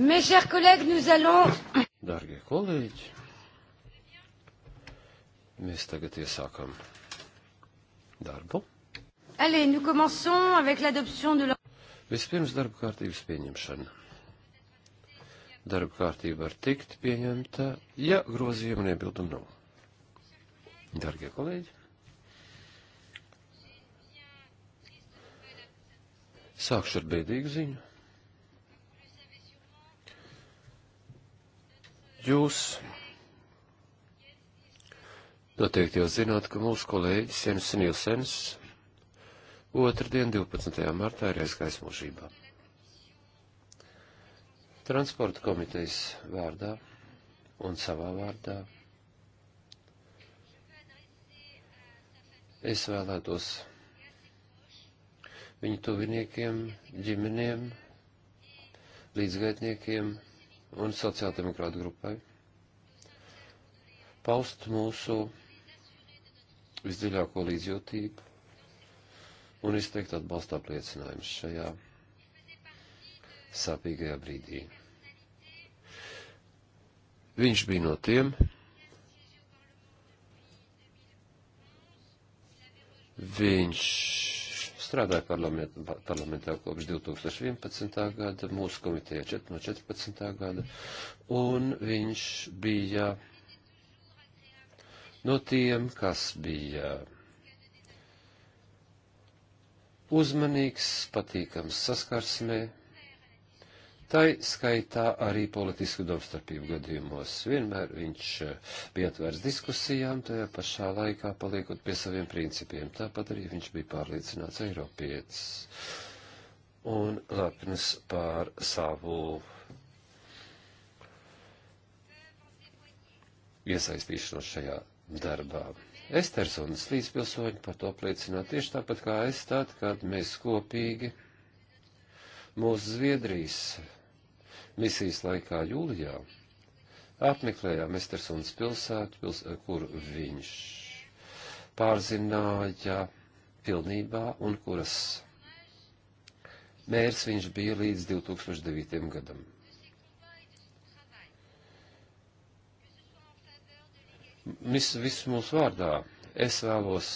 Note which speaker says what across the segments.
Speaker 1: Mes chers collègues, nous allons.
Speaker 2: Dargie kolēģi, mēs tagad iesākam darbu.
Speaker 1: Allez, nous commençons avec l'adoption de la...
Speaker 2: Vispirms darba kārtības pieņemšana. Darba kārtība var tikt pieņemta, ja grozījumu nebildumu nav. Dargie kolēģi, sākšu ar bēdīgu ziņu. Jūs noteikti jau zināt, ka mūsu kolēģis Jens Nilsens otrdien 12. martā ir aizgājis mūžībā. Transporta komitejas vārdā un savā vārdā es vēlētos viņu tuviniekiem, ģimenēm, līdzgaitniekiem, un sociāldemokrāta grupai paust mūsu visdziļāko līdzjūtību un izteikt atbalsta apliecinājumus šajā sāpīgajā brīdī. Viņš bija no tiem, viņš strādāju parlament, parlamentā kopš 2011. gada, mūsu komitejā no 14. gada, un viņš bija no tiem, kas bija uzmanīgs, patīkams saskarsmē Tai skaitā arī politisku domstarpību gadījumos. Vienmēr viņš eh, bija atvērts diskusijām, tajā pašā laikā paliekot pie saviem principiem. Tāpat arī viņš bija pārliecināts Eiropietis un lepns pār savu iesaistīšanos šajā darbā. Esters un līdzpilsoņi par to apliecina tieši tāpat kā es tad, kad mēs kopīgi mūsu Zviedrijas misijas laikā jūlijā apmeklējām Estersunas pilsētu, pils, kur viņš pārzināja pilnībā un kuras mērs viņš bija līdz 2009. gadam. Mis, visu mūsu vārdā es vēlos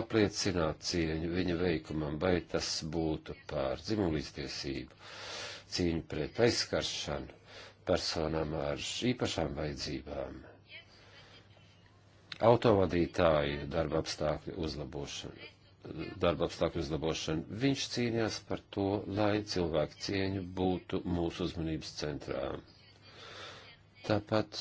Speaker 2: apliecināt cieņu viņa veikumam, vai tas būtu pār dzimumlīdztiesību cīņu pret aizskaršanu personām ar īpašām vajadzībām, autovadītāju darba apstākļu uzlabošanu. Darba apstākļu uzlabošana. Viņš cīnījās par to, lai cilvēku cieņa būtu mūsu uzmanības centrā. Tāpat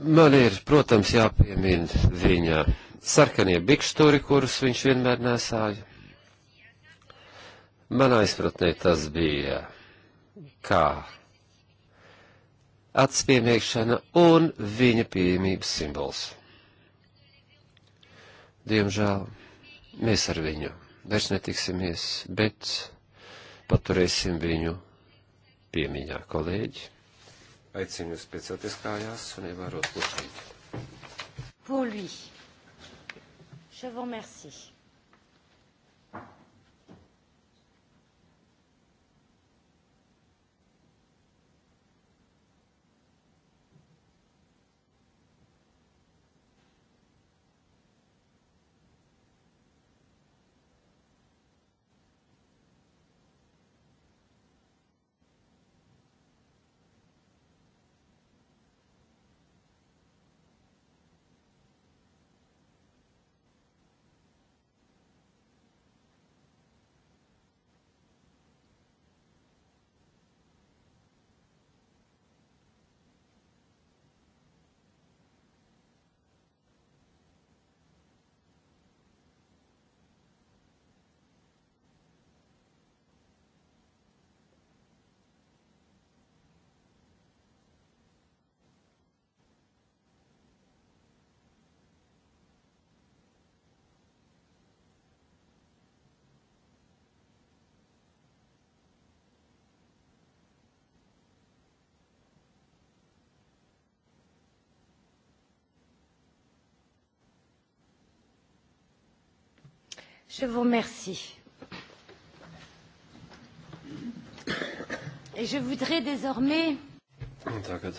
Speaker 2: man ir, protams, jāpiemina viņa sarkanie bikšturi, kurus viņš vienmēr nesāja. Manā izpratnē tas bija kā atspiemiekšana un viņa pieejamības simbols. Diemžēl mēs ar viņu vairs netiksimies, bet paturēsim viņu piemiņā, kolēģi. Aicinu jūs piecelties kājās un ievērot klusumu.
Speaker 3: Polija. Je vous remercie.
Speaker 1: Je vous remercie. Et je voudrais désormais...
Speaker 2: Tagad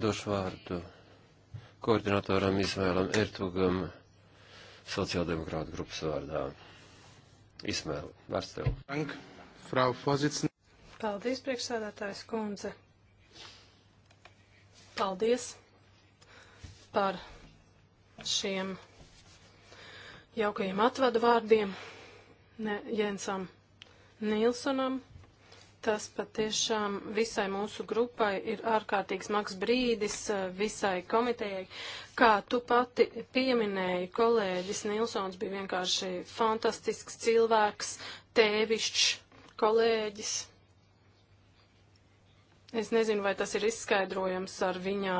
Speaker 2: došu vārdu koordinatoram Ismēlam Ertugam sociāldemokrāta grupas vārdā. Ismēl, vārds tev. Dank, frau Fozicn.
Speaker 1: Paldies, priekšsēdētājs kundze. Paldies par šiem jaukajiem atvadu vārdiem ne, Jensam Nilsonam. Tas patiešām visai mūsu grupai ir ārkārtīgi smags brīdis, eh, visai komitejai. Kā tu pati pieminēji, kolēģis Nilsons bija vienkārši fantastisks cilvēks, tēvišķs kolēģis, Es nezinu, vai tas ir izskaidrojams ar viņa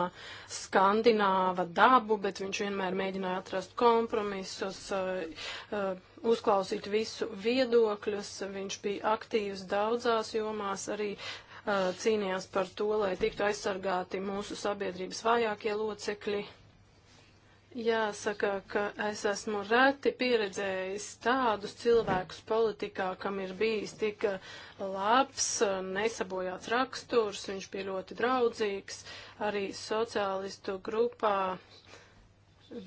Speaker 1: skandināva dabu, bet viņš vienmēr mēģināja atrast kompromisus, eh, eh, uzklausīt visu viedokļus. Viņš bija aktīvs daudzās jomās, arī eh, cīnījās par to, lai tiktu aizsargāti mūsu sabiedrības vājākie locekļi. Jāsaka, ka es esmu reti pieredzējis tādus cilvēkus politikā, kam ir bijis tik labs, nesabojāts raksturs, viņš bija ļoti draudzīgs, arī sociālistu grupā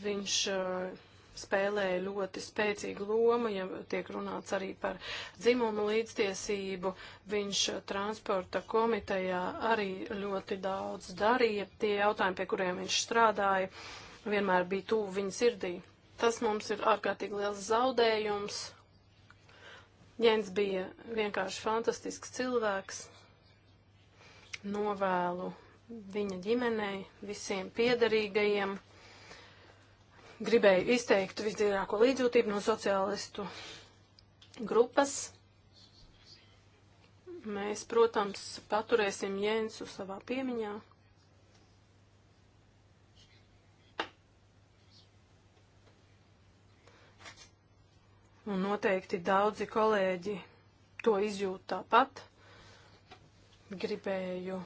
Speaker 1: viņš eh, spēlēja ļoti spēcīgu lomu, ja tiek runāts arī par dzimumu līdztiesību. Viņš transporta komitejā arī ļoti daudz darīja. Tie jautājumi, pie kuriem viņš strādāja, vienmēr bija tuvu viņa sirdī. Tas mums ir ārkārtīgi liels zaudējums. Jens bija vienkārši fantastisks cilvēks. Novēlu viņa ģimenei, visiem piederīgajiem. Gribēju izteikt visdziļāko līdzjūtību no sociālistu grupas. Mēs, protams, paturēsim Jensu savā piemiņā. un noteikti daudzi kolēģi to izjūt tāpat. Gribēju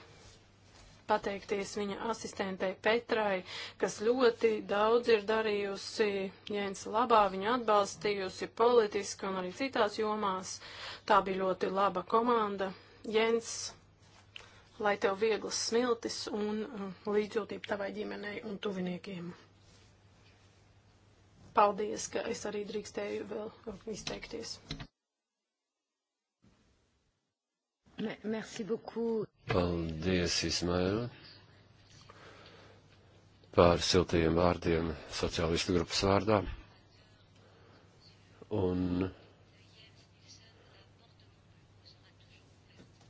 Speaker 1: pateikties viņa asistentei Petrai, kas ļoti daudz ir darījusi Jēns labā, viņa atbalstījusi politiski un arī citās jomās. Tā bija ļoti laba komanda. Jēns, lai tev vieglas smiltis un uh, līdzjūtība tavai ģimenei un tuviniekiem. Paldies, ka es arī drīkstēju vēl izteikties. Merci beaucoup.
Speaker 2: Paldies, Ismaila, par siltajiem vārdiem sociālistu grupas vārdā. Un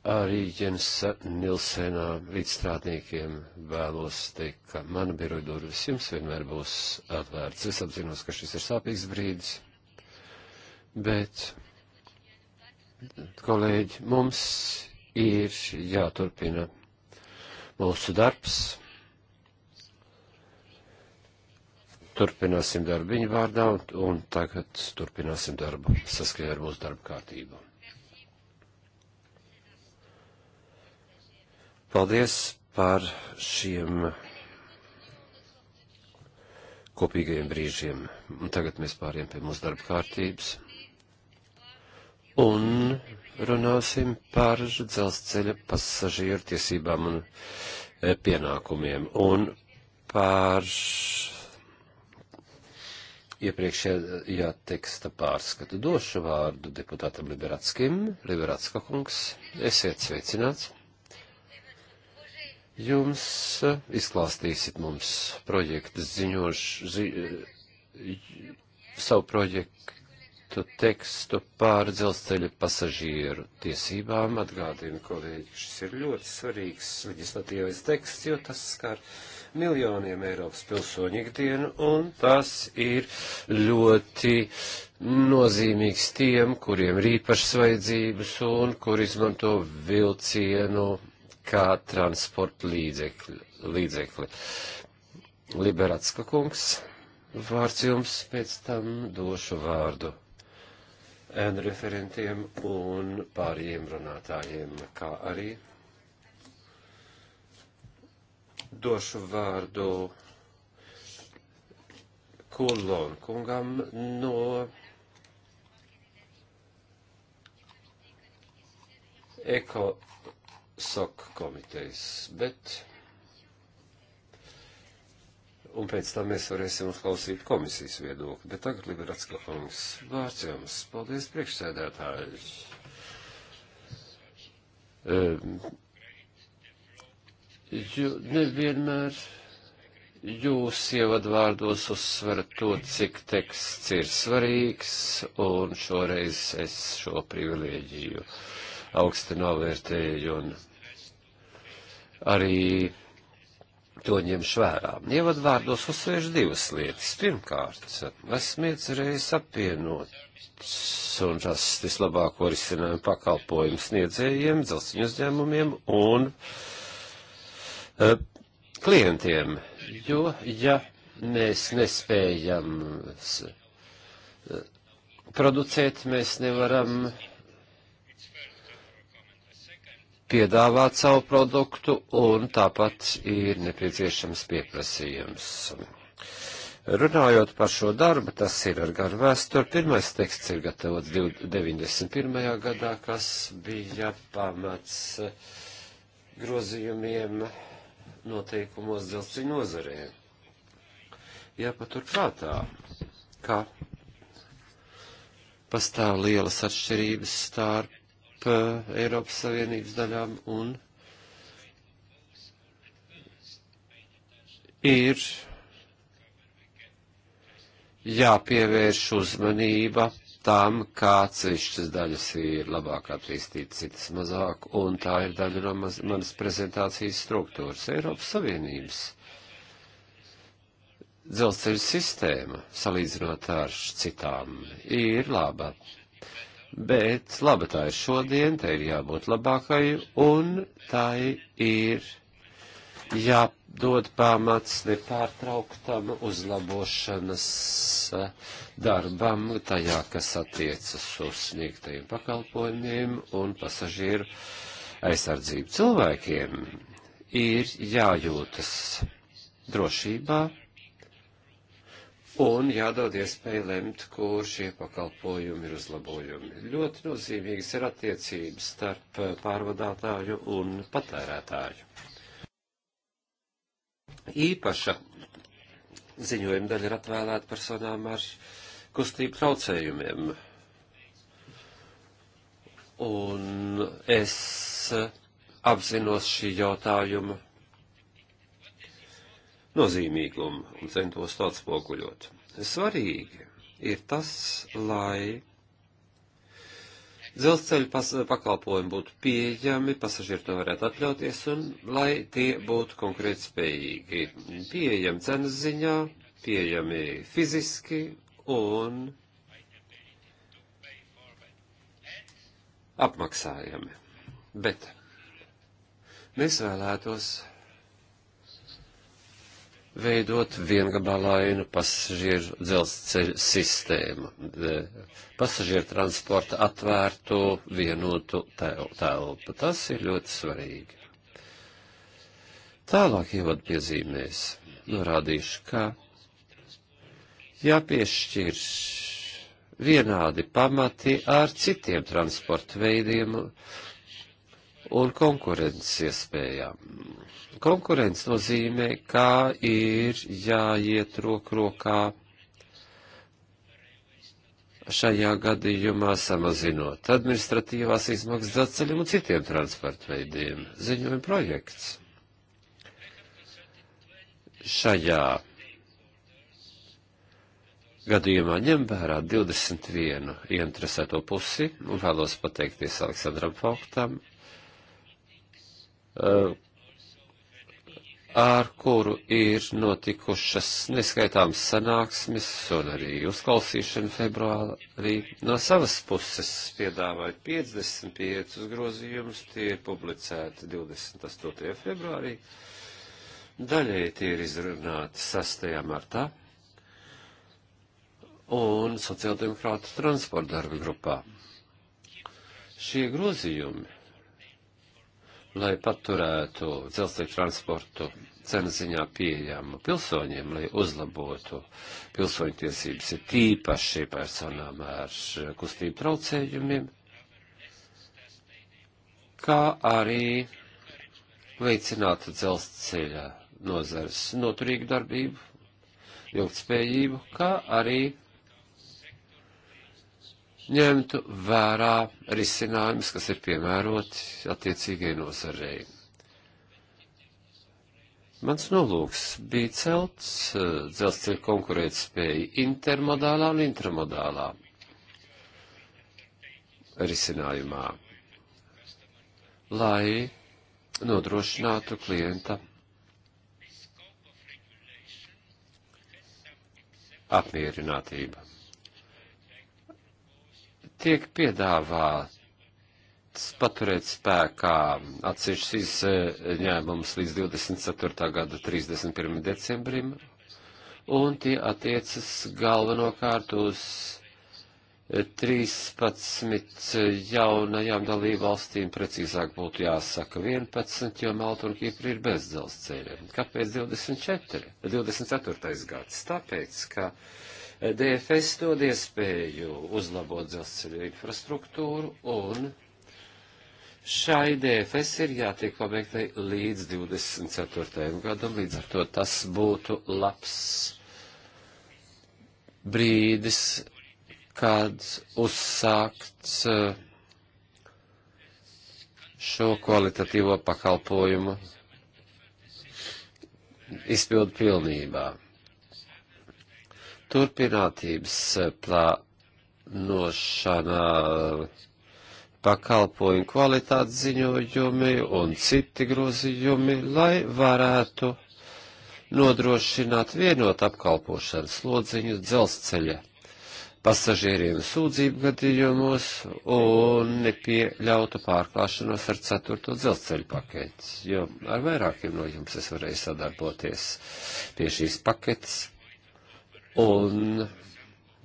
Speaker 2: arī Jensa Nilsenā līdzstrādniekiem vēlos teikt, ka mana biroja durvis jums vienmēr būs atvērts. Es apzinos, ka šis ir sāpīgs brīdis, bet, kolēģi, mums ir jāturpina mūsu darbs. Turpināsim darbu viņa vārdā, un, un tagad turpināsim darbu saskaņā ar mūsu darba kārtību. Paldies par šiem kopīgajiem brīžiem. Un tagad mēs pāriem pie mūsu darba kārtības. Un runāsim par dzelzceļa pasažieru tiesībām un e, pienākumiem. Un par iepriekšējā teksta pārskatu došu vārdu deputātam Liberatskim. Liberatska kungs, esiet sveicināts. Jums eh, izklāstīsit mums projekta ziņoš, zi, eh, savu projektu tekstu pār dzelzceļa pasažieru tiesībām. Atgādinu, kolēģi, šis ir ļoti svarīgs leģislatīvais teksts, jo tas skar miljoniem Eiropas pilsoņu ikdienu, un tas ir ļoti nozīmīgs tiem, kuriem ir īpašas vajadzības un kur izmanto vilcienu kā transporta līdzekļi. līdzekļi. Liberatska kungs, vārds jums pēc tam došu vārdu ēnu referentiem un pārējiem runātājiem, kā arī došu vārdu Kullon kungam no Eko SOK komitejas, bet. Un pēc tam mēs varēsim uzklausīt komisijas viedokli. Bet tagad Liberatska kungs, vārds jums. Paldies, priekšsēdētāji. Um, ehm, jo nevienmēr jūs ievadvārdos uzsverat to, cik teksts ir svarīgs, un šoreiz es šo privilēģiju augsti novērtēju un arī to ņemšu vērā. Ievadvārdos uzsvērš divas lietas. Pirmkārt, esmu iecerējis apvienot un rast vislabāko risinājumu pakalpojumu sniedzējiem, dzelzceļu uzņēmumiem un uh, klientiem, jo, ja mēs nespējam uh, producēt, mēs nevaram uh, piedāvāt savu produktu, un tāpat ir nepieciešams pieprasījums. Runājot par šo darbu, tas ir ar garu vēsturi. Pirmais teksts ir gatavots 91. gadā, kas bija pamats grozījumiem noteikumos dzelzceļa nozarē. Jāpaturprātā, ka pastāv lielas atšķirības starp starp eh, Eiropas Savienības daļām un ir jāpievērš uzmanība tam, kā atsevišķas daļas ir labāk attīstītas, citas mazāk, un tā ir daļa no maz, manas prezentācijas struktūras Eiropas Savienības. Dzelzceļa sistēma, salīdzinot ar citām, ir laba bet laba tā ir šodien, tai ir jābūt labākai, un tai ir jādod pamats nepārtrauktam uzlabošanas eh, darbam tajā, kas attiecas uz sniegtajiem pakalpojumiem un pasažieru aizsardzību cilvēkiem. Ir jājūtas drošībā un jādod iespēja lemt, kur šie pakalpojumi ir uzlabojumi. Ļoti nozīmīgas ir attiecības starp pārvadātāju un patērētāju. Īpaša ziņojuma daļa ir atvēlēta personām ar kustību traucējumiem. Un es apzinos šī jautājuma nozīmīgumu un centos to atspoguļot. Svarīgi ir tas, lai dzelzceļa pakalpojumi būtu pieejami, pasažieri to varētu atļauties un lai tie būtu konkrēti spējīgi. Pieejami cenas ziņā, pieejami fiziski un apmaksājami. Bet mēs vēlētos veidot viengabalainu pasažieru dzelzceļu sistēmu, pasažieru transporta atvērtu vienotu telpu. Tas ir ļoti svarīgi. Tālāk ievadu piezīmēs norādīšu, ka jāpiešķir vienādi pamati ar citiem transporta veidiem un konkurences iespējām Konkurence nozīmē, kā ir jāiet roku rokā šajā gadījumā samazinot administratīvās izmaksas dzelzceļam un citiem transporta veidiem. Ziņojuma projekts šajā gadījumā ņem vērā 21 ieinteresēto pusi un vēlos pateikties Aleksandram Fauktam, ar kuru ir notikušas neskaitāmas sanāksmes un arī uzklausīšana februārī. No savas puses piedāvāju 55 grozījumus, tie ir publicēti 28. februārī. Daļēji tie ir izrunāti 6. martā un sociāldemokrātu transporta darba grupā. Šie grozījumi lai paturētu dzelzceļa transportu cenas ziņā pieejamu pilsoņiem, lai uzlabotu pilsoņu tiesības, ir tīpaši personām ar kustību traucējumiem, kā arī veicinātu dzelzceļa nozars noturīgu darbību, ilgtspējību, kā arī ņemtu vērā risinājumus, kas ir piemēroti attiecīgai nozarei. Mans nolūks bija celt dzelzceļa konkurētspēju intermodālā un intramodālā risinājumā, lai nodrošinātu klienta apmierinātību tiek piedāvāts paturēt spēkā atsevišķus izņēmumus līdz 24. gada 31. decembrim, un tie attiecas galvenokārt uz 13 jaunajām dalībvalstīm, precīzāk būtu jāsaka 11, jo Malta un Kipra ir bez dzelzceļiem. Kāpēc 24? 24. gads? Tāpēc, ka DFS dod iespēju uzlabot dzelzceļu infrastruktūru un šai DFS ir jātiek pabeigtai līdz 24. gadam, līdz ar to tas būtu labs brīdis, kad uzsākt eh, šo kvalitatīvo pakalpojumu izpildu pilnībā turpinātības eh, plānošanā pakalpojumu kvalitātes ziņojumi un citi grozījumi, lai varētu nodrošināt vienot apkalpošanas slodziņu dzelzceļa pasažieriem sūdzību gadījumos un nepieļautu pārklāšanos ar ceturto dzelzceļu paketi, jo ar vairākiem no jums es varēju sadarboties pie šīs paketes un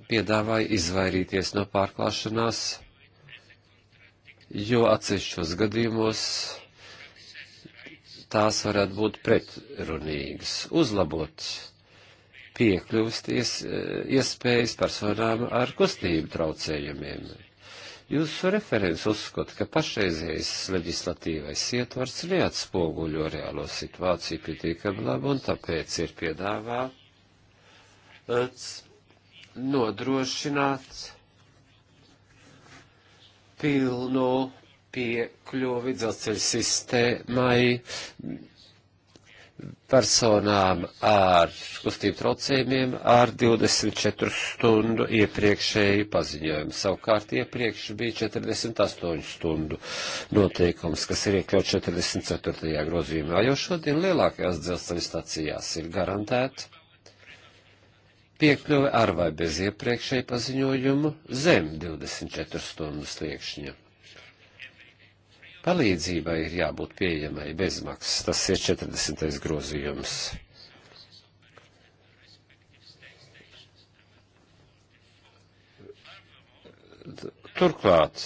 Speaker 2: piedāvāja izvairīties no pārklāšanās, jo atsevišķos gadījumos tās varētu būt pretrunīgas, uzlabot piekļuvsties iespējas personām ar kustību traucējumiem. Jūsu referents uzskata, ka pašreizējais leģislatīvais ietvars neatspoguļo reālo situāciju pietiekami labi, un tāpēc ir piedāvāts nodrošināt pilnu piekļuvi dzelzceļa sistēmai personām ar kustību traucējumiem ar 24 stundu iepriekšēju paziņojumu. Savukārt iepriekš bija 48 stundu noteikums, kas ir iekļauts 44. grozījumā, jo šodien lielākajās dzelzceļa stacijās ir garantēta piekļuve ar vai bez iepriekšēju paziņojumu zem 24 stundu sliekšņa. Palīdzībai ir jābūt pieejamai bezmaksas, tas ir 40. grozījums. Turklāt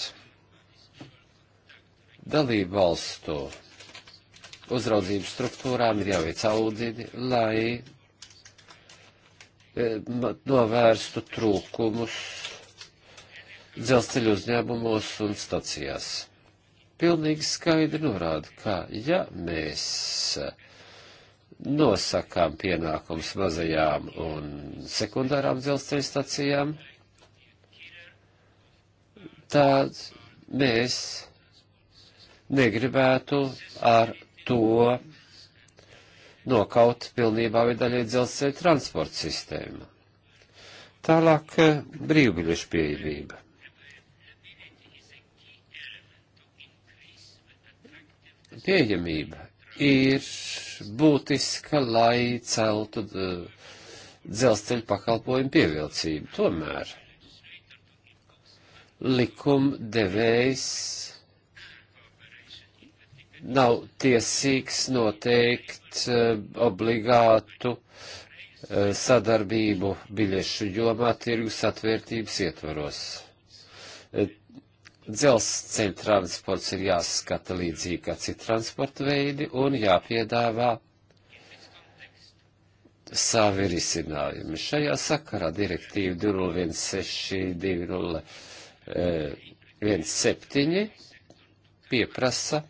Speaker 2: dalību valstu uzraudzības struktūrām ir jāveic audīti, lai E, novērstu trūkumus dzelzceļu uzņēmumos un stacijās. Pilnīgi skaidri norāda, ka ja mēs nosakām pienākums mazajām un sekundārām dzelzceļa stacijām, tad mēs negribētu ar to nokaut pilnībā vai daļai dzelzceļa transporta sistēmu. Tālāk eh, brīvbiļešu pieejamība. Pieejamība ir būtiska, lai celtu eh, dzelzceļa pakalpojumu pievilcību. Tomēr likumdevējs nav tiesīgs noteikt eh, obligātu eh, sadarbību biļešu jomā tirgus atvērtības ietvaros. Eh, dzelzceļa transports ir jāskata līdzīgi kā citi transporta veidi un jāpiedāvā savi risinājumi. Šajā sakarā direktīva 2016 2017 pieprasa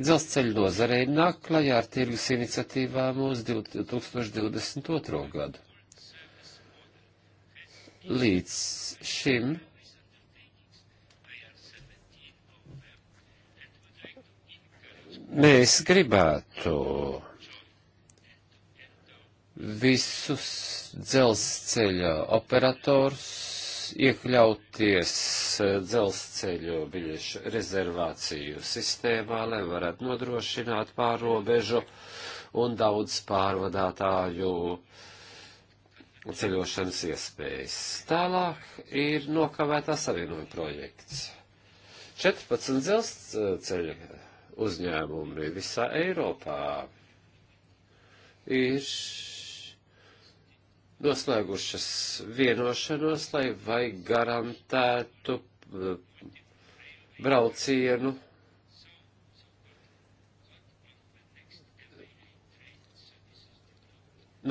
Speaker 2: dzelzceļu nozarei nāk klajā ar tirgus iniciatīvām uz 2022. gadu. Līdz šim mēs gribētu visus dzelzceļa operators iekļauties eh, dzelzceļu biļešu rezervāciju sistēmā, lai varētu nodrošināt pārobežu un daudz pārvadātāju ceļošanas iespējas. Tālāk ir nokavētā savienojuma projekts. 14 dzelzceļa uzņēmumi visā Eiropā ir noslēgušas vienošanos, lai vai garantētu eh, braucienu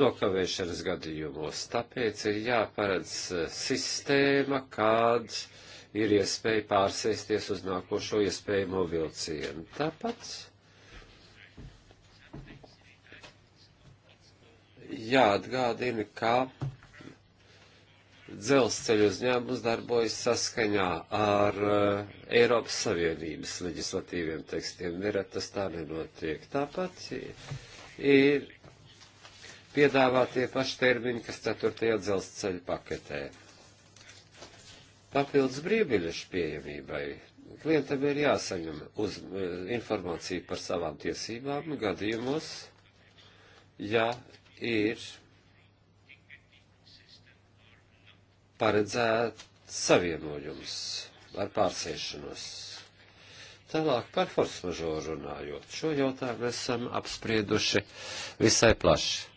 Speaker 2: nokavēšanas gadījumos. Tāpēc ir jāparedz eh, sistēma, kāds ir iespēja pārsēsties uz nākošo iespējamo vilcienu. Tāpat jāatgādina, ka dzelzceļu uzņēmums darbojas saskaņā ar uh, Eiropas Savienības leģislatīviem tekstiem. Nereti tas tā nenotiek. Tāpat ir piedāvātie paši termiņi, kas 4. dzelzceļa paketē. Papildus brīvbiļešu pieejamībai klientam ir jāsaņem uz, eh, informācija par savām tiesībām gadījumos, ja ir paredzēts savienojums ar pārsiešanos. Tālāk par force mažoru runājot. Šo jautājumu esam apsprieduši visai plaši.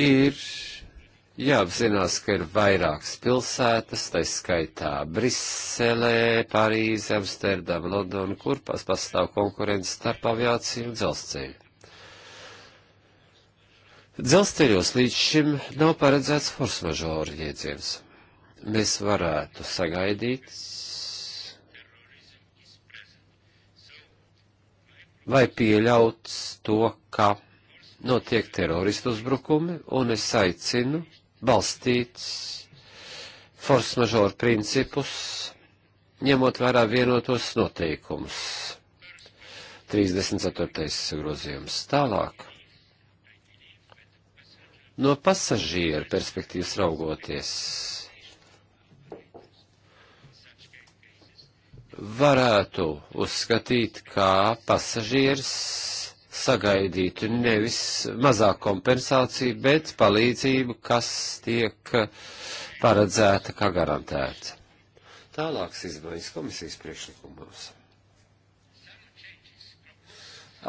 Speaker 2: Ir jāapzinās, ka ir vairākas pilsētas, tai skaitā Briselē, Parīze, Amsterdama, Londona, kur pas pastāv konkurence starp aviāciju un dzelzceļu. Dzelzceļos līdz šim nav paredzēts forsmažoru jēdziens. Mēs varētu sagaidīt, vai pieļauts to, ka notiek teroristu uzbrukumi, un es aicinu balstīts force majeure principus, ņemot vērā vienotos noteikumus. 34. grozījums tālāk. No pasažieru perspektīvas raugoties, varētu uzskatīt, kā pasažieris sagaidītu nevis mazāk kompensāciju, bet palīdzību, kas tiek paredzēta kā garantēta. Tālāks izmaiņas komisijas priekšlikumos.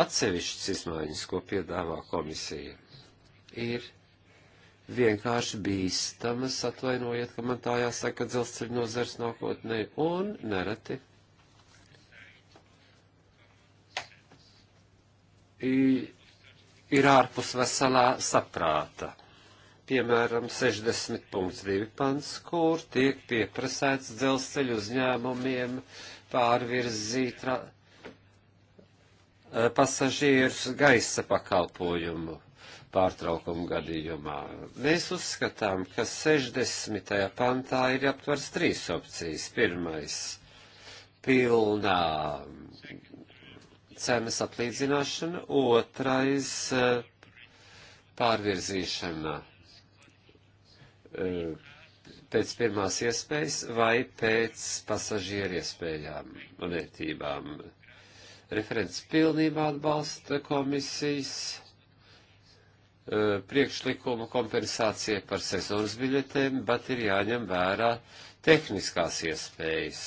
Speaker 2: Atsevišķas izmaiņas, ko piedāvā komisija, ir vienkārši bīstamas, atvainojiet, ka man tā jāsaka dzelzceļa nozars nākotnē, un nereti ir ārpus veselā saprāta. Piemēram, 60.2 pants, kur tiek pieprasēts dzelzceļu uzņēmumiem pārvirzīt eh, pasažierus gaisa pakalpojumu pārtraukumu gadījumā. Mēs uzskatām, ka 60. pantā ir aptvars trīs opcijas. Pirmais - pilnām cenas atlīdzināšana, otrais eh, pārvirzīšana eh, pēc pirmās iespējas vai pēc pasažieru iespējām un vērtībām. Referents pilnībā atbalsta komisijas eh, priekšlikumu kompensācija par sezonas biļetēm, bet ir jāņem vērā tehniskās iespējas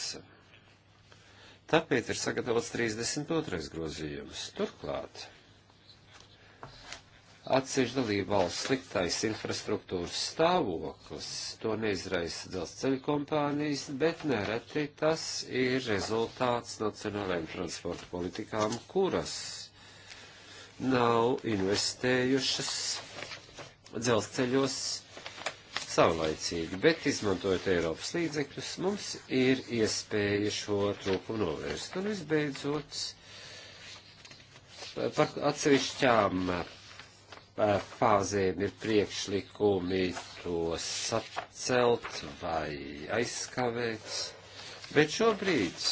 Speaker 2: Tāpēc ir sagatavots 32. grozījums. Turklāt atsevišķi dalību valsts sliktais infrastruktūras stāvoklis, to neizraisa dzelzceļa kompānijas, bet nereti tas ir rezultāts nacionālajām transporta politikām, kuras nav investējušas dzelzceļos savlaicīgi, bet izmantojot Eiropas līdzekļus, mums ir iespēja šo trūkumu novērst. Un visbeidzot, par atsevišķām eh, fāzēm ir priekšlikumi tos atcelt vai aizskavēt, bet šobrīd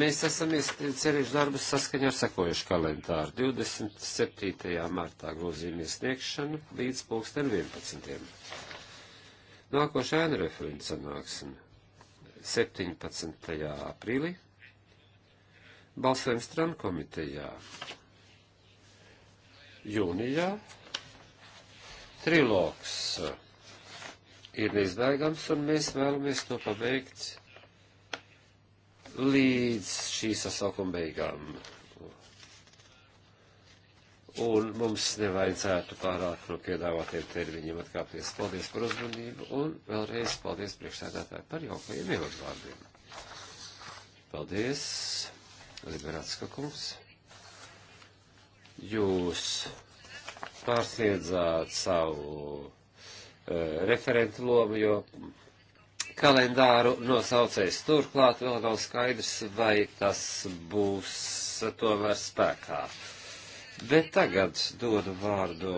Speaker 2: Mēs esam cerējuši darbus saskaņā ar sakojušu kalendāru. 27. martā grozījuma iesniegšana līdz pulksten 11. Nākošā ēna referents sanāksme 17. aprīlī. Balsojums Tran komitejā jūnijā. Trilogs ir neizbēgams un mēs vēlamies to pabeigt līdz šī sasaukuma beigām un mums nevajadzētu pārāk no piedāvātiem termiņiem atkāpties. Paldies par uzmanību un vēlreiz paldies priekšsēdētāji par jaukajiem ievadvārdiem. Paldies, Liberatska kungs. Jūs pārsniedzāt savu e, referentu lomu, jo kalendāru nosaucējs turklāt vēl nav skaidrs, vai tas būs tomēr spēkā. Bet tagad dodu vārdu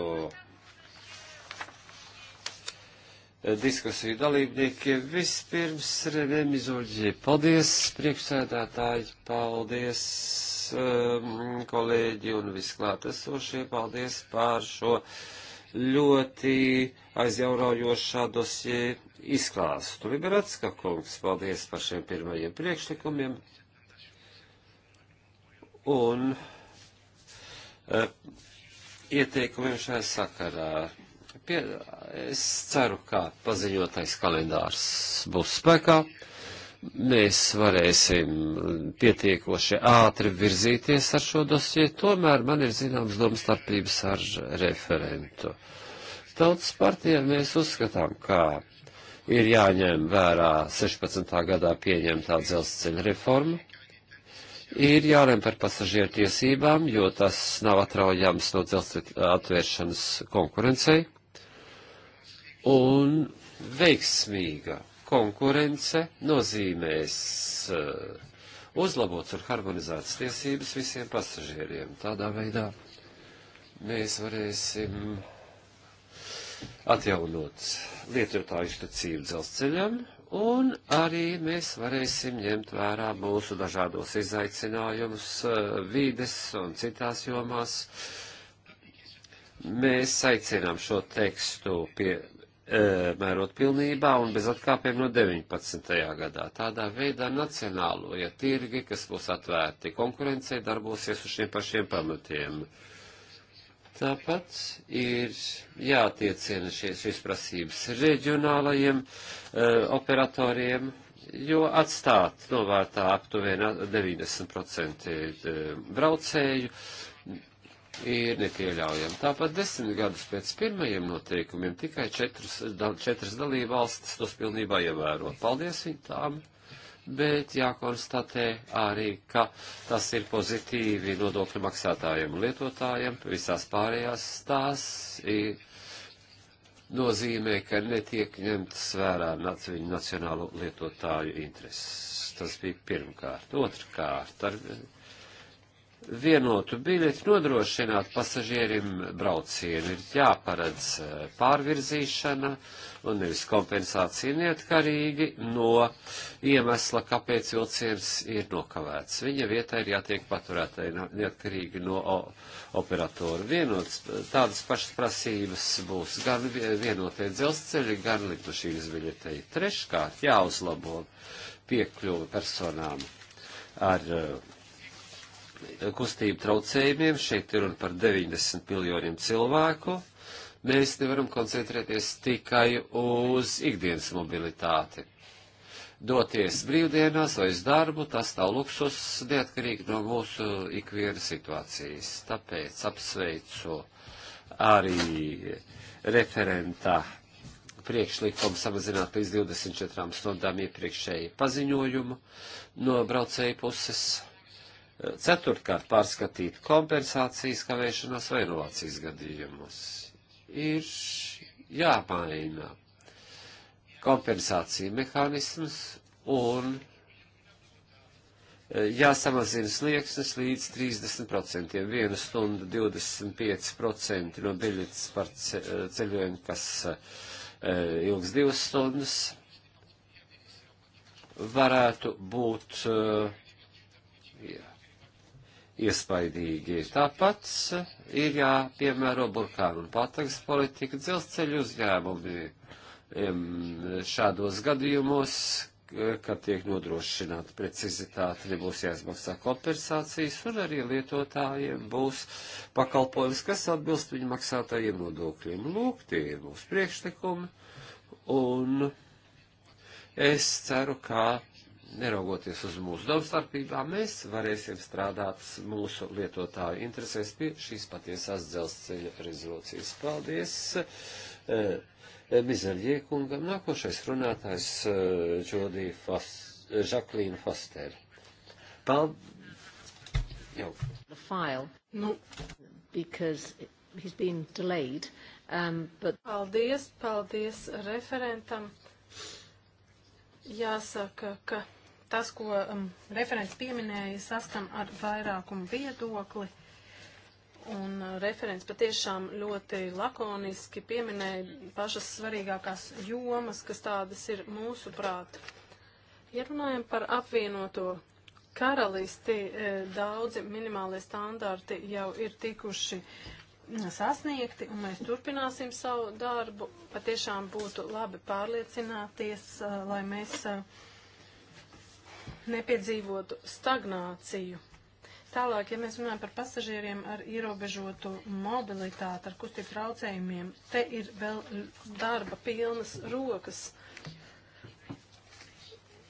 Speaker 2: eh, diskusiju dalībniekiem. Vispirms Renē Mizoļģie, paldies, priekšsēdētāji, paldies, um, kolēģi un visklātesošie, paldies pār šo ļoti aizjauraujošā dosie izklāstu. Liberatska kungs, paldies par šiem pirmajiem priekšlikumiem. Un Uh, ieteikumiem šajā sakarā. Pie, es ceru, ka paziņotais kalendārs būs spēkā. Mēs varēsim pietiekoši ātri virzīties ar šo dosie, tomēr man ir zināms domstarpības ar referentu. Tautas partijā mēs uzskatām, ka ir jāņem vērā 16. gadā pieņemtā dzelzceļa reforma, ir jārem par pasažieru tiesībām, jo tas nav atraujams no dzelzceļa atvēršanas konkurencei. Un veiksmīga konkurence nozīmēs eh, uzlabots un harmonizētas tiesības visiem pasažieriem. Tādā veidā mēs varēsim atjaunot lietotāju uzticību dzelzceļam un arī mēs varēsim ņemt vērā mūsu dažādos izaicinājumus eh, vīdes un citās jomās. Mēs aicinām šo tekstu pie, eh, mērot pilnībā un bez atkāpiem no 19. gadā. Tādā veidā nacionālo ja tirgi, kas būs atvērti konkurencei, darbosies uz šiem pašiem pamatiem. Uh, Tāpat ir jātiecina šīs, šīs prasības reģionālajiem uh, operatoriem, jo atstāt novērtā aptuveni 90% e, braucēju ir nepieļaujami. Tāpat desmit gadus pēc pirmajiem noteikumiem tikai četras, četras dalība valstis tos pilnībā ievēro. Paldies viņām! bet jākonstatē arī, ka tas ir pozitīvi nodokļu maksātājiem un lietotājiem, visās pārējās tās ir nozīmē, ka netiek ņemtas vērā viņu nacionālo lietotāju intereses. Tas bija pirmkārt. Otrkārt, ar vienotu biļeti nodrošināt pasažierim braucienu. Ir jāparedz eh, pārvirzīšana un nevis kompensācija neatkarīgi no iemesla, kāpēc vilciens ir nokavēts. Viņa vietā ir jātiek paturētai neatkarīgi no operatora. Vienots, tādas pašas prasības būs gan vienotie dzelzceļi, gan lidmašīnas biļetei. Treškārt jāuzlabo piekļuva personām ar uh, kustību traucējumiem. Šeit ir runa par 90 miljoniem cilvēku. Mēs nevaram koncentrēties tikai uz ikdienas mobilitāti. Doties brīvdienās vai uz darbu, tas tā luksus neatkarīgi no mūsu ikvienas situācijas. Tāpēc apsveicu arī referenta priekšlikumu samazināt līdz 24 stundām iepriekšēju paziņojumu no braucēju puses. Ceturtkārt, pārskatīt kompensācijas kavēšanās vai inovācijas gadījumus. Ir jāmaina kompensācija mehānisms un e, jāsamazina slieksnes līdz 30%, 1 stundu 25% no biļetes par e, ceļojumu, kas e, ilgs 2 stundas, varētu būt uh, iespaidīgi. Tāpat ir jāpiemēro burkānu un patagas politika dzelzceļu uzņēmumi šādos gadījumos, kad tiek nodrošināta precizitāte, nebūs jāizmaksā kompensācijas, un arī lietotājiem būs pakalpojums, kas atbilst viņu maksātajiem nodokļiem. Lūk, tie ir mūsu priekšlikumi, un es ceru, ka neraugoties uz mūsu domstarpībām, mēs varēsim strādāt mūsu lietotāju interesēs pie šīs patiesās dzelzceļa rezolūcijas. Paldies! Eh, Bizaļie kungam nākošais runātājs eh, Džodija Fas, Žaklīna Faster. Paldies!
Speaker 1: Nu. Because he's been delayed, um, but... Paldies, paldies referentam. Jāsaka, ka tas, ko um, referents pieminēja, saskan ar vairākumu viedokli. Un uh, referents patiešām ļoti lakoniski pieminēja pašas svarīgākās jomas, kas tādas ir mūsuprāt. Ja runājam par apvienoto karalisti, e, daudzi minimālie standarti jau ir tikuši mm, sasniegti, un mēs turpināsim savu darbu. Patiešām būtu labi pārliecināties, a, e, lai mēs. Uh, nepiedzīvotu stagnāciju. Tālāk, ja mēs runājam par pasažieriem ar ierobežotu mobilitāti, ar kustību traucējumiem, te ir vēl darba pilnas rokas.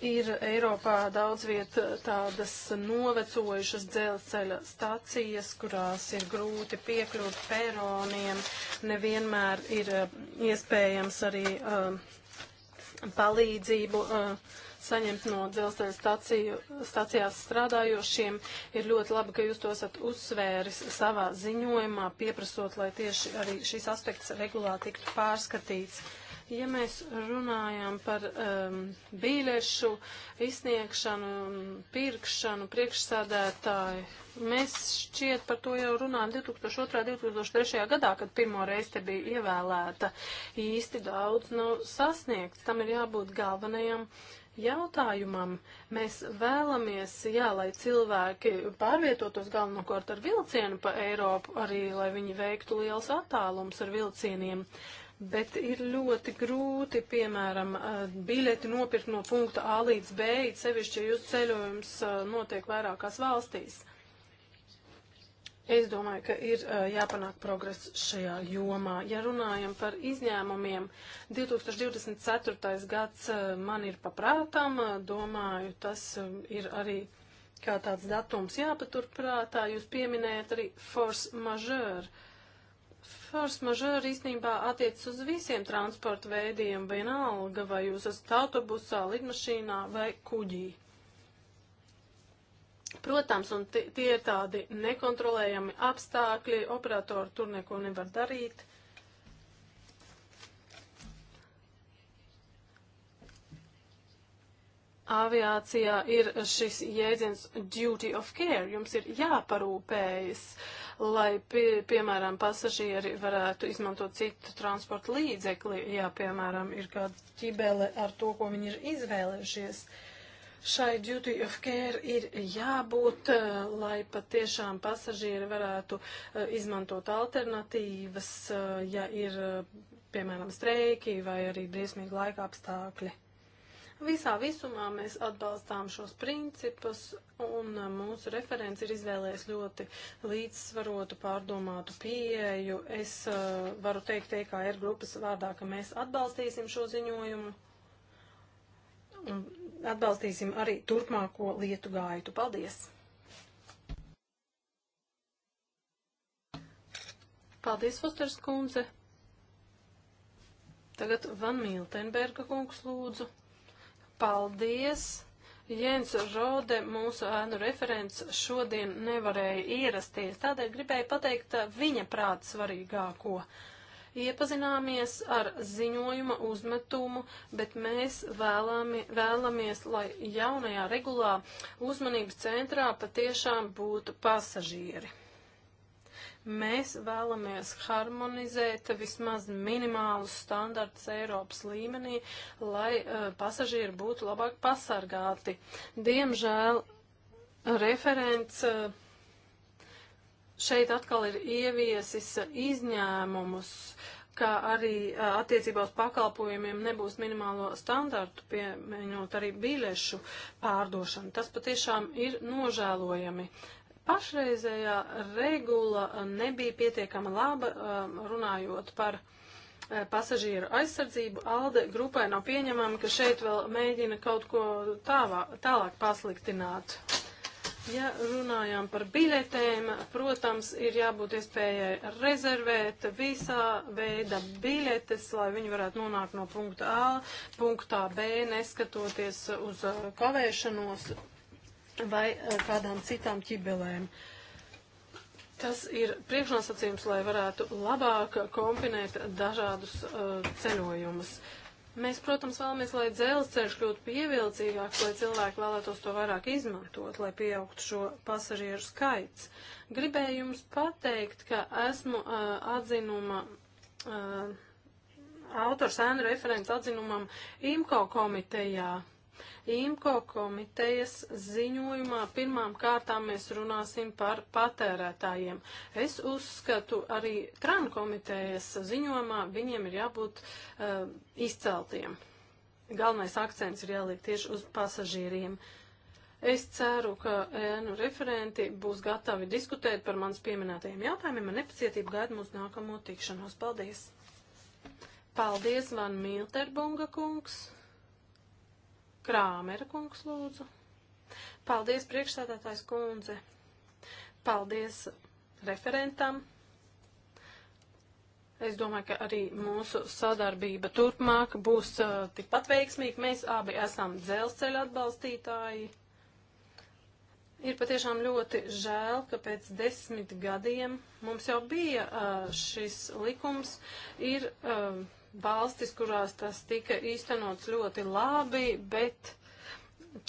Speaker 1: Ir Eiropā daudz viet eh, tādas novecojušas dzelzceļa stacijas, kurās ir grūti piekļūt peroniem, nevienmēr ir eh, iespējams arī uh, palīdzību. Uh, saņemt no dzelzceļa staciju, stacijās strādājošiem. Ir ļoti labi, ka jūs to esat uzsvēris savā ziņojumā, pieprasot, lai tieši arī šīs aspekts regulā tiktu pārskatīts. Ja mēs runājam par um, bīļešu izsniegšanu, pirkšanu, priekšsādētāju, mēs šķiet par to jau runājam 2002. 2003. gadā, kad pirmo reizi te bija ievēlēta. Īsti daudz nav nu, sasniegts. Tam ir jābūt galvenajam uh, jautājumam. Mēs vēlamies, jā, lai cilvēki pārvietotos galvenokārt ar vilcienu pa Eiropu, arī lai viņi veiktu liels attālums ar vilcieniem. Bet ir ļoti grūti, piemēram, biļeti nopirkt no punkta A līdz B, sevišķi, ja jūsu ceļojums notiek vairākās valstīs. Es domāju, ka ir jāpanāk progress šajā jomā. Ja runājam par izņēmumiem, 2024. gads man ir paprātām, domāju, tas ir arī kā tāds datums jāpaturprātā. Jūs pieminējat arī force majeure. Force majeure īstenībā attiec uz visiem transporta veidiem, vienalga, vai jūs esat autobusā, lidmašīnā vai kuģī. Protams, un tie ir tādi nekontrolējami apstākļi, operatori tur neko nevar darīt. aviācijā ir šis jēdziens duty of care. Jums ir jāparūpējas, lai, pie, piemēram, pasažieri varētu izmantot citu transporta līdzekli, ja, piemēram, ir kāda ķibele ar to, ko viņi ir izvēlējušies. Uh, šai duty of care ir jābūt, eh, lai patiešām pasažieri varētu eh, izmantot alternatīvas, eh, ja ir, piemēram, streiki vai arī briesmīgi laika apstākļi. Visā visumā mēs atbalstām šos principus, un mūsu referents ir izvēlējis ļoti līdzsvarotu, pārdomātu pieeju. Es uh, varu teikt EKR grupas vārdā, ka mēs atbalstīsim šo ziņojumu. Un atbalstīsim arī turpmāko lietu gaitu. Paldies! Paldies, Fosters kundze! Tagad Van Miltenberga kungs lūdzu. Paldies! Jens Rode, mūsu ēnu referents, šodien nevarēja ierasties, tādēļ gribēju pateikt viņa prāta svarīgāko. Uh, Iepazināmies ar ziņojuma uzmetumu, bet mēs vēlami, vēlamies, lai jaunajā regulā uzmanības centrā patiešām būtu pasažieri. Mēs vēlamies harmonizēt vismaz minimālus standartus Eiropas līmenī, lai uh, pasažieri būtu labāk pasargāti. Diemžēl referents uh, šeit atkal ir ieviesis izņēmumus, kā arī attiecībā uz pakalpojumiem nebūs minimālo standartu, piemēņot arī biļešu pārdošanu. Tas patiešām ir nožēlojami. Pašreizējā regula nebija pietiekama laba, runājot par pasažieru aizsardzību. Alde grupai nav pieņemama, ka šeit vēl mēģina kaut ko tālāk, tālāk pasliktināt. Ja runājām par biļetēm, protams, ir jābūt iespējai rezervēt visā veida biļetes, lai viņi varētu nonākt no punkta A, punktā B, neskatoties uz uh, kavēšanos vai uh, kādām citām ķibelēm. Tas ir priekšnosacījums, lai varētu labāk kombinēt dažādus uh, ceļojumus. Uh, Mēs, protams, vēlamies, lai dzelzceļš kļūtu pievilcīgāks, lai cilvēki vēlētos to vairāk izmantot, lai pieaugtu šo pasažieru skaits. Gribēju jums pateikt, ka esmu uh, atzinuma. Uh, autors ēnu referents atzinumam IMCO komitejā. IMCO komitejas ziņojumā pirmām kārtām mēs runāsim par patērētājiem. Es uzskatu arī TRAN komitejas ziņojumā viņiem ir jābūt uh, izceltiem. Galvenais akcents ir jāliek tieši uz pasažīriem. Es ceru, ka ēnu referenti būs gatavi diskutēt par manas pieminētajiem jautājumiem. Ar nepacietību gaidu mūsu nākamo tikšanos. Paldies! Paldies, Van Milterbunga kungs! Krāmera kungs lūdzu. Paldies, priekšsēdētājs kundze. Paldies referentam. Es domāju, ka arī mūsu sadarbība turpmāk būs uh, tikpat veiksmīga. Mēs abi esam dzelzceļa atbalstītāji. Ir patiešām ļoti žēl, ka pēc desmit gadiem mums jau bija uh, šis likums. Ir, uh, valstis, kurās tas tika īstenots ļoti labi, bet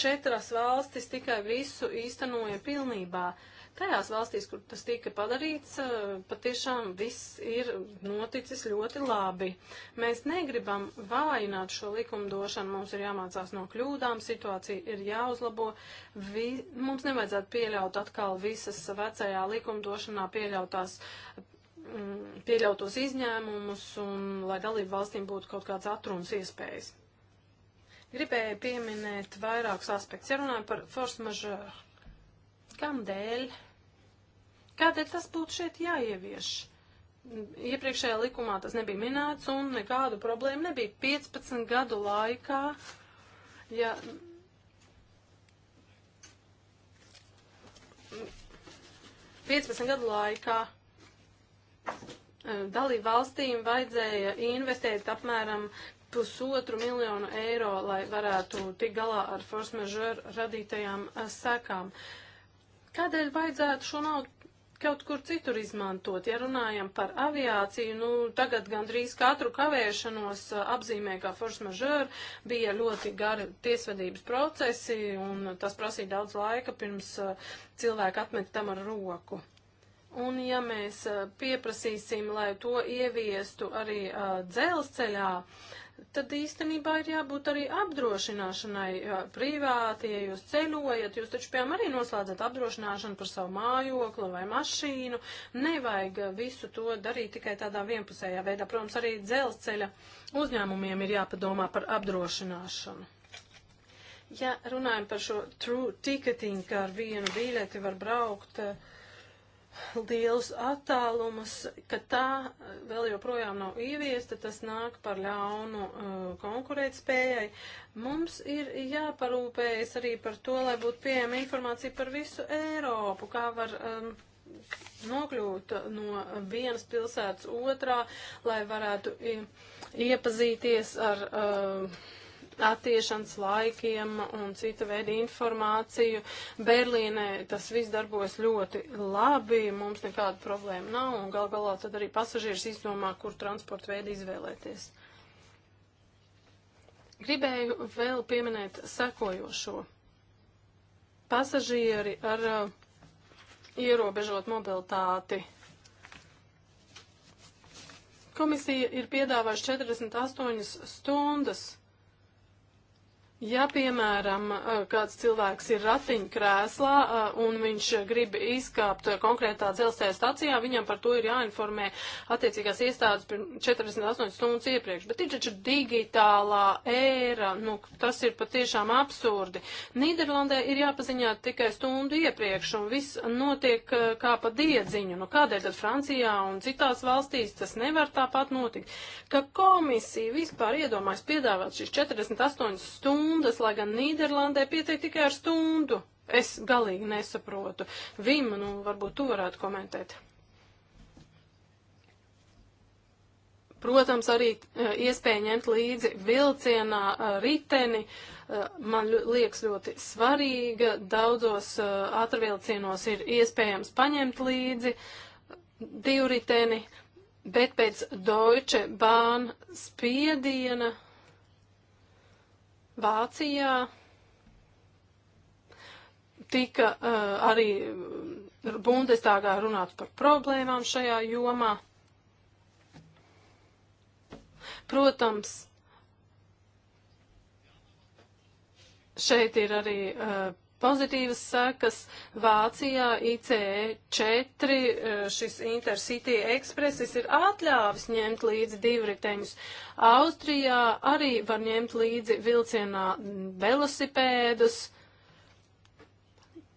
Speaker 1: četras valstis tikai visu īstenoja pilnībā. Tajās valstīs, kur tas tika padarīts, eh, patiešām viss ir noticis ļoti labi. Mēs negribam vājināt šo likumdošanu, mums ir jāmācās no kļūdām, situācija ir jāuzlabo. Vi, mums nevajadzētu pieļaut atkal visas vecajā likumdošanā pieļautās Mm, pieļautos izņēmumus un lai dalību valstīm būtu kaut kāds atrunas iespējas. Gribēju pieminēt vairākus aspektus. Ja runājam par force majeure, kam dēļ? Kādēļ tas būtu šeit jāievieš? Iepriekšējā likumā tas nebija minēts un nekādu problēmu nebija. 15 gadu laikā, ja piecpadsmit gadu laikā dalību valstīm vajadzēja investēt apmēram pusotru miljonu eiro, lai varētu tik galā ar force majeure radītajām eh, sekām. Kādēļ vajadzētu šo naudu kaut kur citur izmantot. Ja runājam par aviāciju, nu tagad gandrīz katru kavēšanos eh, apzīmē kā force majeure, bija ļoti gari tiesvedības procesi un tas prasīja daudz laika pirms eh, cilvēki atmet tam ar roku. Un ja mēs eh, pieprasīsim, lai to ieviestu arī uh, dzelzceļā, tad īstenībā ir jābūt arī apdrošināšanai uh, privāti, ja jūs ceļojat, jūs taču, piemēram, arī noslēdzat apdrošināšanu par savu mājokli vai mašīnu, nevajag visu to darīt tikai tādā vienpusējā veidā. Protams, arī dzelzceļa uzņēmumiem ir jāpadomā par apdrošināšanu. Ja runājam par šo true ticketing, kā ar vienu biļeti var braukt, uh, lielus attālumus, ka tā vēl joprojām nav ieviesta, tas nāk par ļaunu uh, konkurētspējai. Mums ir jāparūpējas arī par to, lai būtu pieejama informācija par visu Eiropu, kā var um, nokļūt no vienas pilsētas otrā, lai varētu iepazīties ar. Uh, attiešanas laikiem un cita veida informāciju. Berlīnē tas viss darbojas ļoti labi, mums nekāda problēma nav un gal galā tad arī pasažieris izdomā, kur transporta veidu izvēlēties. Gribēju vēl pieminēt sekojošo. Pasažieri ar uh, ierobežot mobilitāti komisija ir piedāvājusi 48 stundas. Ja, piemēram, kāds cilvēks ir ratiņkrēslā un viņš grib izkāpt konkrētā dzelzceļa stacijā, viņam par to ir jāinformē attiecīgās iestādes 48 stundas iepriekš. Bet ir taču digitālā ēra, nu, tas ir patiešām absurdi. Nīderlandē ir jāpaziņā tikai stundu iepriekš un viss notiek kā pa diedziņu. Nu, kādēļ tad Francijā un citās valstīs tas nevar tāpat notikt? Ka komisija vispār iedomājas piedāvāt šīs 48 stundas stundas, lai gan Nīderlandē pietiek tikai ar stundu. Es galīgi nesaprotu. Vim, nu, varbūt tu varētu komentēt. Protams, arī e, iespēja ņemt līdzi vilcienā e, riteni, e, man liekas ļoti svarīga. Daudzos ātrvilcienos ir iespējams paņemt līdzi divriteni, bet pēc Deutsche Bahn spiediena Vācijā tika uh, arī Bundestāgā runāts par problēmām šajā jomā. Protams, šeit ir arī uh, pozitīvas sekas. Vācijā ICE 4 e, šis Intercity ekspresis ir atļāvis ņemt līdzi divriteņus. Austrijā arī var ņemt līdzi vilcienā velosipēdus.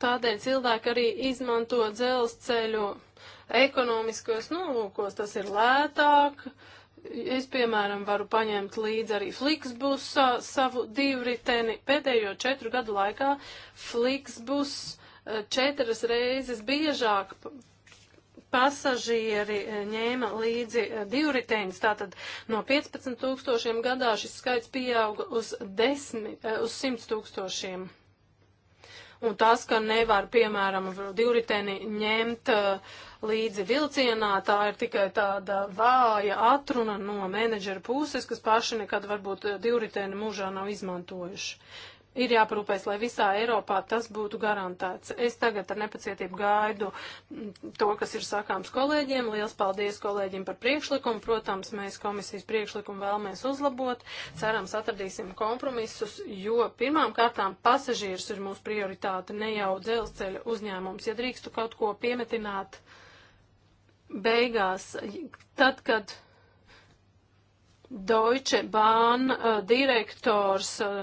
Speaker 1: Tādēļ cilvēki arī izmanto dzelzceļu ekonomiskos nolūkos. Tas ir lētāk. Uh, Es, piemēram, varu paņemt līdzi arī Flixbus savu divriteni. Pēdējo četru gadu laikā Flixbus eh, četras reizes biežāk pasažieri eh, ņēma līdzi eh, divriteņus. Tātad no 15 tūkstošiem gadā šis skaits pieauga uz, 10, uz 100 tūkstošiem. Un tas, ka nevar, piemēram, divriteni ņemt uh, līdzi vilcienā. Tā ir tikai tāda vāja atruna no menedžera puses, kas paši nekad varbūt eh, divritēni mūžā nav izmantojuši. Ir jāparūpēs, lai visā Eiropā tas būtu garantēts. Es tagad ar nepacietību gaidu mm, to, kas ir sakāms kolēģiem. Liels paldies kolēģiem par priekšlikumu. Protams, mēs komisijas priekšlikumu vēlamies uzlabot. Cerams, atradīsim kompromisus, jo pirmām kārtām pasažieris ir mūsu prioritāte, ne jau dzelzceļa uzņēmums. Ja drīkstu kaut ko piemetināt beigās, tad, kad Deutsche Bahn uh, direktors uh,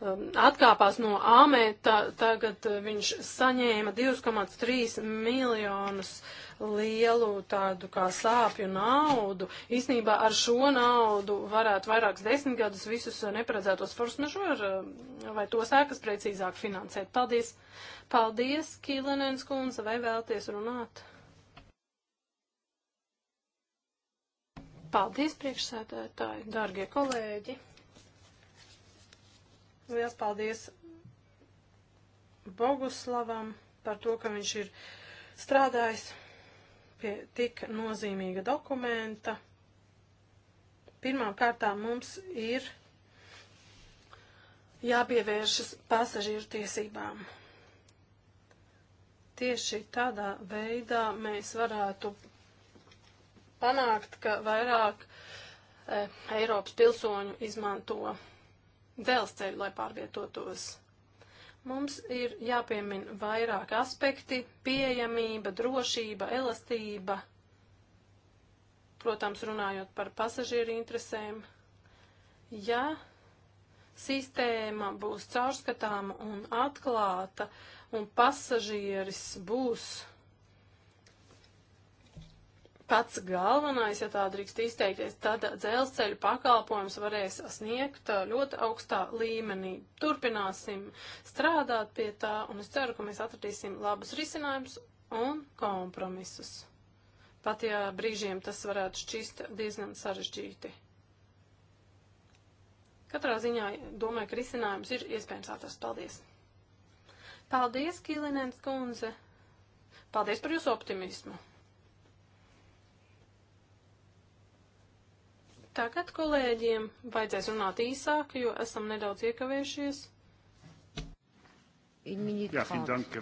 Speaker 1: um, atkāpās no amēta, tagad uh, viņš saņēma 2,3 miljonus lielu tādu kā sāpju naudu. Īsnībā ar šo naudu varētu vairākas desmitgadus visus neparedzētos forsmažoru uh, vai to sēkas precīzāk finansēt. Paldies! Paldies, Kīlenens kundze, vai vēlties runāt? Paldies, priekšsēdētāji, dārgie kolēģi. Liels paldies Boguslavam par to, ka viņš ir strādājis pie tik nozīmīga dokumenta. Pirmām kārtām mums ir jāpievēršas pasažieru tiesībām. Tieši tādā veidā mēs varētu panākt, ka vairāk e, Eiropas pilsoņu izmanto dzelzceļu, lai pārvietotos. Mums ir jāpiemina vairāk aspekti - pieejamība, drošība, elastība, protams, runājot par pasažieru interesēm. Ja sistēma būs caurskatāma un atklāta, un pasažieris būs pats galvenais, ja tā drīkst izteikties, tad dzelzceļu pakalpojums varēs sniegt uh, ļoti augstā līmenī. Turpināsim strādāt pie tā, un es ceru, ka mēs atradīsim labus risinājumus un kompromisus. Pat ja brīžiem tas varētu šķist diezgan sarežģīti. Katrā ziņā domāju, ka risinājums ir iespējams atrast. Paldies! Paldies, Kilinēns kundze! Paldies par jūsu optimismu! Tagad kolēģiem vajadzēs runāt īsāk, jo esam nedaudz iekavējušies. Jā, dank,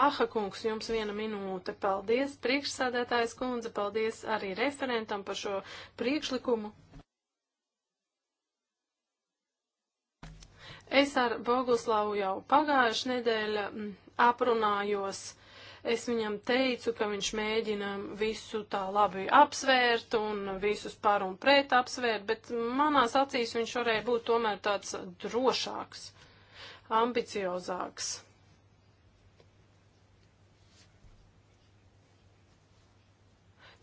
Speaker 1: Āha kungs, jums viena minūte. Paldies, priekšsādētājs kundze, paldies arī referentam par šo priekšlikumu. Es ar Boguslavu jau pagājuši nedēļa mm, aprunājos Es viņam teicu, ka viņš mēģina visu tā labi apsvērt un visus par un pret apsvērt, bet manās acīs viņš varēja būt tomēr tāds drošāks, ambiciozāks.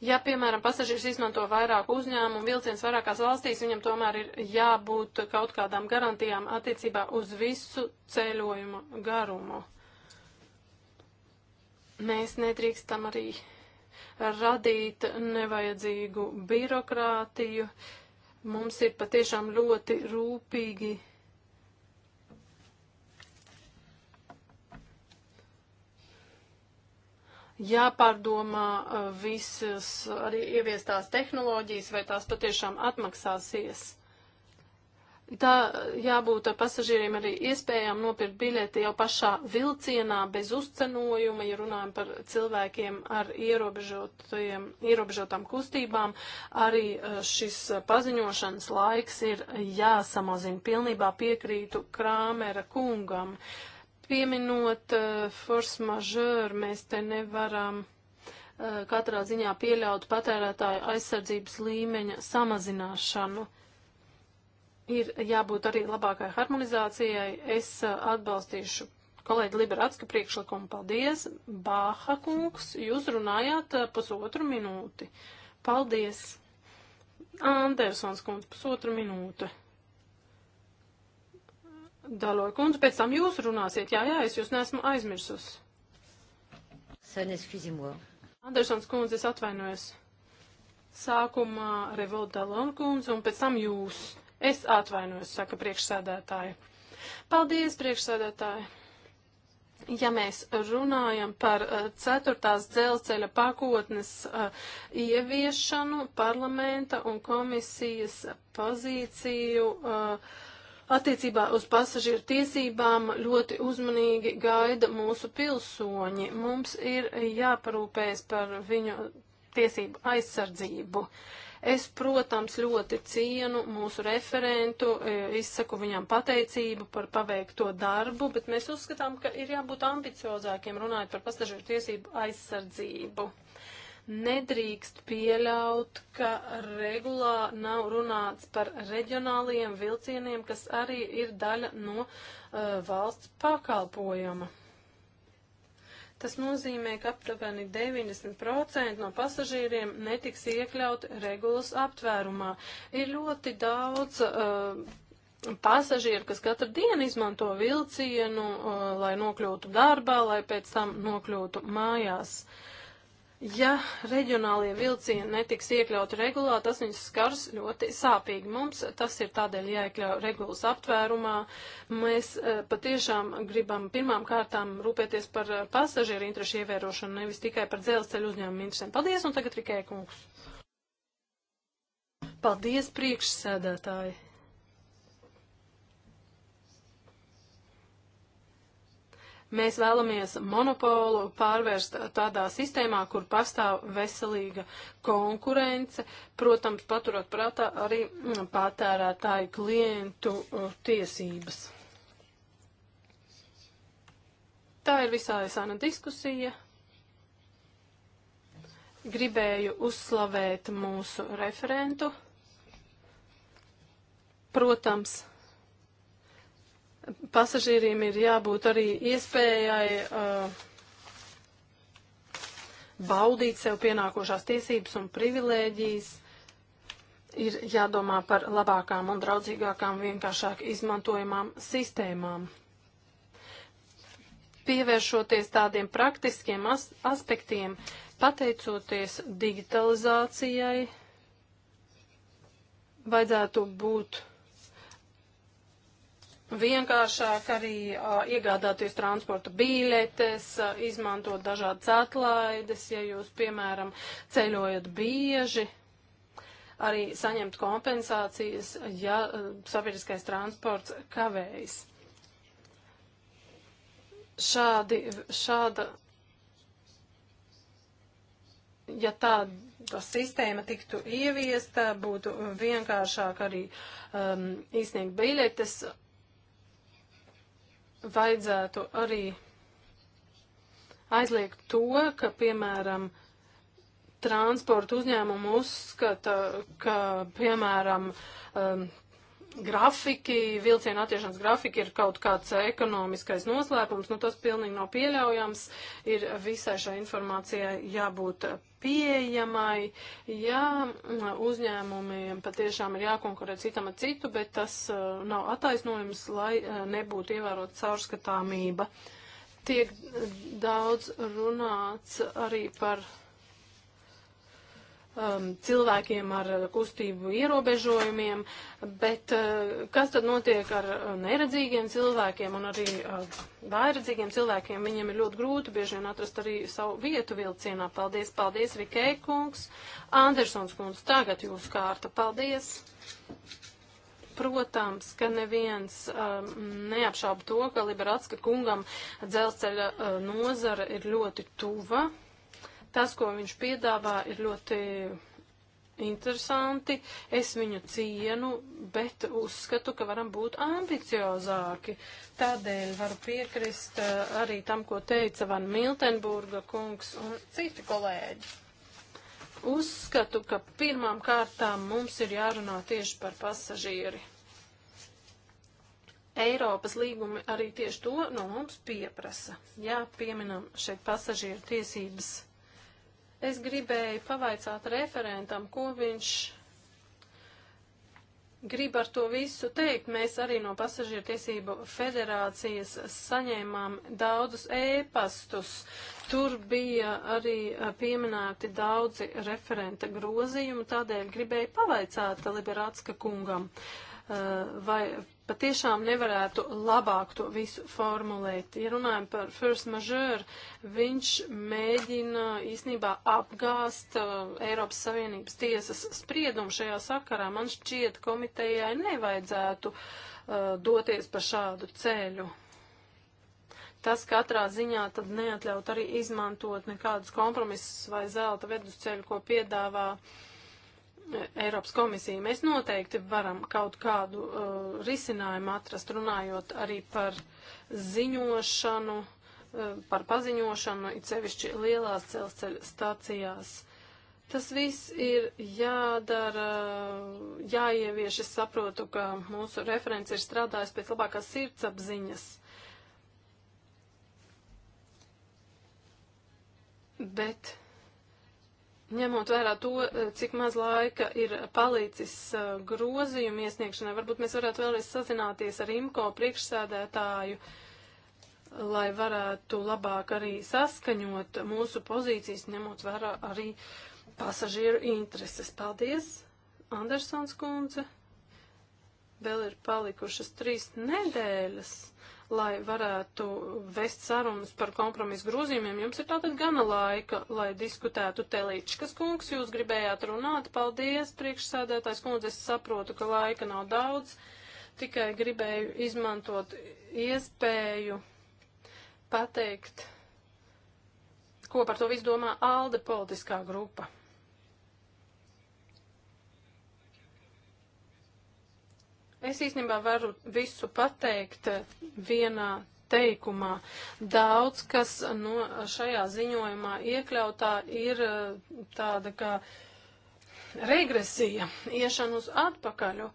Speaker 1: Ja, piemēram, pasažieris izmanto vairāk uzņēmumu, vilciens vairākās valstīs, viņam tomēr ir jābūt kaut kādām garantijām attiecībā uz visu ceļojuma garumu. Mēs nedrīkstam arī radīt nevajadzīgu birokrātiju. Mums ir patiešām ļoti rūpīgi jāpārdomā uh, visas arī ieviestās tehnoloģijas, vai tās patiešām atmaksāsies. Tā jābūt pasažieriem arī iespējām nopirkt biļeti jau pašā vilcienā bez uzcenojuma, ja runājam par cilvēkiem ar ierobežotām kustībām. Arī eh, šis paziņošanas laiks ir jāsamazina. Pilnībā piekrītu Krāmera kungam. Pieminot uh, force majeure, mēs te nevaram eh, katrā ziņā pieļaut patērētāju aizsardzības līmeņa samazināšanu. Uh, ir jābūt arī labākai harmonizācijai. Es uh, atbalstīšu kolēģi Liberatska priekšlikumu. Paldies, Bāha kungs, jūs runājāt uh, pusotru minūti. Paldies, Andersons kungs, pusotru minūti. Daloja kundze, pēc tam jūs runāsiet. Jā, jā, es jūs neesmu aizmirsus. Andersons kundze, es atvainojos. Sākumā Revolta Lona kundze un pēc tam jūs. Es atvainojos, saka priekšsēdētāji. Paldies, priekšsēdētāji! Ja mēs runājam par eh, ceturtās dzelzceļa pakotnes eh, ieviešanu, parlamenta un komisijas pozīciju eh, attiecībā uz pasažieru tiesībām ļoti uzmanīgi gaida mūsu pilsoņi. Mums ir jāparūpējas par viņu tiesību aizsardzību. Uh, Es, protams, ļoti cienu mūsu referentu, e, izsaku viņam pateicību par paveikto darbu, bet mēs uzskatām, ka ir jābūt ambiciozākiem runājot par pasažieru tiesību aizsardzību nedrīkst pieļaut, ka regulā nav runāts par reģionāliem vilcieniem, kas arī ir daļa no uh, valsts pakalpojuma. Tas nozīmē, ka aptuveni 90% no pasažīriem netiks iekļauti regulas aptvērumā. Ir ļoti daudz uh, pasažieru, kas katru dienu izmanto vilcienu, uh, lai nokļūtu darbā, lai pēc tam nokļūtu mājās. Uh, Ja reģionālie vilcieni netiks iekļauti regulā, tas viņus skars ļoti sāpīgi. Mums tas ir tādēļ jāiekļauj regulas aptvērumā. Mēs e, patiešām gribam pirmām kārtām rūpēties par e, pasažieru interešu ievērošanu, nevis tikai par dzelzceļu uzņēmumu interesēm. Paldies, un tagad Rikē kungs. Paldies, priekšsēdētāji! Mēs vēlamies monopolu pārvērst tādā sistēmā, kur pastāv veselīga konkurence, protams, paturot prātā arī mm, patērētāju klientu uh, tiesības. Tā ir visai sana diskusija. Gribēju uzslavēt mūsu referentu. Protams, pasažieriem ir jābūt arī iespējai uh, baudīt sev pienākošās tiesības un privilēģijas. Ir jādomā par labākām un draudzīgākām, vienkāršāk izmantojamām sistēmām. Pievēršoties tādiem praktiskiem as aspektiem, pateicoties digitalizācijai, vajadzētu būt vienkāršāk arī uh, iegādāties transporta biļetes, uh, izmantot dažādas atlaides, ja jūs, piemēram, ceļojat bieži, arī saņemt kompensācijas, ja uh, sabiedriskais transports kavējas. Šādi, šāda, ja tāda to sistēma tiktu ieviesta, būtu vienkāršāk arī um, izsniegt biļetes vajadzētu arī aizliegt to, ka, piemēram, transporta uzņēmumu uzskata, ka, piemēram, um, grafiki, vilciena attiešanas grafiki ir kaut kāds ekonomiskais noslēpums, nu tas pilnīgi nav pieļaujams, ir visai šai informācijai jābūt pieejamai. Jā, uzņēmumiem patiešām ir jākonkurē citam ar citu, bet tas uh, nav attaisnojums, lai uh, nebūtu ievērot caurskatāmība. Tiek daudz runāts arī par um, cilvēkiem ar kustību ierobežojumiem, bet uh, kas tad notiek ar uh, neredzīgiem cilvēkiem un arī uh, vairedzīgiem cilvēkiem? Viņiem ir ļoti grūti bieži vien atrast arī savu vietu vilcienā. Paldies, paldies, Vikei kungs. Andersons kungs, tagad jūs kārta. Paldies. Protams, ka neviens um, neapšāba to, ka Liberatska kungam dzelzceļa uh, nozara ir ļoti tuva. Tas, ko viņš piedāvā, ir ļoti interesanti. Es viņu cienu, bet uzskatu, ka varam būt ambiciozāki. Tādēļ varu piekrist eh, arī tam, ko teica Van Miltenburga kungs un citi kolēģi. Uzskatu, ka pirmām kārtām mums ir jārunā tieši par pasažieri. Eiropas līgumi arī tieši to no mums pieprasa. Jā, pieminam šeit pasažieru tiesības Es gribēju pavaicāt referentam, ko viņš grib ar to visu teikt. Mēs arī no pasažieru tiesību federācijas saņēmām daudzus ēpastus. Tur bija arī pieminēti daudzi referenta grozījumi, tādēļ gribēju pavaicāt Liberācka kungam. Uh, Eh, vai patiešām nevarētu labāk to visu formulēt. Ja runājam par First Major, viņš mēģina īsnībā apgāst uh, Eiropas Savienības tiesas spriedumu šajā sakarā. Man šķiet, komitejai nevajadzētu uh, doties pa šādu ceļu. Tas katrā ziņā tad neatļaut arī izmantot nekādus kompromisus vai zelta vedusceļu, ko piedāvā uh, Eiropas komisiju. Mēs noteikti varam kaut kādu uh, risinājumu atrast, runājot arī par ziņošanu, uh, par paziņošanu, it sevišķi lielās dzelzceļa stācijās. Tas viss ir jādara, jāievieš. Es saprotu, ka mūsu referents ir strādājis pēc labākās sirdsapziņas. Bet Ņemot vērā to, eh, cik maz laika ir palicis eh, grozījumu iesniegšanai, varbūt mēs varētu vēlreiz sazināties ar IMCO priekšsēdētāju, lai varētu labāk arī saskaņot mūsu pozīcijas, ņemot vērā arī pasažieru intereses. Paldies, Andersons kundze. Vēl ir palikušas trīs nedēļas lai varētu vest sarunas par kompromisu grozījumiem. Jums ir tātad gana laika, lai diskutētu telīčkas kungs. Jūs gribējāt runāt. Paldies, priekšsēdētājs kundze. Es saprotu, ka laika nav daudz. Tikai gribēju izmantot iespēju pateikt, ko par to visu domā ALDE politiskā grupa. Es īstenībā varu visu pateikt eh, vienā teikumā. Daudz, kas eh, no nu, šajā ziņojumā iekļautā, ir eh, tāda kā regresija, iešana uz atpakaļu.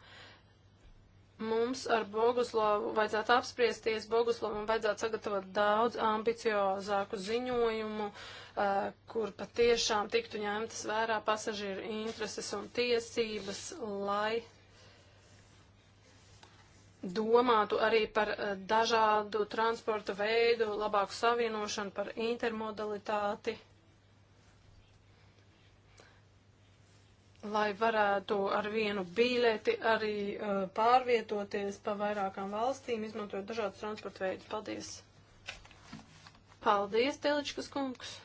Speaker 1: Mums ar Boguslavu vajadzētu apspriesties, Boguslavam vajadzētu sagatavot daudz ambiciozāku ziņojumu, uh, kur patiešām tiktu ņemtas vērā pasažieru intereses un tiesības, lai domātu arī par eh, dažādu transporta veidu, labāku savienošanu, par intermodalitāti, lai varētu ar vienu bīleti arī eh, pārvietoties pa vairākām valstīm, izmantojot dažādus transporta veidus. Paldies! Paldies, Teličkas kungs!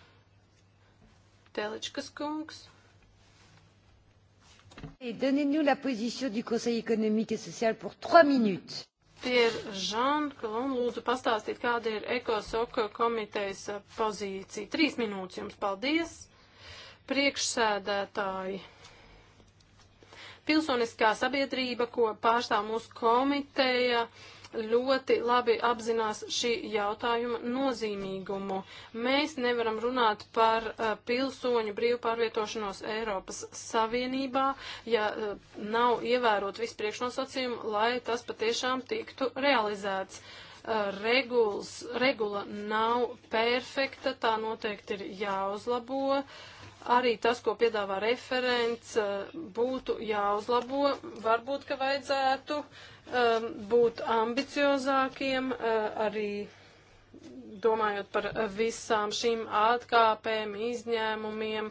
Speaker 1: Teličkas kungs! Tie ir Žanka, un lūdzu pastāstīt, kāda ir Ekosoka komitejas pozīcija. Trīs minūtes jums paldies, priekšsēdētāji pilsoniskā sabiedrība, ko pārstāv mūsu komiteja, uh, ļoti labi apzinās šī jautājuma nozīmīgumu. Mēs nevaram runāt par uh, pilsoņu brīvu pārvietošanos Eiropas Savienībā, ja uh, nav ievērot visu priekšnosacījumu, lai tas patiešām tiktu realizēts. Uh, reguls, regula nav perfekta, tā noteikti ir jāuzlabo. Uh, arī tas, ko piedāvā referents, eh, būtu jāuzlabo. Varbūt, ka vajadzētu um, būt ambiciozākiem uh, arī domājot par visām šīm atkāpēm, izņēmumiem,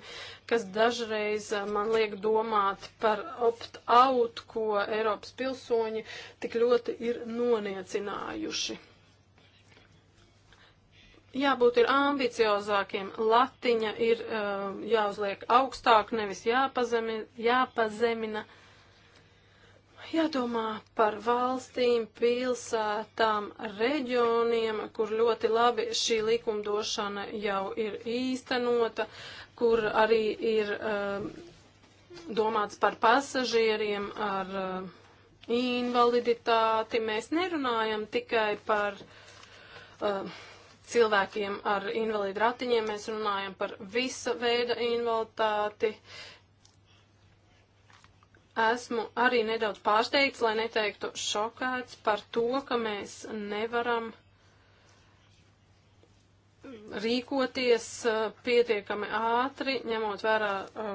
Speaker 1: kas dažreiz man liek domāt par opt-out, ko Eiropas pilsoņi tik ļoti ir noniecinājuši jābūt ir ambiciozākiem. Latiņa ir uh, jāuzliek augstāk, nevis jāpazemi, jāpazemina. Jādomā par valstīm, pilsētām, reģioniem, kur ļoti labi šī likumdošana jau ir īstenota, kur arī ir uh, domāts par pasažieriem ar uh, invaliditāti. Mēs nerunājam tikai par uh, cilvēkiem ar invalīdu ratiņiem. Mēs runājam par visa veida invaliditāti. Esmu arī nedaudz pārsteigts, lai neteiktu šokēts par to, ka mēs nevaram rīkoties uh, pietiekami ātri, ņemot vērā uh,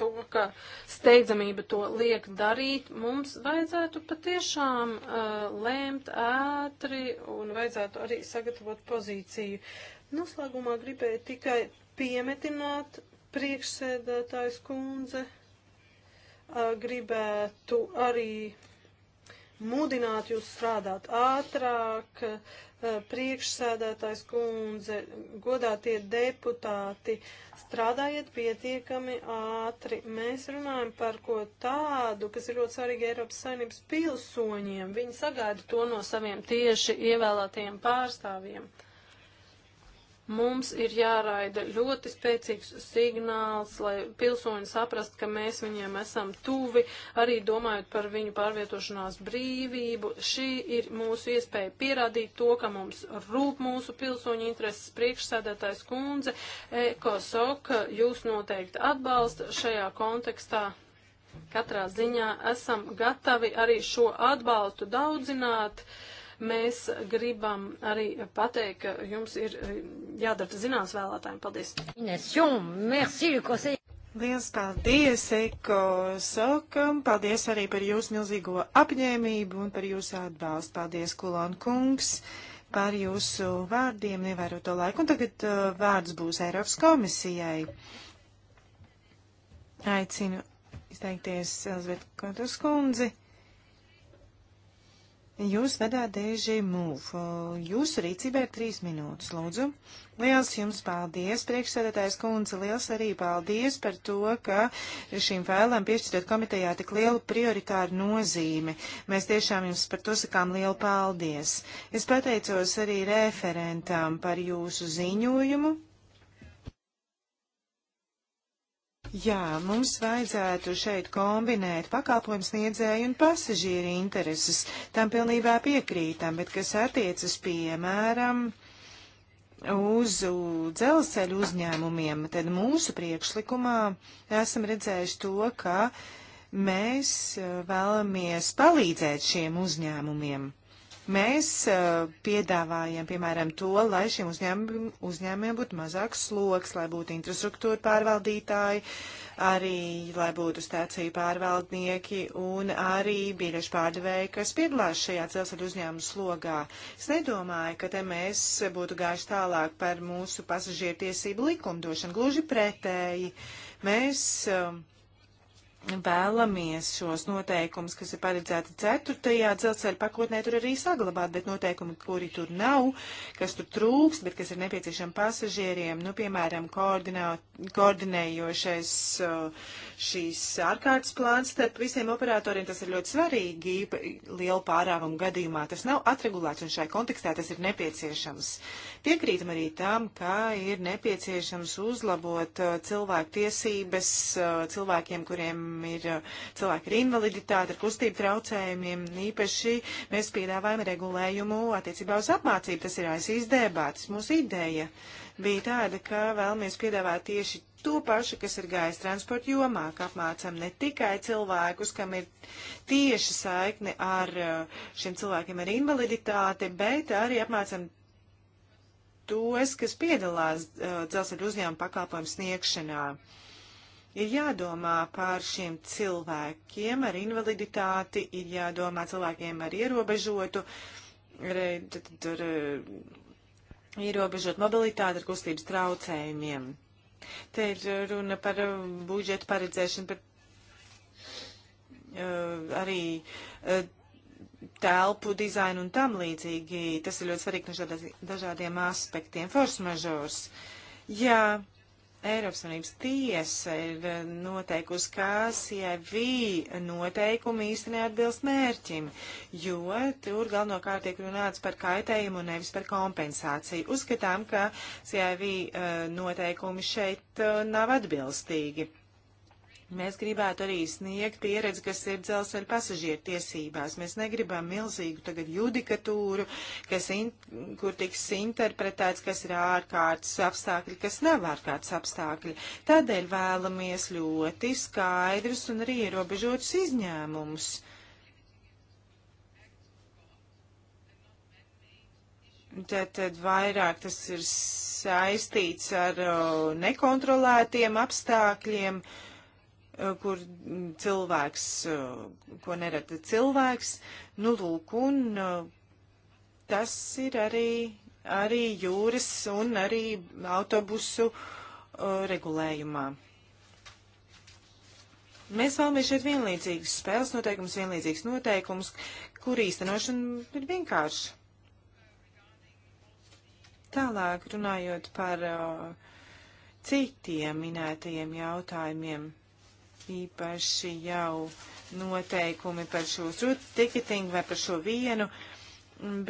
Speaker 1: to, ka steidzamība to liek darīt, mums vajadzētu patiešām uh, lēmt ātri un vajadzētu arī sagatavot pozīciju. Noslēgumā gribēju tikai piemetināt priekšsēdētājs kundze, uh, gribētu arī mudināt jūs strādāt ātrāk, uh, Eh, priekšsēdētājs kundze, godātie deputāti, strādājiet pietiekami ātri. Mēs runājam par ko tādu, kas ir ļoti svarīgi Eiropas saimnības pilsoņiem. Viņi sagaida to no saviem tieši ievēlētajiem pārstāvjiem. Mums ir jāraida ļoti spēcīgs signāls, lai pilsoņi saprast, ka mēs viņiem esam tuvi, arī domājot par viņu pārvietošanās brīvību. Šī ir mūsu iespēja pierādīt to, ka mums rūp mūsu pilsoņu intereses priekšsēdētājs kundze. ECOSOK jūs noteikti atbalsta šajā kontekstā. Katrā ziņā esam gatavi arī šo atbalstu daudzināt. Uh, Mēs gribam arī pateikt, ka jums ir eh, jādara zināms vēlētājiem. Paldies!
Speaker 3: Ines, jums, merci, Liels paldies, Eko Sokam! Paldies arī par jūsu milzīgo apņēmību un par jūsu atbalstu. Paldies, Kulon kungs, par jūsu vārdiem nevēroto laiku. Un tagad uh, vārds būs Eiropas komisijai. Aicinu izteikties Elzbieta Kontus kundzi. Jūs vedāt DG Move. Jūsu rīcībā ir trīs minūtes, lūdzu. Liels jums paldies, priekšsēdētājs kundze, liels arī paldies par to, ka šīm failēm piešķirot komitejā tik lielu prioritāru nozīmi. Mēs tiešām jums par to sakām lielu paldies. Es pateicos arī referentam par jūsu ziņojumu. Jā, mums vajadzētu šeit kombinēt pakalpojumu sniedzēju un pasažieru intereses. Tam pilnībā piekrītam, bet kas attiecas, piemēram, uz dzelzceļu uzņēmumiem, tad mūsu priekšlikumā esam redzējuši to, ka mēs eh, vēlamies palīdzēt šiem uzņēmumiem. Mēs uh, piedāvājam, piemēram, to, lai šiem uzņēmumiem, uzņēmumiem būtu mazāks sloks, lai būtu infrastruktūra pārvaldītāji, arī lai būtu stāciju pārvaldnieki un arī biļešu pārdevēji, kas piedalās šajā dzelzceļa uzņēmuma slogā. Es nedomāju, ka te mēs būtu gājuši tālāk par mūsu pasažiertiesību likumdošanu. Gluži pretēji. Mēs uh, vēlamies šos noteikumus, kas ir paredzēti ceturtajā dzelzceļa pakotnē, tur arī saglabāt, bet noteikumi, kuri tur nav, kas tur trūkst, bet kas ir nepieciešami pasažieriem, nu, piemēram, koordinējošais uh, šīs ārkārtas plāns starp visiem operatoriem, tas ir ļoti svarīgi lielu pārāvumu gadījumā. Tas nav atregulēts un šai kontekstā tas ir nepieciešams. Piekrītam arī tam, ka ir nepieciešams uzlabot uh, cilvēku tiesības uh, cilvēkiem, kuriem kuriem ir cilvēki ar invaliditāti, ar kustību traucējumiem. Īpaši mēs piedāvājam regulējumu attiecībā uz apmācību. Tas ir aizsīs debātas. Mūsu ideja bija tāda, ka vēlamies piedāvāt tieši to pašu, kas ir gaisa transporta jomā, ka apmācam ne tikai cilvēkus, kam ir tieši saikne ar šiem cilvēkiem ar invaliditāti, bet arī apmācam tos, kas piedalās uh, dzelzceļa uzņēmuma pakalpojumu sniegšanā. Uh, Ir jādomā par šiem cilvēkiem ar invaliditāti, ir jādomā cilvēkiem ar ierobežotu, ar, ar, eh, ar ierobežotu mobilitāti, ar kustības traucējumiem. Te ir runa par eh, budžetu paredzēšanu, par uh, arī uh, telpu dizainu un tam līdzīgi. Tas ir ļoti svarīgi no šādās dažādiem aspektiem. Force mažors. Jā. Uh, Eiropas Savienības tiesa ir eh, noteikusi, ka CIV noteikumi īsti neatbilst mērķim, jo tur galvenokārt tiek runāts par kaitējumu un nevis par kompensāciju. Uzskatām, ka CIV eh, noteikumi šeit eh, nav atbilstīgi. Mēs gribētu arī sniegt pieredzi, kas ir dzelzceļa pasažieru tiesībās. Mēs negribam milzīgu tagad judikatūru, kas in, kur tiks interpretēts, kas ir ārkārtas apstākļi, kas nav ārkārtas apstākļi. Tādēļ vēlamies ļoti skaidrus un arī ierobežotus izņēmumus. Tad, tad vairāk tas ir saistīts ar o, uh, nekontrolētiem apstākļiem. Uh, Eh, kur cilvēks, eh, ko nerada cilvēks, nu lūk, un eh, tas ir arī, arī jūras un arī autobusu regulējumā. Mēs vēlamies šeit vienlīdzīgas spēles noteikumus, vienlīdzīgas noteikumus, kur īstenošana ir vienkārša. Tālāk runājot par uh, citiem minētajiem jautājumiem īpaši jau noteikumi par šo ticketingu vai par šo vienu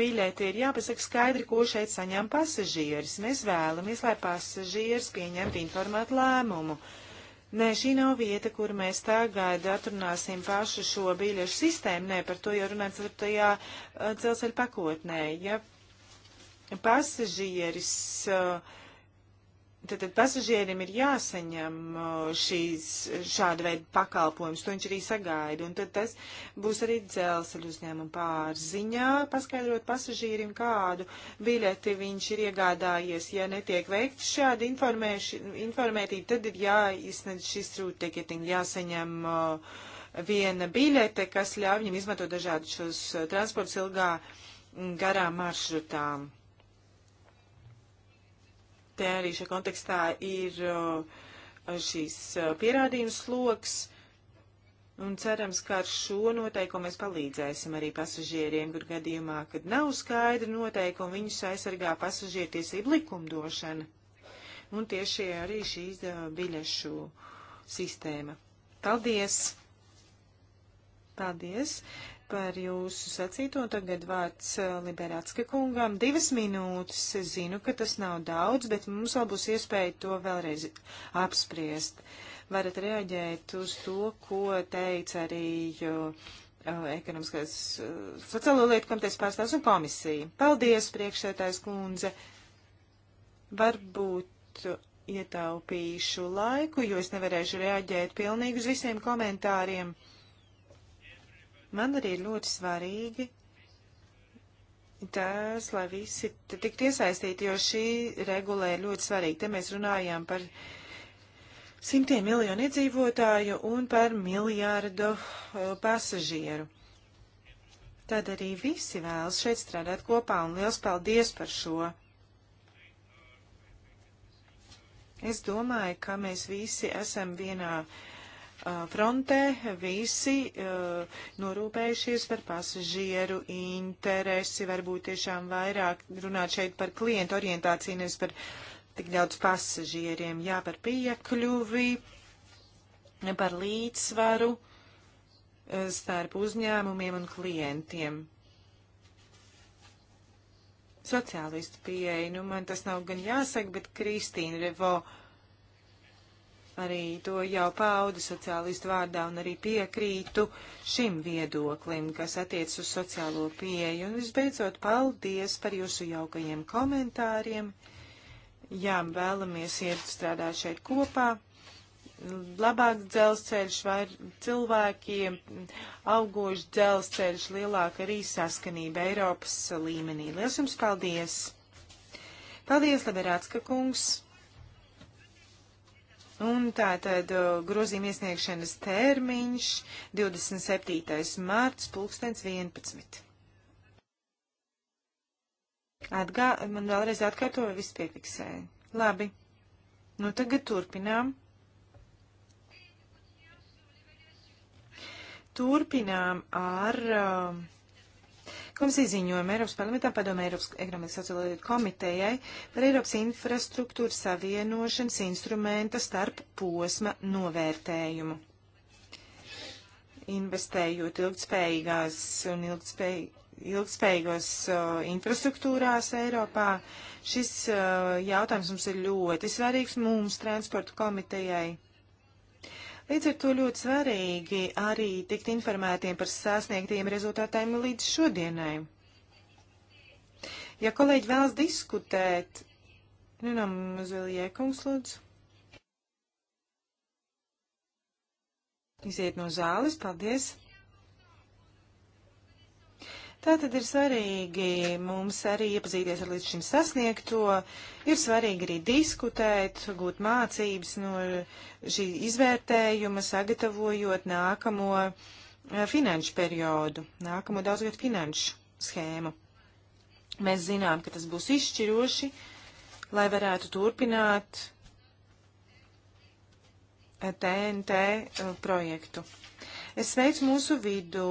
Speaker 3: biļeti ir jāpasaka skaidri, ko šeit saņem pasažieris. Mēs vēlamies, lai pasažieris pieņemtu informētu lēmumu. Nē, šī nav vieta, kur mēs tagad atrunāsim pašu šo biļešu sistēmu. Nē, par to jau runāts ar tajā dzelzceļa uh, pakotnē. Ja pasažieris uh, tad pasažierim ir jāsaņem šīs šāda veida pakalpojums, to viņš arī sagaida, un tad tas būs arī dzelzceļu uzņēmuma pārziņā, paskaidrot pasažierim, kādu biļeti viņš ir iegādājies. Ja netiek veikta šāda informētība, tad ir jāizsniedz šis route ticketing, jāsaņem uh, viena biļete, kas ļauj viņam izmantot dažādus šos transports ilgā garā maršrutām te arī šajā kontekstā ir uh, šīs uh, pierādījums sloks. Un cerams, ka ar šo noteikumu mēs palīdzēsim arī pasažieriem, kur gadījumā, kad nav skaidri noteikumi, viņus aizsargā pasažiertiesību likumdošana. Un tieši arī šīs uh, biļešu sistēma. Paldies! Paldies! par jūsu sacīto. Tagad vārds eh, Liberātska kungam. Divas minūtes. Es zinu, ka tas nav daudz, bet mums vēl būs iespēja to vēlreiz apspriest. Varat reaģēt uz to, ko teica arī eh, ekonomiskās eh, sociālo lietu komitejas pārstāvs un komisija. Paldies, priekšētājs kundze. Varbūt ietaupīšu laiku, jo es nevarēšu reaģēt pilnīgi uz visiem komentāriem. Man arī ir ļoti svarīgi tas, lai visi tiktu iesaistīti, jo šī regulē ir ļoti svarīga. Te mēs runājām par simtiem miljonu iedzīvotāju un par miljārdu uh, pasažieru. Tad arī visi vēlas šeit strādāt kopā, un liels paldies par šo. Es domāju, ka mēs visi esam vienā uh, Uh, frontē visi uh, norūpējušies par pasažieru interesi, varbūt tiešām vairāk runāt šeit par klientu orientāciju, nevis par tik daudz pasažieriem, jā, par piekļuvi, par līdzsvaru uh, starp uzņēmumiem un klientiem. Sociālistu pieeja, nu man tas nav gan jāsaka, bet Kristīna Revo. Uh, Arī to jau paudu sociālistu vārdā un arī piekrītu šim viedoklim, kas attiec uz sociālo pieeju. Un visbeidzot, paldies par jūsu jaukajiem komentāriem. Jā, vēlamies iet strādāt šeit kopā. Labāks dzelzceļš vai cilvēkiem, augošs dzelzceļš, lielāka arī saskanība Eiropas līmenī. Lielas jums paldies! Paldies, Liberācka kungs! Un tā tad uh, grozījuma iesniegšanas termiņš 27. mārts, pulkstens 11. Atgā, man vēlreiz atkārtoju, viss piefiksēja. Labi. Nu tagad turpinām. Turpinām ar uh, Komisijas ziņojuma Eiropas parlamentā padomē Eiropas ekonomikas sociālo komitejai par Eiropas infrastruktūras savienošanas instrumenta starp posma novērtējumu. Investējot ilgtspējīgās un ilgtspējīgās ilgspējīgos uh, infrastruktūrās Eiropā. Šis uh, jautājums mums ir ļoti svarīgs mums, transporta komitejai. Līdz ar to ļoti svarīgi arī tikt informētiem par sasniegtiem rezultātiem līdz šodienai. Ja kolēģi vēlas diskutēt, nu, nav mazvēl jēkums, lūdzu. Iziet no zāles, paldies! Tā tad ir svarīgi mums arī iepazīties ar līdz šim sasniegto, ir svarīgi arī diskutēt, gūt mācības no šī izvērtējuma, sagatavojot nākamo eh, finanšu periodu, nākamo daudzgad finanšu schēmu. Mēs zinām, ka tas būs izšķiroši, lai varētu turpināt TNT eh, eh, projektu. Es sveicu mūsu vidu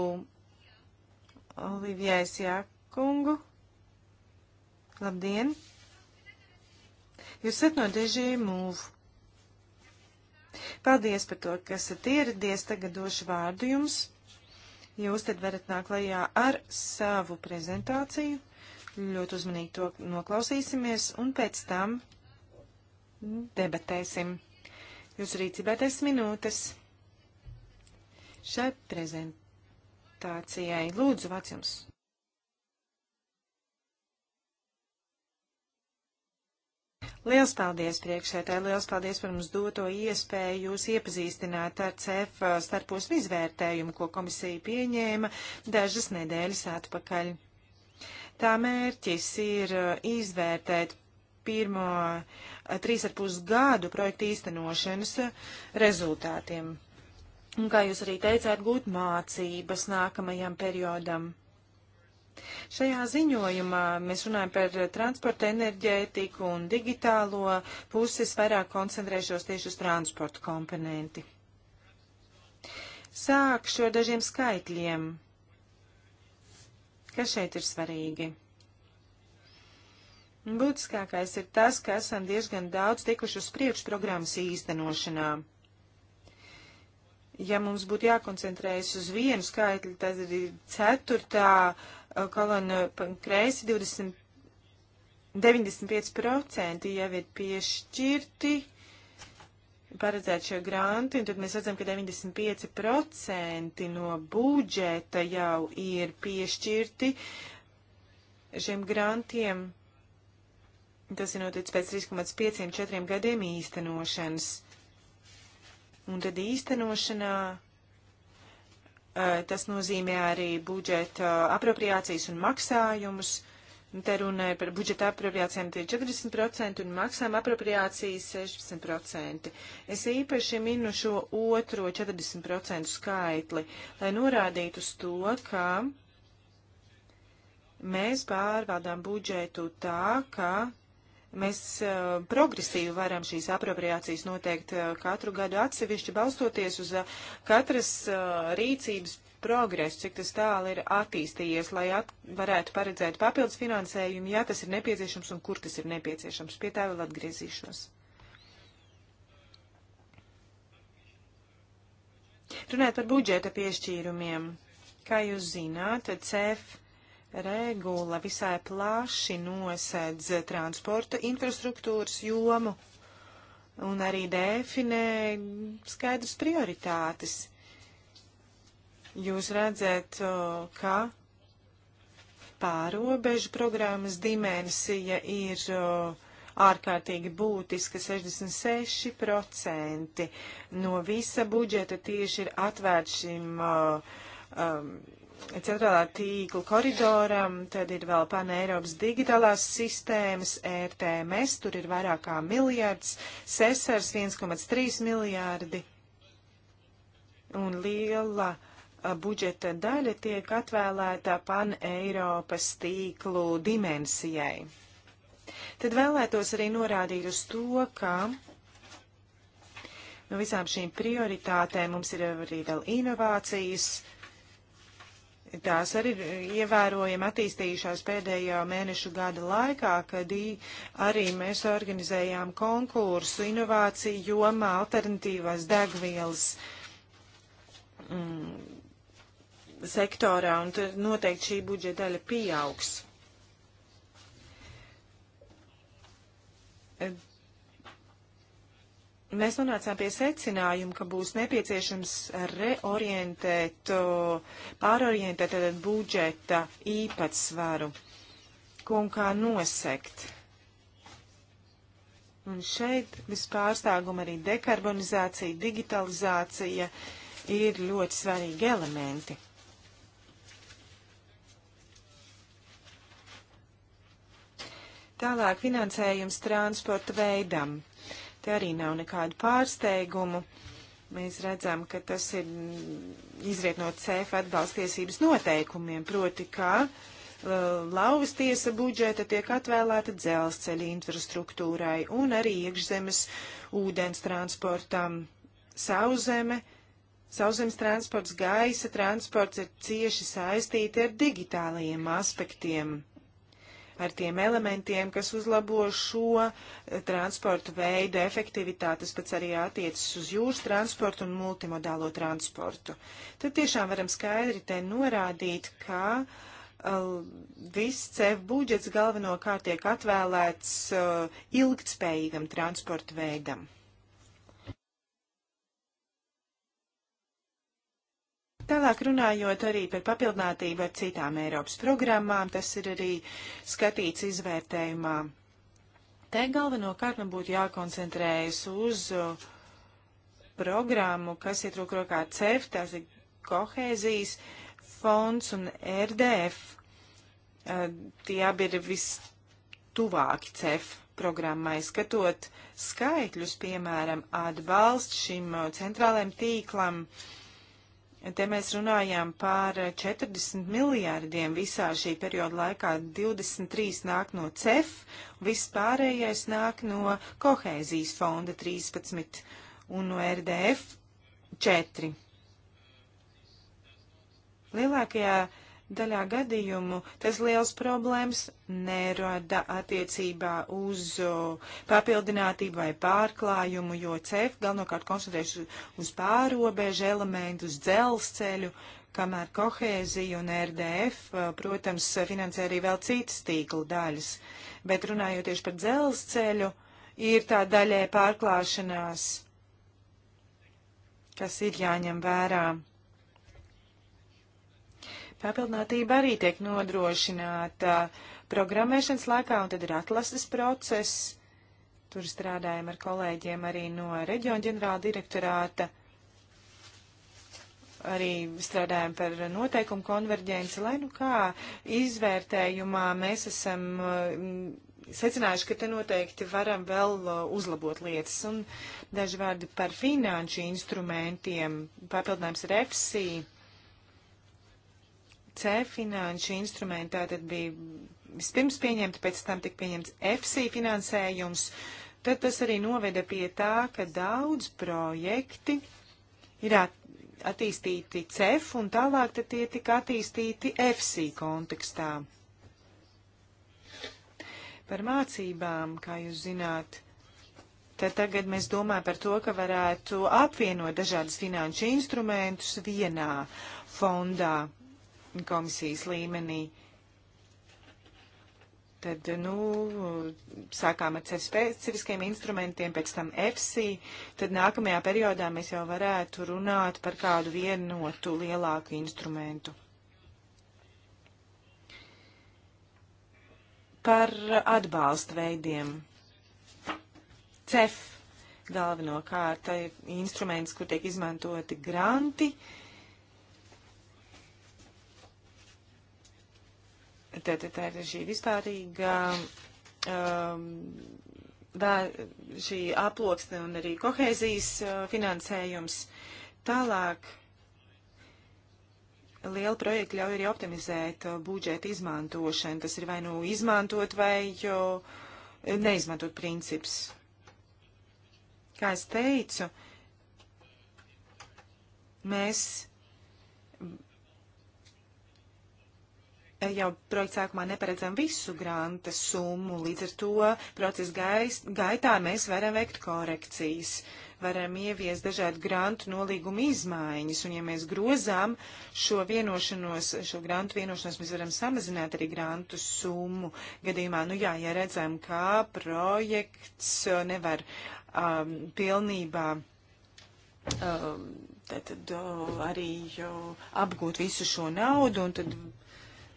Speaker 3: Olivijais Jākungu. Labdien! Jūs esat no Dežī Mūv. Paldies par to, ka esat ieradies. Tagad došu vārdu jums. Jūs tad varat nākt lajā ar savu prezentāciju. Ļoti uzmanīgi to noklausīsimies un pēc tam debatēsim. Jūsu rīcībā tas minūtes šai prezentācijai prezentācijai. Lūdzu, vārds jums! Liels paldies priekšētāji, liels paldies par mums doto iespēju jūs iepazīstināt ar CEF starposmu izvērtējumu, ko komisija pieņēma dažas nedēļas atpakaļ. Tā mērķis ir uh, izvērtēt pirmo uh, trīs ar pus gadu projektu īstenošanas uh, rezultātiem. Un, kā jūs arī teicāt, gūt mācības nākamajam periodam. Šajā ziņojumā mēs runājam par transporta enerģētiku un digitālo pusi, es vairāk koncentrēšos tieši uz transporta komponenti. Sākšu ar dažiem skaitļiem. Kas šeit ir svarīgi? Būtiskākais ir tas, ka esam diezgan daudz tikuši uz priekšu programmas īstenošanā ja mums būtu jākoncentrējas uz vienu skaitli, tad ir ceturtā uh, kolona kreisi 20, 95% jau ir piešķirti paredzēt šo grantu, un tad mēs redzam, ka 95% no budžeta jau ir piešķirti šiem grantiem. Tas ir noticis pēc 3,5-4 gadiem īstenošanas. Un tad īstenošanā eh, tas nozīmē arī budžeta eh, apropriācijas un maksājumus. Te runāja par budžeta apropriācijām tie 40% un maksām apropriācijas 16%. Es īpaši minu šo otro 40% skaitli, lai norādītu uz to, ka mēs pārvādām budžetu tā, ka Mēs uh, progresīvi varam šīs apropriācijas noteikt uh, katru gadu atsevišķi, balstoties uz uh, katras rīcības progresu, cik tas tālu ir attīstījies, lai at varētu paredzēt papildus finansējumu, ja tas ir nepieciešams un kur tas ir nepieciešams. Pie tā vēl atgriezīšos. Runājot par budžeta piešķīrumiem, kā jūs zināt, CEF regula visai plaši nosedz transporta infrastruktūras jomu un arī definē skaidrs prioritātes. Jūs redzat, ka pārobežu programmas dimensija ir ārkārtīgi būtiska 66% no visa budžeta tieši ir atvērts šim um, centrālā tīkla koridoram, tad ir vēl pana Eiropas digitalās sistēmas, e RTMS, tur ir vairāk kā miljards, sesars 1,3 miljārdi un liela budžeta daļa tiek atvēlēta pan Eiropas tīklu dimensijai. Tad vēlētos arī norādīt uz to, ka no visām šīm prioritātēm mums ir arī vēl inovācijas, uh, Tās arī ir ievērojami attīstījušās pēdējo mēnešu gada laikā, kad arī mēs organizējām konkursu inovāciju jomā alternatīvās degvielas mm, sektorā, un noteikti šī budžeta daļa pieaugs mēs nonācām pie secinājuma, ka būs nepieciešams reorientēt, pārorientēt budžeta īpatsvaru, ko un kā nosekt. Un šeit vispārstāguma arī dekarbonizācija, digitalizācija ir ļoti svarīgi elementi. Tālāk finansējums transporta veidam ka arī nav nekādu pārsteigumu. Mēs redzam, ka tas ir izriet no CF atbalstiesības noteikumiem, proti, ka uh, lauvas tiesa budžeta tiek atvēlēta dzelzceļa infrastruktūrai un arī iekšzemes ūdens transportam. Sauzeme, sauzemes transports, gaisa transports ir cieši saistīti ar digitālajiem aspektiem par tiem elementiem, kas uzlabo šo eh, transportu veidu efektivitāti. Tas pats arī attiecas uz jūras transportu un multimodālo transportu. Tad tiešām varam skaidri te norādīt, ka eh, viss CEF budžets galvenokārt tiek atvēlēts eh, ilgtspējīgam transportu veidam. Tālāk runājot arī par papildinātību ar citām Eiropas programmām, tas ir arī skatīts izvērtējumā. Te galvenokārt man būtu jākoncentrējas uz uh, programmu, kas iet roku rokā CEF, tās ir kohēzijas fonds un RDF. Uh, tie abi ir vistuvāki CEF programmai. Skatot skaitļus, piemēram, atbalsts šim uh, centrālajam tīklam, uh, Te mēs runājām par 40 miljārdiem visā šī perioda laikā. 23 nāk no CEF, vispārējais nāk no kohēzijas fonda 13 un no RDF 4. Lielākajā daļā gadījumu tas liels problēmas nerada attiecībā uz papildinātību vai pārklājumu, jo CEF galvenokārt koncentrēs uz pārobežu elementu, uz dzelzceļu, kamēr kohēzija un RDF, protams, finansē arī vēl citas tīkla daļas. Bet runājot tieši par dzelzceļu, ir tā daļai pārklāšanās, kas ir jāņem vērā. Papildinātība arī tiek nodrošināta programmēšanas laikā, un tad ir atlases process. Tur strādājam ar kolēģiem arī no reģiona ģenerāla direktorāta. Arī strādājam par noteikumu konverģenci, lai nu kā izvērtējumā mēs esam mm, secinājuši, ka te noteikti varam vēl uzlabot lietas. Un daži vārdi par finanšu instrumentiem, papildinājums ar EFSI C finanšu instrumenti tātad bija vispirms pieņemti, pēc tam tika pieņemts FC finansējums, tad tas arī noveda pie tā, ka daudz projekti ir at attīstīti CEF un tālāk tad tie tika attīstīti FC kontekstā. Par mācībām, kā jūs zināt, tad tagad mēs domājam par to, ka varētu apvienot dažādas finanšu instrumentus vienā fondā komisijas līmenī. Tad, nu, sākām ar specifiskiem instrumentiem, pēc tam EFSI, tad nākamajā periodā mēs jau varētu runāt par kādu vienotu lielāku instrumentu. Par atbalsta veidiem. CEF galvenokārt ir instruments, kur tiek izmantoti granti. Uh, Tad tā ir šī vispārīga um, vē, šī aploksne un arī kohēzijas uh, finansējums. Tālāk liela projekta ļauj arī optimizēt uh, budžeta izmantošanu. Tas ir vai nu izmantot vai uh, neizmantot princips. Kā es teicu, mēs jau projekta sākumā neparedzam visu granta summu, līdz ar to procesa gais, gaitā mēs varam veikt korekcijas, varam ieviest dažādu grantu nolīgumu izmaiņas, un ja mēs grozām šo vienošanos, šo grantu vienošanos, mēs varam samazināt arī grantu summu gadījumā. Nu jā, ja redzam, kā projekts uh, nevar um, pilnībā. Um, Tad, tad uh, arī uh, apgūt visu šo naudu, un tad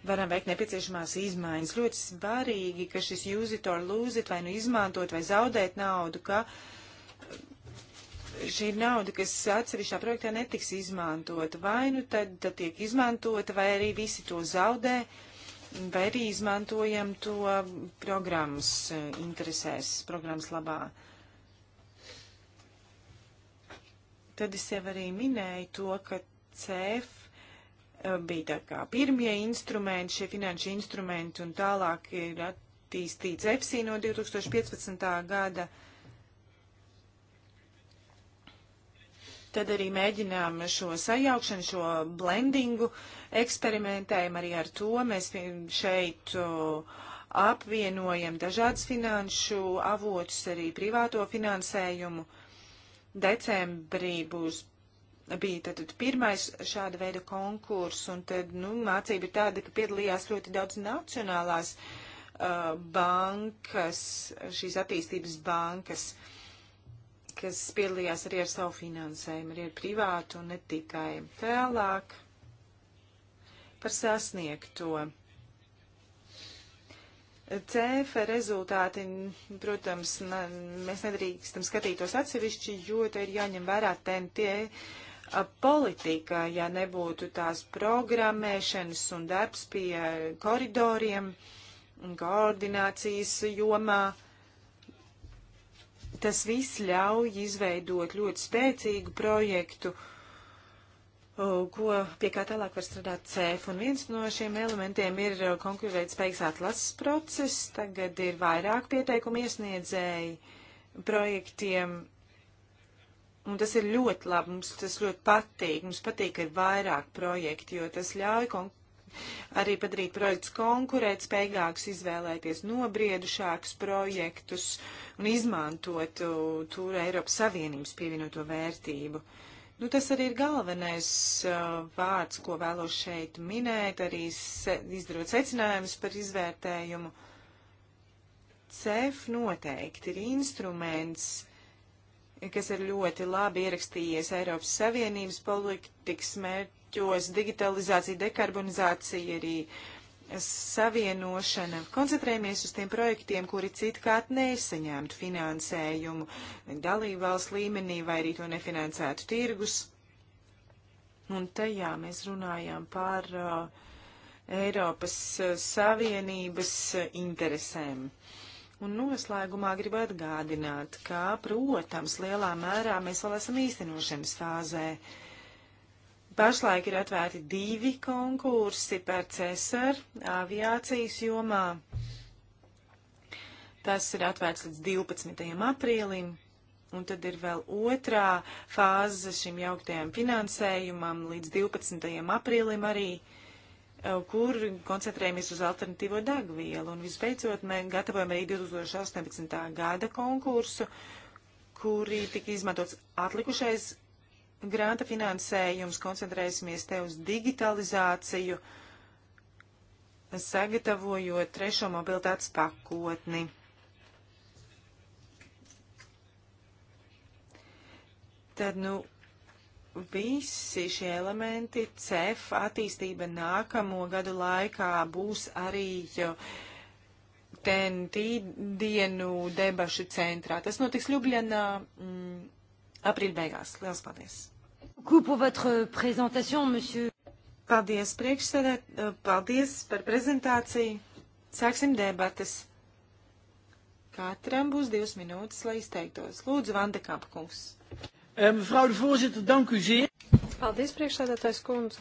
Speaker 3: varam veikt nepieciešamās izmaiņas. Ļoti svarīgi, ka šis use it or lose it, vai nu izmantot, vai zaudēt naudu, ka šī ir nauda, kas atsevišķā projektā netiks izmantota. Vai nu tad, tad tiek izmantota, vai arī visi to zaudē, vai arī izmantojam to programmas eh, interesēs, programmas labā. Tad es jau arī minēju to, ka CEF Eh, bija tā kā pirmie instrumenti, šie finanšu instrumenti, un tālāk ir attīstīts EFSI no 2015. gada. Tad arī mēģinām šo sajaukšanu, šo blendingu, eksperimentējam arī ar to. Mēs šeit apvienojam dažādas finanšu avotus, arī privāto finansējumu. Decembrī būs bija tātad pirmais šāda veida konkurss, un tad, nu, mācība ir tāda, ka piedalījās ļoti daudz nacionālās uh, bankas, šīs attīstības bankas, kas piedalījās arī ar savu finansējumu, arī ar privātu un ne tikai. Tālāk par sasniegto. CF rezultāti, protams, mēs nedrīkstam skatītos atsevišķi, jo te ir jāņem vērā TNT politika, ja nebūtu tās programmēšanas un darbs pie koridoriem, koordinācijas jomā. Tas viss ļauj izveidot ļoti spēcīgu projektu, ko pie kā tālāk var strādāt CEF. Un viens no šiem elementiem ir konkurētspējas atlases process. Tagad ir vairāk pieteikumu iesniedzēji projektiem Un tas ir ļoti labi, mums tas ļoti patīk. Mums patīk, ka ir vairāk projekti, jo tas ļauj arī padarīt projektus konkurēt spējīgākus, izvēlēties nobriedušākus projektus un izmantot tur Eiropas Savienības pievienoto vērtību. Nu, tas arī ir galvenais uh, vārds, ko vēlos šeit minēt, arī se, izdarot secinājumus par izvērtējumu. CEF noteikti ir instruments kas ir ļoti labi ierakstījies Eiropas Savienības politikas mērķos - digitalizācija, dekarbonizācija, arī savienošana. Koncentrējamies uz tiem projektiem, kuri citkārt nesaņemtu finansējumu dalībvalsts līmenī vai arī to nefinansētu tirgus. Un tajā mēs runājām par uh, Eiropas uh, Savienības uh, interesēm. Uh, Un noslēgumā gribu atgādināt, ka, protams, lielā mērā mēs vēl esam īstenošanas fāzē. Pašlaik ir atvērti divi konkursi par CESAR aviācijas jomā. Tas ir atvērts līdz 12. aprīlim. Un tad ir vēl otrā fāze šim jauktajam finansējumam līdz 12. aprīlim arī. Uh, Eh, kur koncentrējamies uz alternatīvo degvielu. Un visbeidzot, mēs gatavojam arī 2018. gada konkursu, kuri tika izmantots atlikušais grānta finansējums. Koncentrēsimies te uz digitalizāciju, sagatavojot trešo mobilitātes pakotni. Tad, nu, visi šie elementi, CEF attīstība nākamo gadu laikā būs arī TNT dienu debašu centrā. Tas notiks Ljubljana mm, aprīļa beigās. Liels paldies! Paldies priekšsēdē, paldies par prezentāciju. Sāksim debatas. Katram būs divas minūtes, lai izteiktos. Lūdzu, Vanda Kampkungs. Eh, mevrouw de voorzitter, dank u zeer. Paldies, priekšsēdētājs kundze.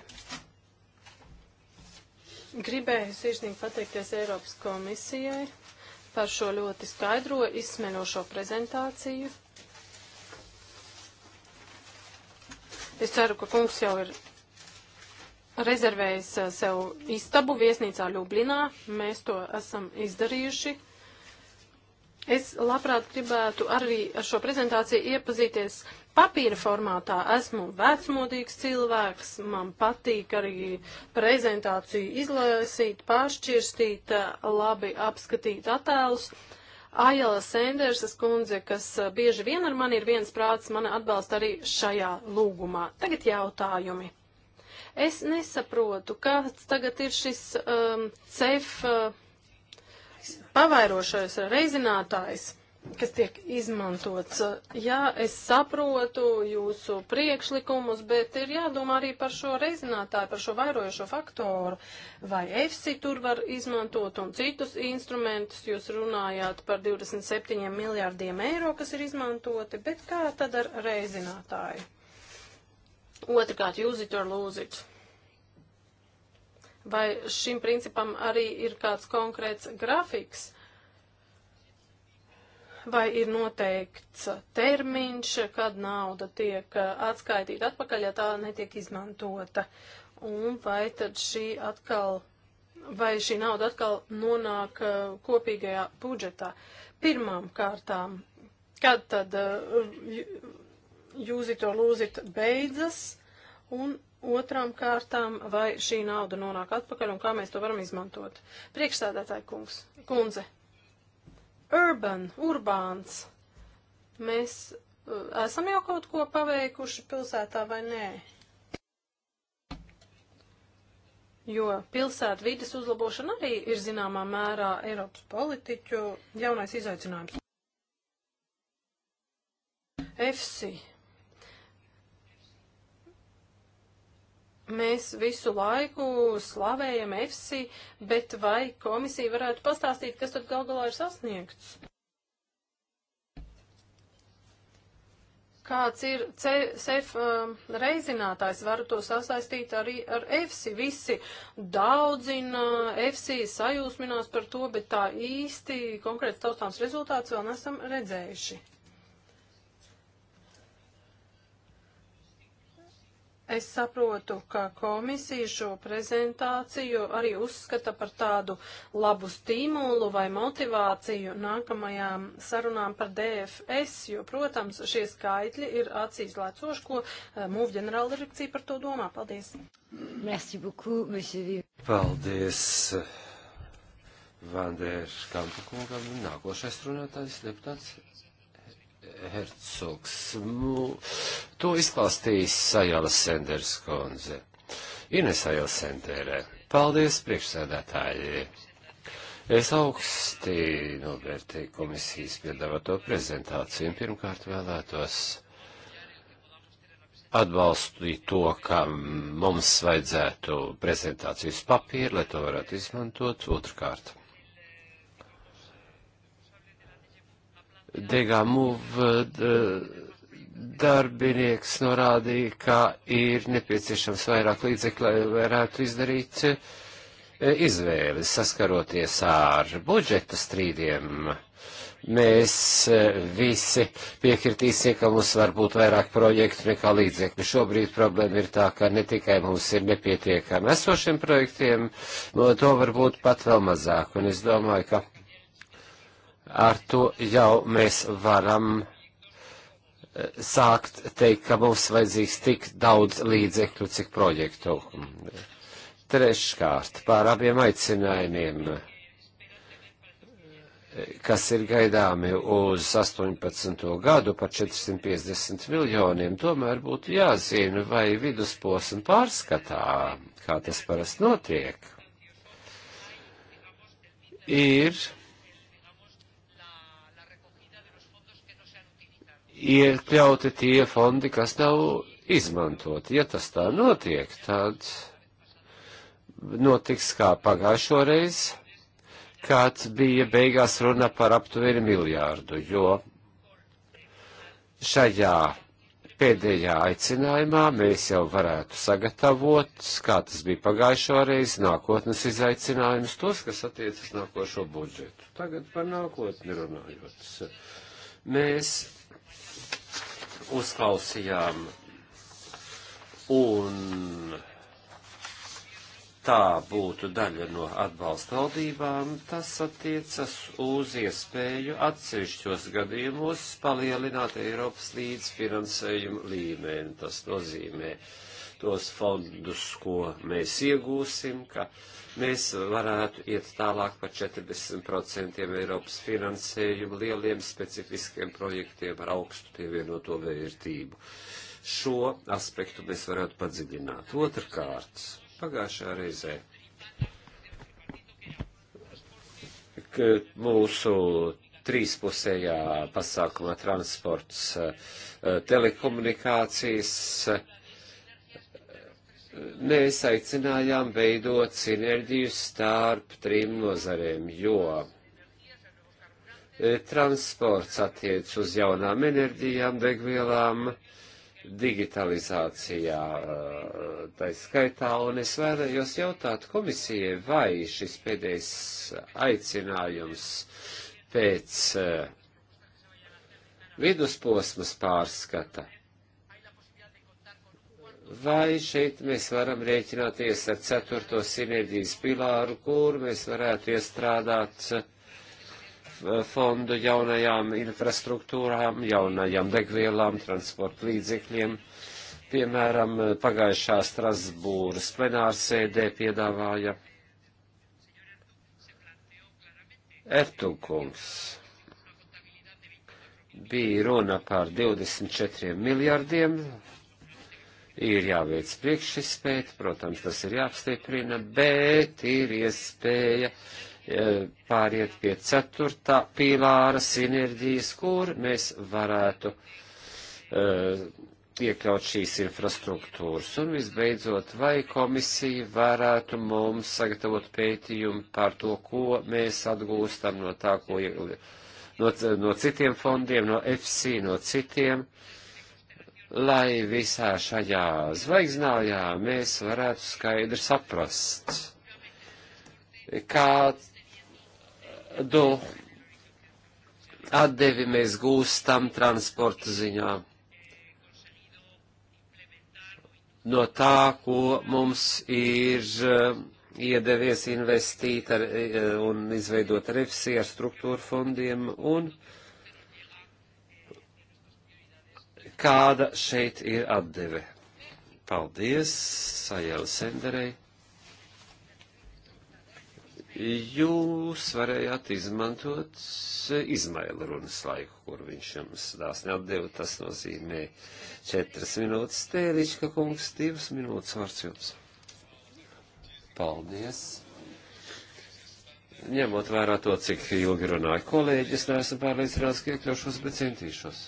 Speaker 1: Gribēju sirsnīgi pateikties Eiropas komisijai par šo ļoti skaidro, izsmeļošo prezentāciju. Es ceru, ka kungs jau ir rezervējis eh, sev istabu viesnīcā Ljublinā. Mēs to esam izdarījuši. Es labprāt gribētu arī ar šo prezentāciju iepazīties uh, papīra formātā esmu vecmodīgs cilvēks, man patīk arī prezentāciju izlasīt, pāršķirstīt, eh, labi apskatīt attēlus. Aila Sendersas kundze, kas eh, bieži vien ar mani ir viens prāts, mani atbalsta arī šajā lūgumā. Tagad jautājumi. Es nesaprotu, kāds tagad ir šis um, cef uh, pavairošais reizinātājs kas tiek izmantots. Jā, es saprotu jūsu priekšlikumus, bet ir jādomā arī par šo reizinātāju, par šo vairojošo faktoru. Vai EFSI tur var izmantot un citus instrumentus? Jūs runājāt par 27 miljārdiem eiro, kas ir izmantoti, bet kā tad ar reizinātāju? Otrkārt, use it or lose it. Vai šim principam arī ir kāds konkrēts grafiks? vai ir noteikts termiņš, kad nauda tiek eh, atskaitīta atpakaļ, ja tā netiek izmantota. Un vai tad šī atkal, vai šī nauda atkal nonāk eh, kopīgajā budžetā. Pirmām kārtām, kad tad eh, jūzit to lūzit beidzas, un otrām kārtām, vai šī nauda nonāk atpakaļ un kā mēs to varam izmantot. Priekšstādātāji kungs, kundze, urban, urbāns. Mēs uh, esam jau kaut ko paveikuši pilsētā vai nē? Jo pilsētu vides uzlabošana arī ir zināmā mērā Eiropas politiķu jaunais izaicinājums. EFSI Mēs visu laiku slavējam EFSI, bet vai komisija varētu pastāstīt, kas tad gal galā ir sasniegts? Kāds ir CEF um, reizinātājs, varu to sasaistīt arī ar EFSI. Visi daudzina, EFSI sajūsminās par to, bet tā īsti konkrēts taustāms rezultāts vēl nesam redzējuši. Es saprotu, ka komisija šo prezentāciju arī uzskata par tādu labu stimulu vai motivāciju nākamajām sarunām par DFS, jo, protams, šie skaitļi ir acīs lēcoši, ko eh, MUV ģenerāla direkcija par to domā. Paldies! Merci beaucoup, monsieur.
Speaker 2: Paldies! Eh, Vandērs Kampa kungam nākošais runātājs deputāts Hercogs. Nu, to izklāstījis Sajala Senders kundze. Inesa jau Senderē. Paldies, priekšsēdētāji! Es augstī novērtēju komisijas piedāvāto prezentāciju un pirmkārt vēlētos atbalstīt to, ka mums vajadzētu prezentācijas papīru, lai to varētu izmantot otrkārt. Degāmuv darbinieks norādīja, ka ir nepieciešams vairāk līdzekļu, lai varētu izdarīt e, izvēli saskaroties ar budžeta strīdiem. Mēs e, visi piekritīsim, ka mums var būt vairāk projektu nekā līdzekļu. Šobrīd problēma ir tā, ka ne tikai mums ir nepietiekami esošiem projektiem, no to varbūt pat vēl mazāk. Un es domāju, ka ar to jau mēs varam eh, sākt teikt, ka mums vajadzīgs tik daudz līdzekļu, cik projektu. Treškārt, pār abiem aicinājumiem, kas ir gaidāmi uz 18. gadu par 450 miljoniem, tomēr būtu jāzina, vai vidusposma pārskatā, kā tas parasti notiek, ir iekļauti tie fondi, kas nav izmantoti. Ja tas tā notiek, tad notiks kā pagājušo reizi, kad bija beigās runa par aptuveni miljārdu, jo šajā pēdējā aicinājumā mēs jau varētu sagatavot, kā tas bija pagājušo reizi, nākotnes izaicinājumus, tos, kas attiecas nākošo budžetu. Tagad par nākotni runājot. Mēs uzklausījām. Un tā būtu daļa no atbalsta valdībām, tas attiecas uz iespēju atsevišķos gadījumos palielināt Eiropas līdzfinansējumu līmeni. Tas nozīmē tos fondus, ko mēs iegūsim, ka uh, mēs varētu iet tālāk par 40% Eiropas finansējumu lieliem specifiskiem projektiem ar augstu pievienoto vērtību. Šo aspektu mēs varētu padziļināt. Otrkārt, pagājušā reizē mūsu trīspusējā pasākumā transports, eh, telekomunikācijas, mēs aicinājām veidot sinerģiju starp trim nozarēm, jo e, transports attiec uz jaunām enerģijām, degvielām, digitalizācijā e, tā skaitā, un es vēlējos jautāt komisijai, vai šis pēdējais aicinājums pēc e, vidusposmas pārskata Vai šeit mēs varam rēķināties ar ceturto sinerģijas pilāru, kur mēs varētu iestrādāt eh, fondu jaunajām infrastruktūrām, jaunajām degvielām, transporta līdzekļiem? Piemēram, pagājušā Strasbūras plenārsēdē piedāvāja Ertugungs bija runa par 24 miljardiem ir jāveic priekšizpēta, protams, tas ir jāapstiprina, bet ir iespēja e, pāriet pie ceturtā pīlāra sinerģijas, kur mēs varētu uh, iekļaut šīs infrastruktūras. Un visbeidzot, vai komisija varētu mums sagatavot pētījumu par to, ko mēs atgūstam no tā, ko no, no citiem fondiem, no FC, no citiem. Uh, lai visā šajā zvaigznājā mēs varētu skaidri saprast, kādu atdevi mēs gūstam transporta ziņā no tā, ko mums ir eh, iedevies investīt ar, eh, un izveidot refsi ar struktūra fondiem un kāda šeit ir atdeve. Paldies, Sajēla Senderei. Jūs varējāt izmantot eh, Izmaila runas laiku, kur viņš jums dās neatdeva. Tas nozīmē četras minūtes tēriška kungs, divas minūtes vārds jums. Paldies. Ņemot vērā to, cik ilgi runāja kolēģis, neesmu pārliecināts, ka iekļaušos, bet centīšos.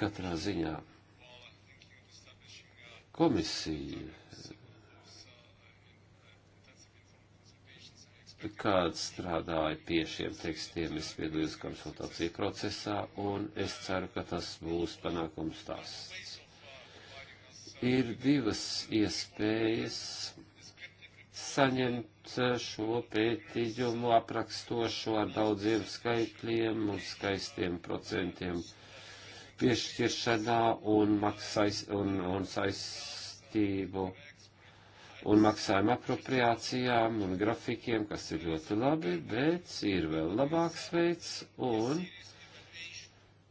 Speaker 2: Katrā ziņā komisija, kāda strādāja pie šiem tekstiem, es piedalījos konsultāciju procesā, un es ceru, ka tas būs panākums stāsts. Ir divas iespējas saņemt šo pētījumu aprakstošo ar daudziem skaitļiem un skaistiem procentiem piešķiršanā un, maksais, un, un saistību un maksājuma apropriācijām un grafikiem, kas ir ļoti labi, bet ir vēl labāks veids un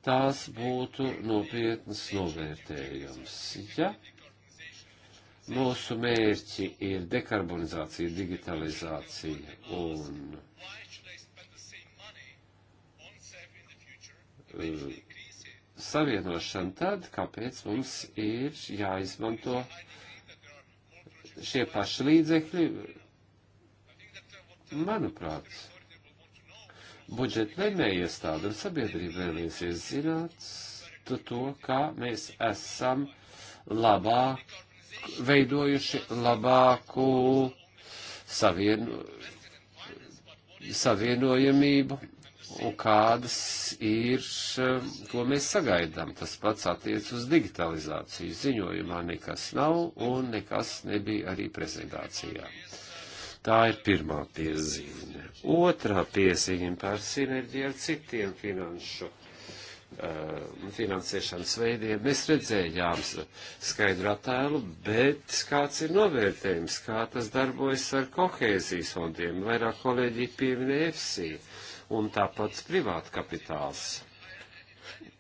Speaker 2: tās būtu nopietnas novērtējums. Ja mūsu mērķi ir dekarbonizācija, digitalizācija un uh, savienošanu, tad kāpēc mums ir jāizmanto šie paši līdzekļi? Manuprāt, budžeta lemēja iestāde un sabiedrība vēliesies zināt to, kā mēs esam labāk, veidojuši labāku savienu, savienojamību un kādas ir, um, ko mēs sagaidām. Tas pats attiec uz digitalizāciju. Ziņojumā nekas nav un nekas nebija arī prezentācijā. Tā ir pirmā piezīme. Otrā piezīme par sinerģiju ar citiem finanšu uh, finansēšanas veidiem. Mēs redzējām skaidru attēlu, bet kāds ir novērtējums, kā tas darbojas ar kohēzijas fondiem. Vairāk kolēģi pieminēja FSI. Uh, un tāpat privāta kapitāls,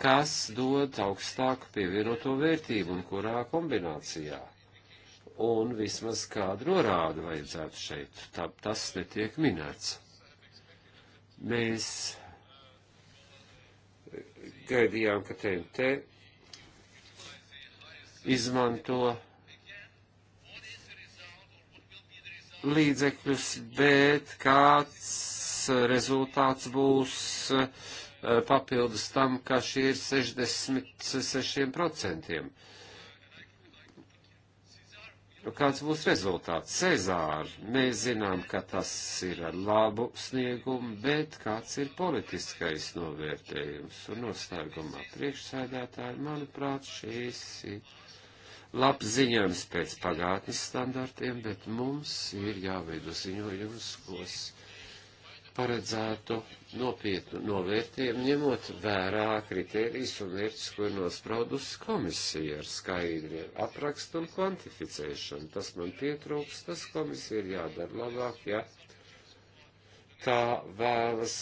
Speaker 2: kas dod augstāku pievienoto vērtību un kurā kombinācijā. Un vismaz kādu norādu vajadzētu šeit, tā, tas netiek minēts. Mēs gaidījām, ka TNT
Speaker 3: izmanto
Speaker 2: līdzekļus, bet kāds rezultāts būs eh, papildus tam, ka šie ir 66%. Kāds būs rezultāts? Cezāri, mēs zinām, ka tas ir ar labu sniegumu, bet kāds ir politiskais novērtējums un noslēgumā priekšsēdētāji, manuprāt, šīs ir labs ziņojums pēc pagātnes standartiem, bet mums ir jāveido ziņojums, kos paredzētu nopietnu novērtējumu, ņemot vērā kritērijas un mērķus, ko ir nospraudusi komisija ar skaidriem aprakstu un kvantificēšanu. Tas man pietrūks, tas komisija ir jādara labāk, ja tā vēlas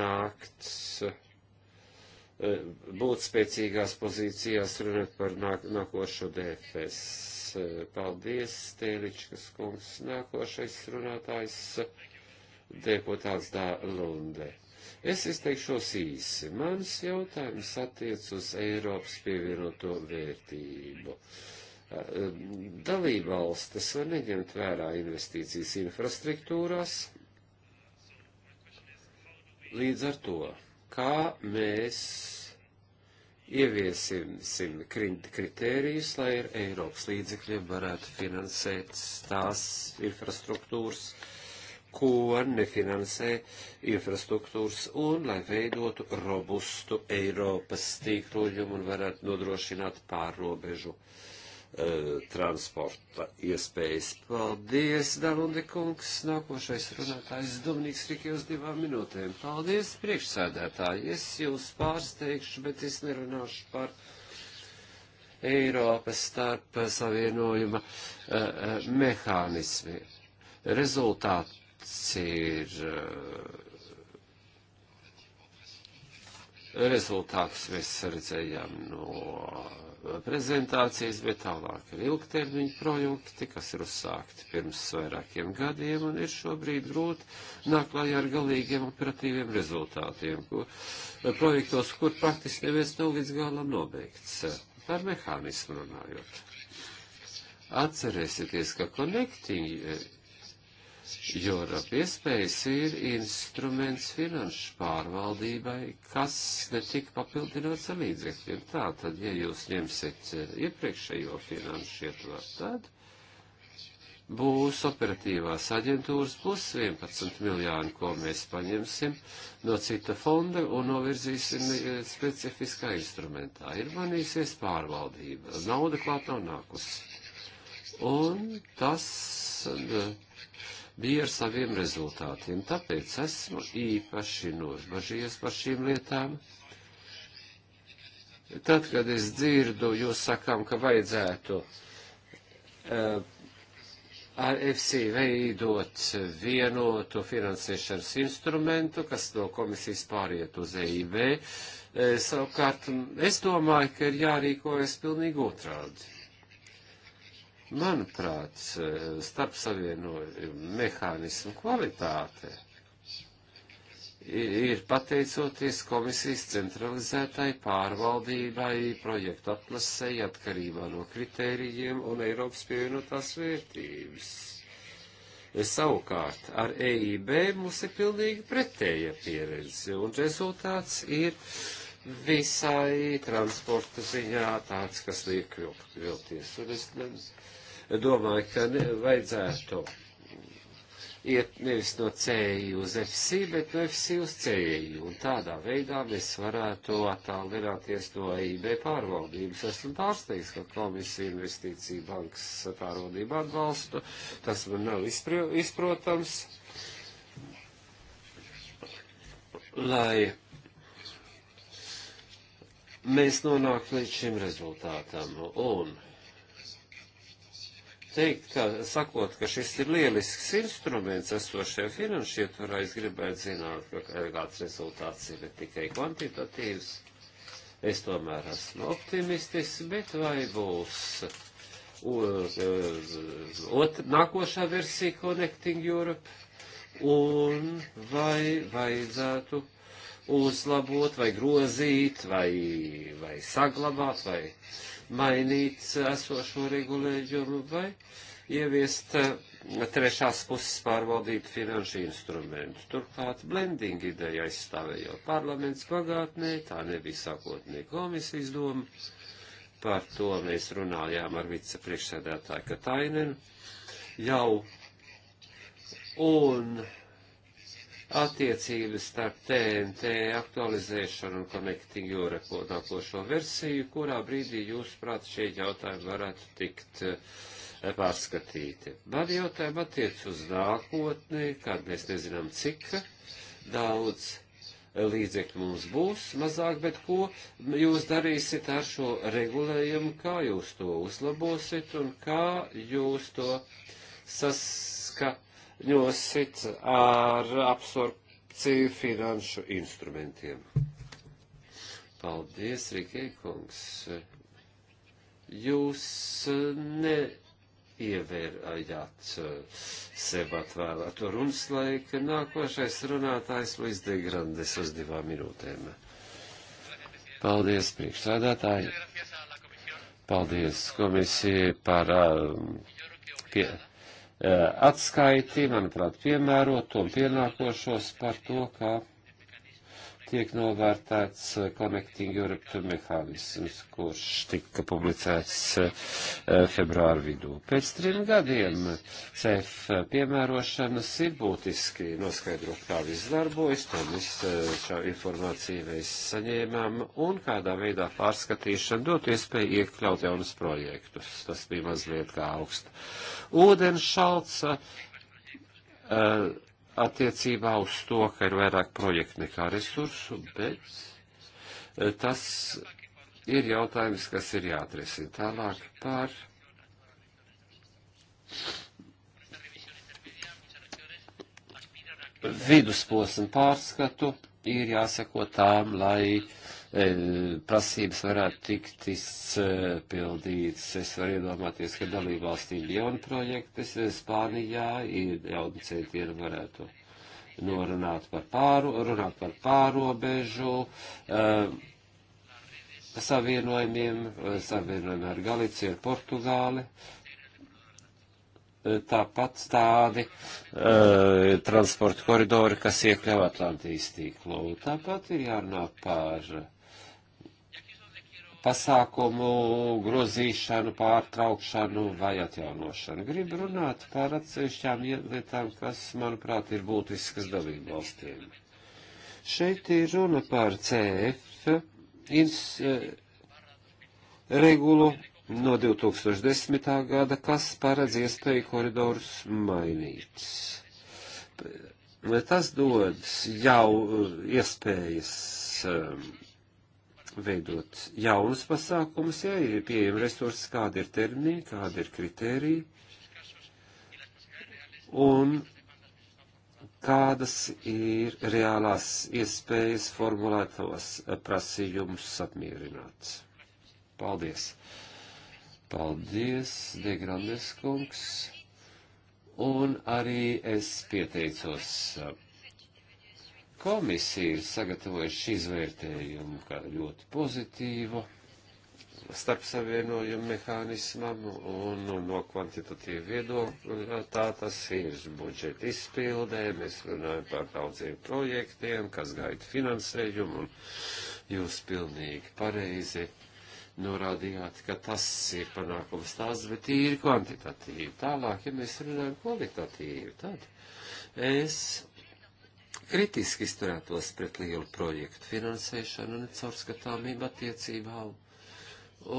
Speaker 2: nākt eh, būt spēcīgās pozīcijās runāt par nāk, nākošo DFS. Paldies, Tēličkas kungs, nākošais runātājs deputāts Dālundē. Es izteikšos īsi. Mans jautājums attiec uz Eiropas pievienoto vērtību. Um, dalībvalstis var neņemt vērā investīcijas infrastruktūrās. Līdz ar to, kā mēs ieviesim kritērijus, lai ar Eiropas līdzekļiem varētu finansēt tās infrastruktūras, uh, ko nefinansē infrastruktūras un lai veidotu robustu Eiropas tīklojumu un varētu nodrošināt pārrobežu uh, transporta iespējas. Paldies, Dalundi kungs. Nākošais runātājs Dominīks Rikijos divām minūtēm. Paldies, priekšsēdētāji. Es jūs pārsteigšu, bet es nerunāšu par. Eiropas starp savienojuma uh, uh, mehānismi. Rezultāti ir eh, rezultāts, mēs redzējām no prezentācijas, bet tālāk ir ilgtermiņa projekti, kas ir uzsākti pirms vairākiem gadiem un ir šobrīd grūti nāklājā ar galīgiem operatīviem rezultātiem, ko, eh, projektos, kur praktiski neviens nav līdz galam nobeigts. Par mehānismu runājot. Atcerēsieties, ka Connecting eh, Europa iespējas ir instruments finanšu pārvaldībai, kas netika papildināts ar līdzekļiem. Tā tad, ja jūs ņemsiet eh, iepriekšējo finanšu ietvaru, tad būs operatīvās aģentūras plus 11 miljāni, ko mēs paņemsim no cita fonda un novirzīsim eh, specifiskā instrumentā. Ir manīsies pārvaldība. Nauda klāt nav nākusi. Un tas eh, bija ar saviem rezultātiem. Tāpēc esmu īpaši nožbažījies par šīm lietām. Tad, kad es dzirdu, jūs sakām, ka vajadzētu uh, ar FC veidot vienotu finansēšanas instrumentu, kas no komisijas pāriet uz EIB. Eh, savukārt, es domāju, ka ir jārīkojas pilnīgi otrādi. Manuprāt, starp savienojumu mehānismu kvalitāte ir pateicoties komisijas centralizētai pārvaldībai, projektu atlasēji atkarībā no kritērijiem un Eiropas pievienotās vērtības. Savukārt ar EIB mums ir pilnīgi pretēja pieredze, un rezultāts ir uh, visai transporta ziņā tāds, kas liek vilties. Un es domāju, ka ne, vajadzētu iet nevis no cēju uz FC, bet no FC uz cēju. Un tādā veidā mēs varētu attālināties no AIB pārvaldības. Esmu pārsteigts, ka komisija investīcija bankas pārvaldību atbalstu. Tas man nav izpr izprotams. Lai mēs nonāktu līdz šim rezultātam. Un teikt, ka, sakot, ka šis ir lielisks instruments esošajā finanšu ietvarā, es gribētu zināt, ka kāds rezultāts ir tikai kvantitatīvs. Es tomēr esmu optimistis, bet vai būs ot, ot, nākošā versija Connecting Europe? Un vai vajadzētu uzlabot vai grozīt vai, vai saglabāt vai mainīt esošo regulējumu vai ieviest eh, trešās puses pārvaldību finanšu instrumentu. Turklāt blending ideja aizstāvēja jau parlaments pagātnē, tā nebija sākotnē komisijas doma. Par to mēs runājām ar vicepriekšsēdētāju Katainen jau. Un attiecības starp TNT aktualizēšanu un Connecting Europe nākošo versiju, kurā brīdī jūs, prāt, šie jautājumi varētu tikt eh, pārskatīti. Mani jautājumi attiec uz nākotni, kad mēs nezinām, cik daudz līdzekļi mums būs mazāk, bet ko jūs darīsiet ar šo regulējumu, kā jūs to uzlabosiet un kā jūs to saskatāt ņosit ar absorpciju finanšu instrumentiem. Paldies, Rīgai kungs. Jūs neievērājāt sev atvēlēto runas laiku. Nākošais runātājs Luis de Grandes uz divām minūtēm. Paldies, priekšsādātāji. Paldies komisijai par um, pie, Eh, atskaiti, manuprāt, piemērot to pienākošos par to, kā. Ka tiek novērtēts eh, Connecting Europe mehānisms, kurš tika publicēts eh, februāra vidū. Pēc trim gadiem CF piemērošanas ir būtiski noskaidrot, kā viss darbojas, to mēs eh, šo informāciju mēs saņēmām un kādā veidā pārskatīšana dot iespēju iekļaut jaunus projektus. Tas bija mazliet kā augsta. Ūdenšalts. Uh, attiecībā uz to, ka ir vairāk projektu nekā resursu, bet eh, tas ir jautājums, kas ir jāatrisina tālāk par vidusposmu pārskatu. Ir jāseko tām, lai uh, Eh, prasības varētu tikt izpildītas. Es varu iedomāties, ka dalībvalstīm jauni projekti eh, Spānijā ir jauni centieni varētu norunāt par, pāro, runāt par pārobežu um, savienojumiem, savienojumiem ar Galiciju, ar Portugāli. Tāpat tādi uh, transporta koridori, kas iekļauj Atlantijas tīklu. Tāpat ir jārunā par uh, pasākumu grozīšanu, pārtraukšanu vai atjaunošanu. Gribu runāt par atsevišķām lietām, kas, manuprāt, ir būtiskas dalību valstīm. Šeit ir runa par CF ins, e, regulu no 2010. gada, kas paredz iespēju koridorus mainīt. Tas dod jau iespējas e, veidot jaunus pasākumus, ja ir pieejami resursi, kāda ir termiņa, kāda ir kritērija un kādas ir reālās iespējas formulētos prasījumus apmierināt. Paldies! Paldies, Degrandes kungs! Un arī es pieteicos Komisija ir sagatavojuši izvērtējumu kā ļoti pozitīvu starp savienojumu mehānismam un, un no kvantitatīva viedokļa tā tas ir budžeta izpildē. Mēs runājam par daudziem projektiem, kas gaida finansējumu un jūs pilnīgi pareizi norādījāt, ka tas ir panākums tās, bet ir kvantitatīvi. Tālāk, ja mēs runājam kvalitatīvi, tad es kritiski izturētos pret lielu projektu finansēšanu un caurskatāmību attiecībā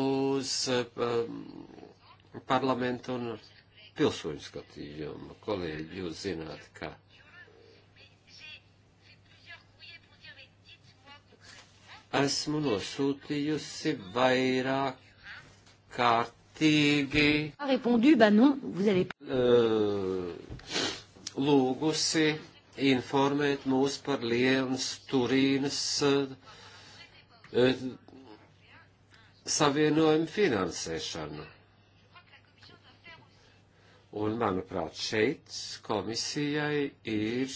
Speaker 2: uz um, parlamentu un pilsoņu skatījumu. Kolēģi, jūs zināt, ka. Esmu nosūtījusi vairāk kārtīgi.
Speaker 1: Répondu, bah non, vous allez...
Speaker 2: Uh, lūgusi informēt mūs par Lienas Turīnas eh, eh, savienojumu finansēšanu. Un, manuprāt, šeit komisijai ir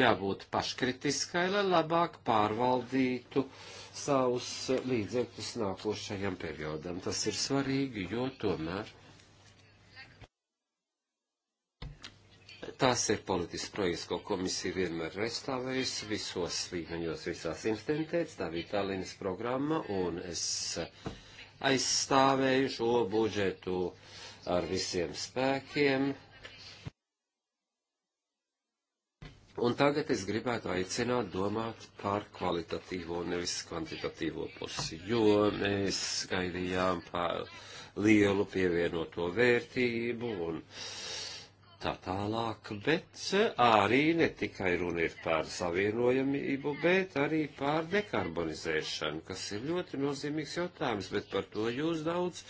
Speaker 2: jābūt paškritiskai, lai labāk pārvaldītu savus līdzekļus nākošajam periodam. Tas ir svarīgi, jo tomēr. Tās ir politisks projekts, ko komisija vienmēr ir aizstāvējusi visos līmeņos, visās instantēs. Tā bija Tallinas programma, un es aizstāvēju šo budžetu ar visiem spēkiem. Un tagad es gribētu aicināt domāt par kvalitatīvo, nevis kvantitatīvo pusi, jo mēs gaidījām par lielu pievienoto vērtību un uh, tā tālāk, bet eh, arī ne tikai runa ir par savienojamību, bet arī par dekarbonizēšanu, kas ir ļoti nozīmīgs jautājums, bet par to jūs daudz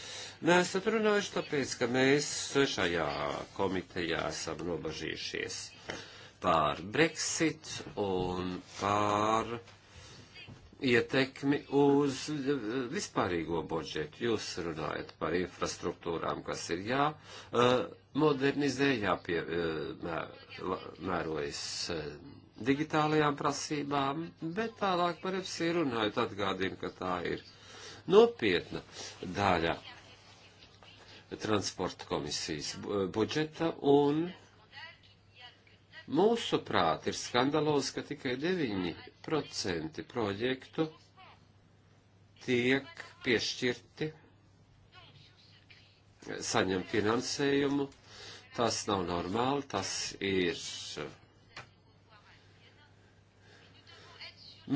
Speaker 2: nesat runājuši, tāpēc, ka mēs šajā komitejā esam nobažījušies pār Brexit un pār ietekmi uz eh, vispārīgo budžetu. Jūs runājat par infrastruktūrām, kas ir jā. Uh, modernizē, jāpiemērojas eh, eh, digitālajām prasībām, bet tālāk par EPSI runājot atgādinu, ka tā ir nopietna daļa transporta komisijas eh, budžeta un mūsu prāt ir skandalozi, ka tikai 9% projektu tiek piešķirti saņem finansējumu Tas nav normāli, tas ir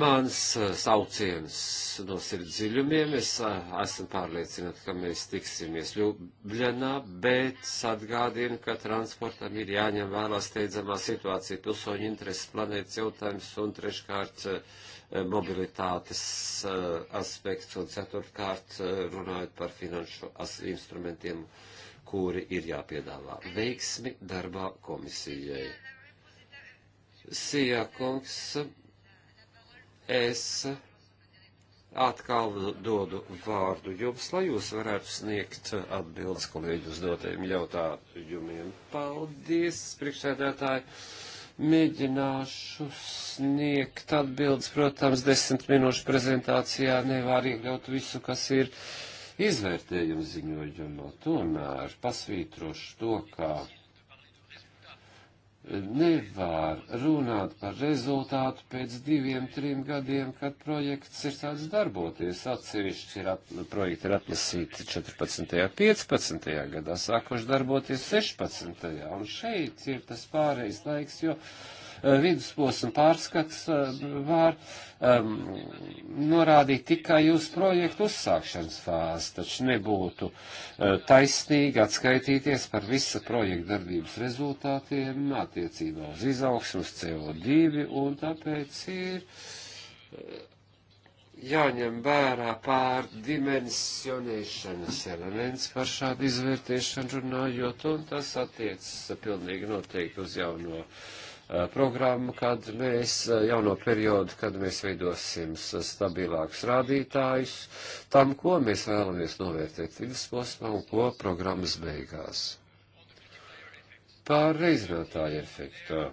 Speaker 2: mans sauciens no sirds dziļumiem. Es esmu pārliecināts, ka mēs tiksimies Ljubļanā, bet atgādinu, ka transportam ir jāņem vērā steidzamā situācija, pilsoņu intereses, planētas jautājums un treškārt mobilitātes aspekts un ceturtkārt runājot par finanšu instrumentiem kuri ir jāpiedāvā. Veiksmi darbā komisijai. Sijā kungs, es atkal dodu vārdu jums, lai jūs varētu sniegt atbildes kolēģi uzdotajiem jautājumiem. Paldies, priekšsēdētāji! Mēģināšu sniegt atbildes, protams, desmit minūšu prezentācijā nevar iekļaut visu, kas ir uh, izvērtējumu ziņojumu. Tomēr pasvītrošu to, ka nevar runāt par rezultātu pēc diviem, trim gadiem, kad projekts ir sācis darboties. Atsevišķi ir at, projekti ir atlasīti 14. 15. gadā, sākuši darboties 16. un šeit ir tas pārējais laiks, jo Eh, vidusposma pārskats eh, var um, norādīt tikai uz projektu uzsākšanas fāzi, taču nebūtu uh, taisnīgi atskaitīties par visa projekta darbības rezultātiem attiecībā uz izaugsmu, uz CO2, un tāpēc ir uh, jāņem vērā pārdimensionēšanas elements par šādu izvērtēšanu runājot, un tas attiecas pilnīgi noteikti uz jauno. Uh, Eh, programmu, kad mēs eh, jauno periodu, kad mēs veidosim stabilākus rādītājus tam, ko mēs vēlamies novērtēt vidusposmā un ko programmas beigās. Pār reizinātāju efektu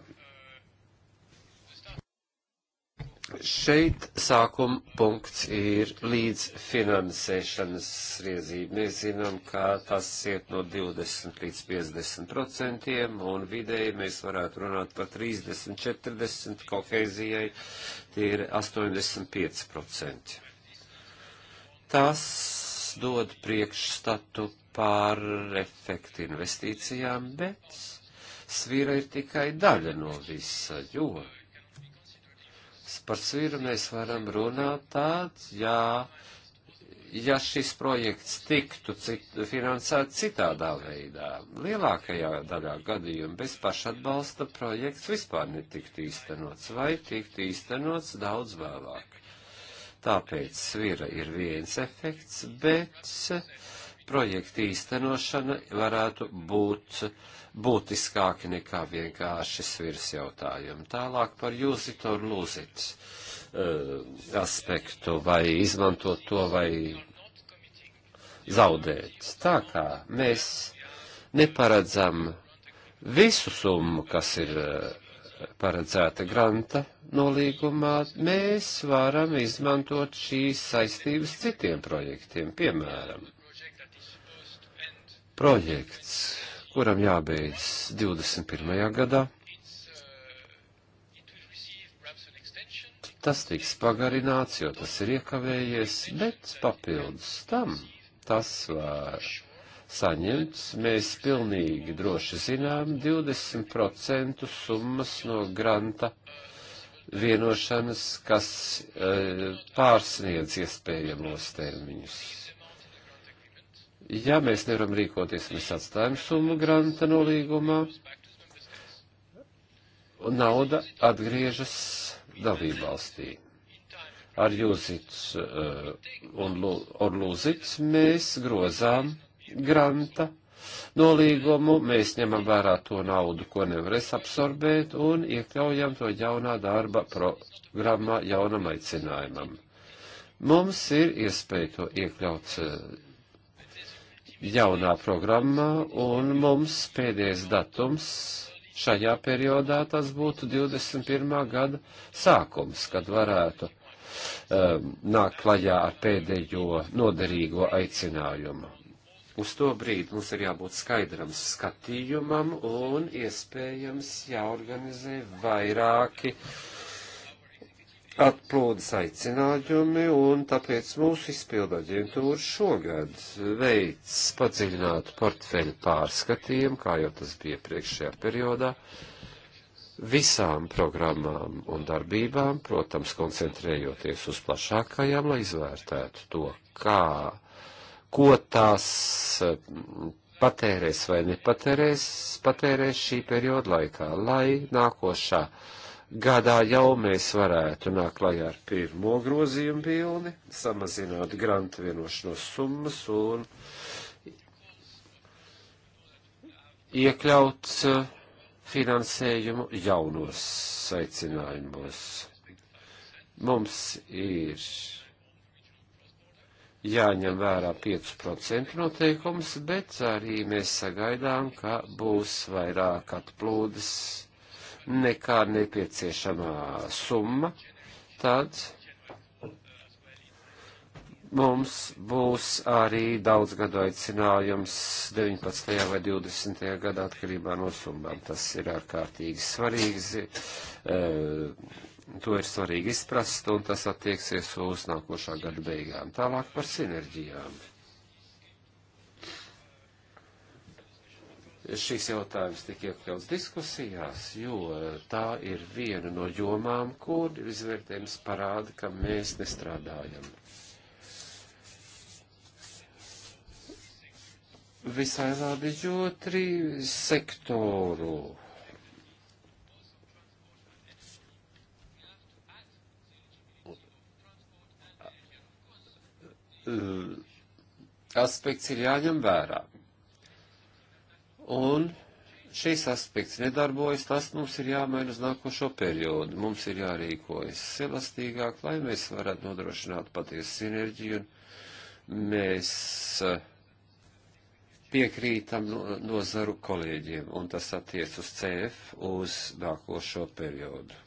Speaker 2: Šeit sākuma punkts ir līdz finansēšanas sriezība. Mēs zinām, ka tas iet no 20 līdz 50 procentiem, un vidēji mēs varētu runāt par 30, 40, kohēzijai tie ir 85 procenti. Tas dod priekšstatu par efektu investīcijām, bet svīra ir tikai daļa no visa, jo par svīru mēs varam runāt tāds, jā, ja šis projekts tiktu cit, finansēts citādā veidā. Lielākajā daļā gadījumā bez pašatbalsta projekts vispār netiktu īstenots vai tiktu īstenots daudz vēlāk. Tāpēc svira ir viens efekts, bet projekta īstenošana varētu būt būtiskāki nekā vienkārši svirs jautājumi. Tālāk par jūzit un lūzit eh, aspektu, vai izmantot to, vai zaudēt. Tā kā mēs neparedzam visu summu, kas ir eh, paredzēta granta nolīgumā, mēs varam izmantot šīs saistības citiem projektiem, piemēram projekts, kuram jābeidz 21. gadā. Tas tiks pagarināts, jo tas ir iekavējies, bet papildus tam tas var saņemt, mēs pilnīgi droši zinām, 20% summas no granta vienošanas, kas e, pārsniedz iespējamos termiņus. Ja mēs nevaram rīkoties, mēs atstājam summu granta nolīgumā, un nauda atgriežas dalībvalstī. Ar Jūzits uh, un Orlūzits mēs grozām granta nolīgumu, mēs ņemam vērā to naudu, ko nevarēs absorbēt, un iekļaujam to jaunā darba programmā jaunam aicinājumam. Mums ir iespēja to iekļaut eh, jaunā programmā, un mums pēdējais datums šajā periodā tas būtu 21. gada sākums, kad varētu um, nākt klajā ar pēdējo noderīgo aicinājumu. Uz to brīdi mums ir jābūt skaidram skatījumam un iespējams jāorganizē vairāki uh, atplūdes aicinājumi, un tāpēc mūsu izpildu aģentūra šogad veids padziļinātu portfeļu pārskatījumu, kā jau tas bija priekšējā periodā, visām programmām un darbībām, protams, koncentrējoties uz plašākajām, lai izvērtētu to, kā, ko tās mm, patērēs vai nepatērēs, patērēs šī perioda laikā, lai nākošā uh, gadā jau mēs varētu nākt klajā ar pirmo grozījumu pilni, samazināt grantu vienošanos summas un iekļaut eh, finansējumu jaunos saicinājumos. Mums ir jāņem vērā 5% noteikums, bet arī mēs sagaidām, ka būs vairāk atplūdes nekā nepieciešamā summa, tad mums būs arī daudz gadu aicinājums 19. vai 20. gadā atkarībā no summām. Tas ir ārkārtīgi svarīgi. Eh, to ir svarīgi izprast, un tas attieksies uz nākošā gada beigām. Tālāk par sinerģijām. šīs jautājums tika iekļauts diskusijās, jo tā ir viena no jomām, kur izvērtējums parāda, ka mēs nestrādājam. Visai labi, jo trīs sektoru aspekts ir jāņem vērā. Un šīs aspekts nedarbojas, tas mums ir jāmaina uz nākošo periodu. Mums ir jārīkojas elastīgāk, lai mēs varētu nodrošināt patiesu sinerģiju. Un mēs eh, piekrītam nozaru no kolēģiem, un tas attiec uz CF uz nākošo periodu.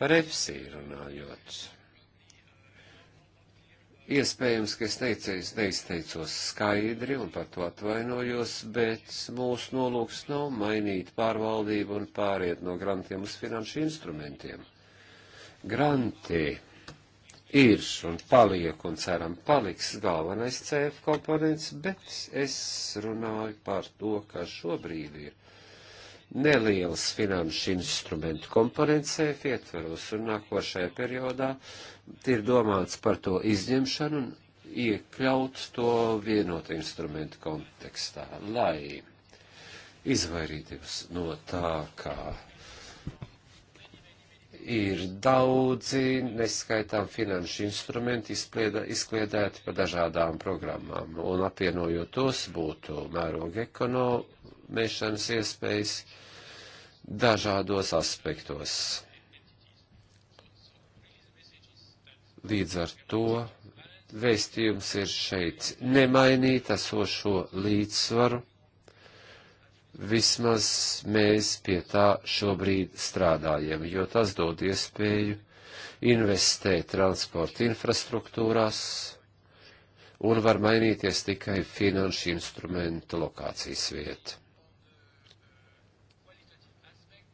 Speaker 2: Par EFSI runājot. Iespējams, ka es neicēju, neizteicos skaidri un par to atvainojos, bet mūsu nolūks nav mainīt pārvaldību un pāriet no grantiem uz finanšu instrumentiem. Granti ir un paliek un ceram paliks galvenais CF komponents, bet es runāju par to, ka šobrīd ir neliels finanšu instrumentu komponents CF ietveros un nākošajā periodā uh, ir domāts par to izņemšanu un iekļaut to vienotu instrumentu kontekstā, lai izvairītos no tā, kā ir daudzi neskaitām finanšu instrumenti izpliedā, izkliedēti pa dažādām programmām, un apvienojot tos būtu mēroga ekonomēšanas iespējas dažādos aspektos Līdz ar to vēstījums ir šeit nemainīt esošo līdzsvaru. Vismaz mēs pie tā šobrīd strādājam, jo tas dod iespēju investēt transporta infrastruktūrās un var mainīties tikai finanšu instrumentu lokācijas vieta.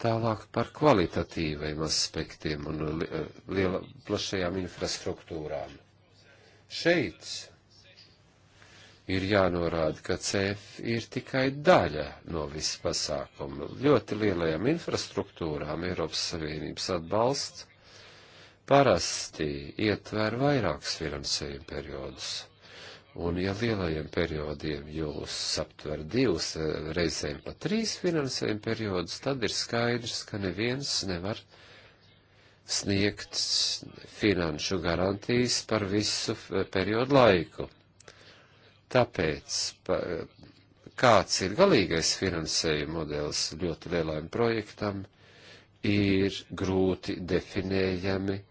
Speaker 2: Tālāk par kvalitatīviem aspektiem un eh, liela, plašajām infrastruktūrām. Šeit ir jānorāda, ka CEF ir tikai daļa no visu pasākumu. Ļoti lielajām infrastruktūrām Eiropas Savienības atbalsts parasti ietver vairākus finansējumu periodus. Un ja lielajiem periodiem jūs aptver divus, e, reizēm pat trīs finansējuma periodus, tad ir skaidrs, ka neviens nevar sniegt finanšu garantijas par visu e, periodu laiku. Tāpēc pa, e, kāds ir galīgais finansējuma modelis ļoti lielam projektam, ir grūti definējami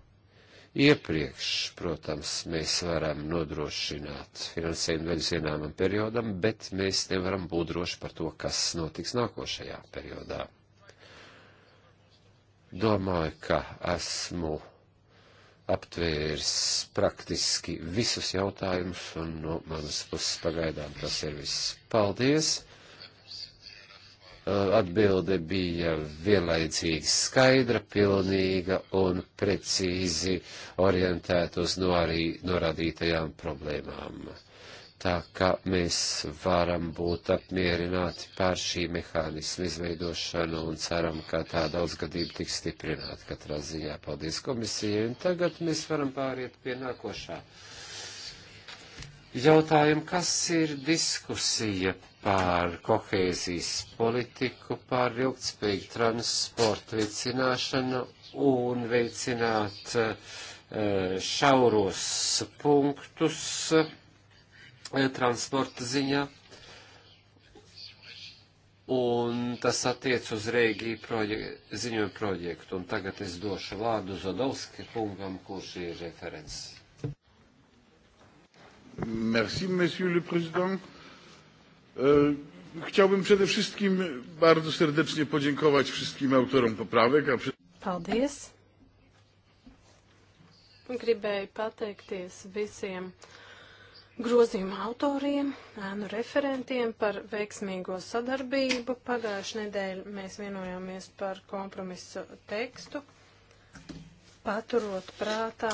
Speaker 3: Iepriekš,
Speaker 2: protams, mēs varam nodrošināt finansējumu daļu zināmam periodam, bet mēs nevaram būt droši par to, kas notiks nākošajā periodā. Domāju, ka esmu aptvērs praktiski visus jautājumus, un no manas puses pagaidām tas ir viss. Paldies! Uh, atbilde bija vienlaicīgi skaidra, pilnīga un precīzi orientēta uz no arī norādītajām problēmām. Tā kā mēs varam būt apmierināti pār šī mehānismu izveidošanu un ceram, ka tā daudzgadība tiks stiprināta katrā ziņā. Paldies komisijai, un tagad mēs varam pāriet pie nākošā jautājumu, kas ir diskusija par kohēzijas politiku, par ilgspējīgu transportu veicināšanu un veicināt eh, šauros punktus eh, transporta ziņā. Un tas attiec uz Rēgiju projek ziņojumu projektu. Un tagad es došu vārdu Zodovski kungam, kurš ir referents. Merci,
Speaker 3: monsieur le président. E,
Speaker 2: chciałbym przede wszystkim bardzo serdecznie podziękować wszystkim autorom poprawek. A przy...
Speaker 1: Paldies. Gribēju pateikties visiem grozījuma autoriem, ēnu referentiem par veiksmīgo sadarbību. Pagājušajā nedēļā mēs vienojāmies par kompromisu tekstu, paturot prātā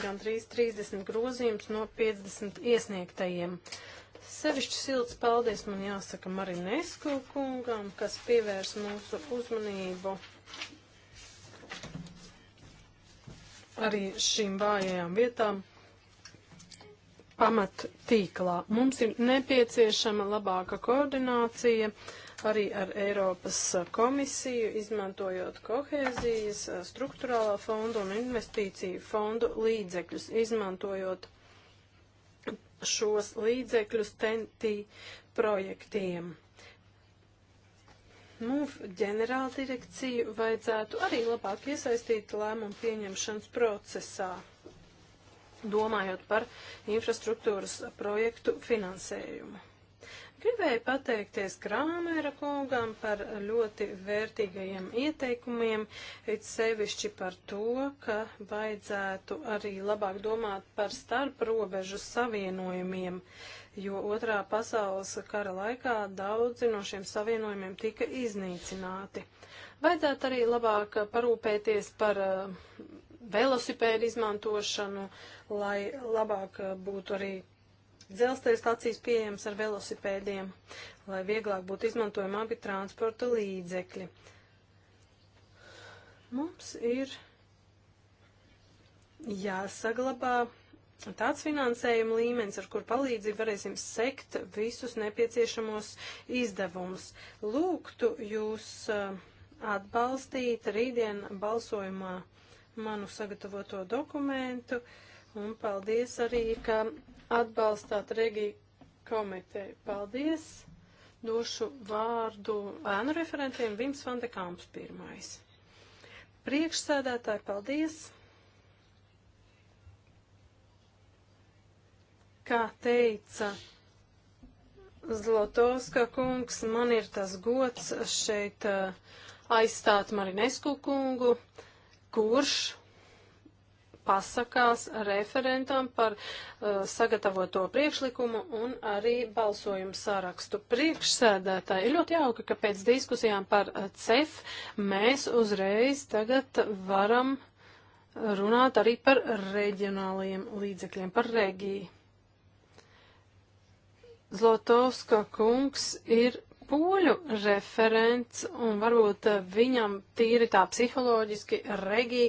Speaker 1: gandrīz 30 grozījums no 50 iesniegtajiem. Sevišķi silts paldies man jāsaka Marinesku kungam, kas pievērs mūsu uzmanību arī šīm vājajām vietām pamat tīklā. Mums ir nepieciešama labāka koordinācija. Uh, arī ar Eiropas komisiju, izmantojot kohēzijas, eh, struktūrālā fondu un investīciju fondu līdzekļus, izmantojot šos līdzekļus tentī projektiem. MUF nu, ģenerāldirekciju vajadzētu arī labāk iesaistīt lēmumu pieņemšanas procesā, domājot par infrastruktūras projektu finansējumu. Gribēju pateikties Krāmēra kungam par ļoti vērtīgajiem ieteikumiem, it sevišķi par to, ka vajadzētu arī labāk domāt par starprobežu savienojumiem, jo otrā pasaules kara laikā daudzi no šiem savienojumiem tika iznīcināti. Vajadzētu arī labāk parūpēties par eh, velosipēdu izmantošanu, lai labāk eh, būtu arī Dzelzceļa stācijas pieejamas ar velosipēdiem, lai vieglāk būtu izmantojami abi transporta līdzekļi. Mums ir jāsaglabā tāds finansējuma līmenis, ar kur palīdzību varēsim sekt visus nepieciešamos izdevumus. Lūgtu jūs eh, atbalstīt rītdien balsojumā manu sagatavoto dokumentu. Uh, Un paldies arī, ka atbalstāt Regiju komiteju. Paldies! Došu vārdu ēnu referentiem Vims Vandekāms pirmais. Priekšsēdētāji, paldies! Kā teica Zlotovska kungs, man ir tas gods šeit uh, aizstāt Marinesku kungu, kurš pasakās referentam par uh, sagatavoto priekšlikumu un arī balsojumu sarakstu. Priekšsēdētāji ir ļoti jauka, ka pēc diskusijām par uh, CEF mēs uzreiz tagad varam runāt arī par reģionāliem līdzekļiem, par regiju. Zlotovska kungs ir poļu referents, un varbūt eh, viņam tīri tā psiholoģiski regī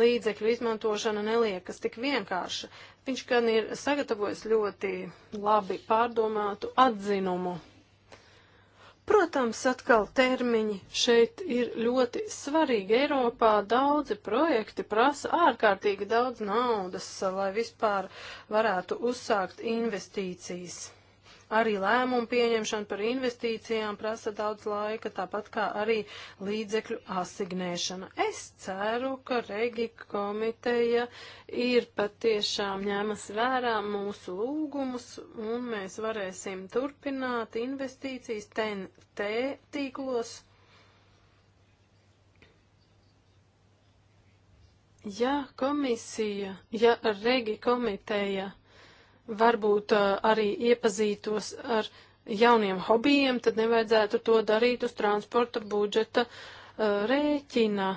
Speaker 1: līdzekļu izmantošana neliekas tik vienkārša. Viņš gan ir sagatavojis ļoti labi pārdomātu atzinumu. Protams, atkal termiņi šeit ir ļoti svarīgi. Eiropā daudzi projekti prasa ārkārtīgi daudz naudas, lai vispār varētu uzsākt investīcijas. Arī lēmumu pieņemšana par investīcijām prasa daudz laika, tāpat kā arī līdzekļu asignēšana. Es ceru, ka Regi komiteja ir patiešām ņēmas vērā mūsu lūgumus un mēs varēsim turpināt investīcijas TNT tīklos. Ja komisija, ja regi komiteja varbūt uh, arī iepazītos ar jauniem hobijiem, tad nevajadzētu to darīt uz transporta budžeta uh, rēķina,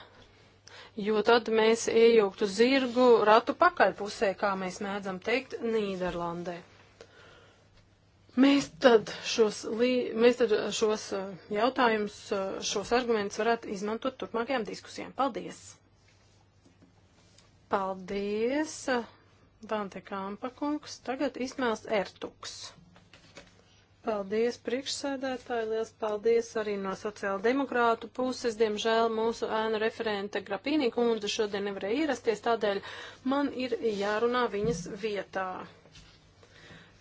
Speaker 1: jo tad mēs iejauktu zirgu ratu pakaļpusē, kā mēs mēdzam teikt, Nīderlandē. Mēs tad šos, lī, mēs tad šos uh, jautājumus, šos argumentus varētu izmantot turpmākajām diskusijām. Paldies! Paldies! Dante Kāmpakungs, tagad Ismēls Ertuks. Paldies, priekšsēdētāji, liels paldies arī no sociāldemokrātu puses. Diemžēl mūsu ēnu referente Grapīnī kundze šodien nevarēja ierasties, tādēļ man ir jārunā viņas vietā.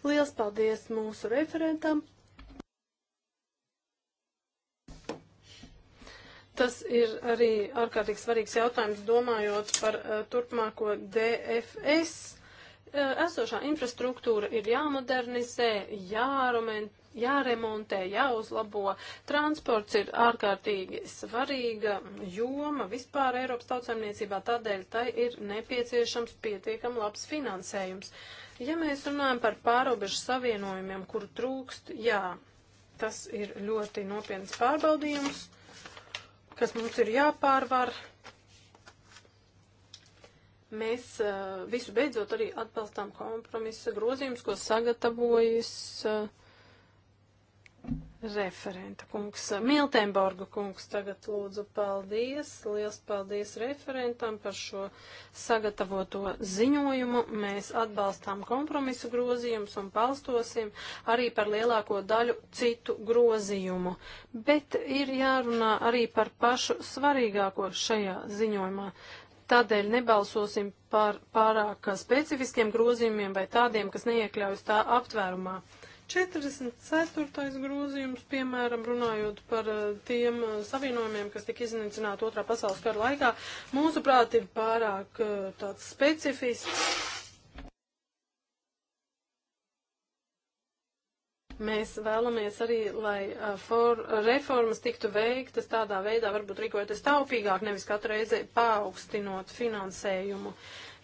Speaker 1: Liels paldies mūsu referentam. Tas ir arī ārkārtīgi svarīgs jautājums, domājot par uh, turpmāko DFS Esošā infrastruktūra ir jāmodernizē, jārumentē jāremontē, jāuzlabo. Transports ir ārkārtīgi svarīga joma vispār Eiropas tautsaimniecībā, tādēļ tai ir nepieciešams pietiekam labs finansējums. Ja mēs runājam par pārobežu savienojumiem, kuru trūkst, jā, tas ir ļoti nopietns pārbaudījums, kas mums ir jāpārvar. Mēs uh, visu beidzot arī atbalstām kompromisa grozījumus, ko sagatavojas uh, referenta kungs. Miltenborga kungs tagad lūdzu paldies. Liels paldies referentam par šo sagatavoto ziņojumu. Mēs atbalstām kompromisu grozījumus un balstosim arī par lielāko daļu citu grozījumu. Bet ir jārunā arī par pašu svarīgāko šajā ziņojumā Tādēļ nebalsosim par pārāk specifiskiem grozījumiem vai tādiem, kas neiekļaujas tā aptvērumā. 44. grozījums, piemēram, runājot par eh, tiem eh, savienojumiem, kas tika iznīcināti otrā pasaules kara laikā, mūsuprāt, ir pārāk eh, tāds specifisks Mēs vēlamies arī, lai for, reformas tiktu veiktas tādā veidā, varbūt rīkojoties taupīgāk, nevis katru reizi paaugstinot finansējumu.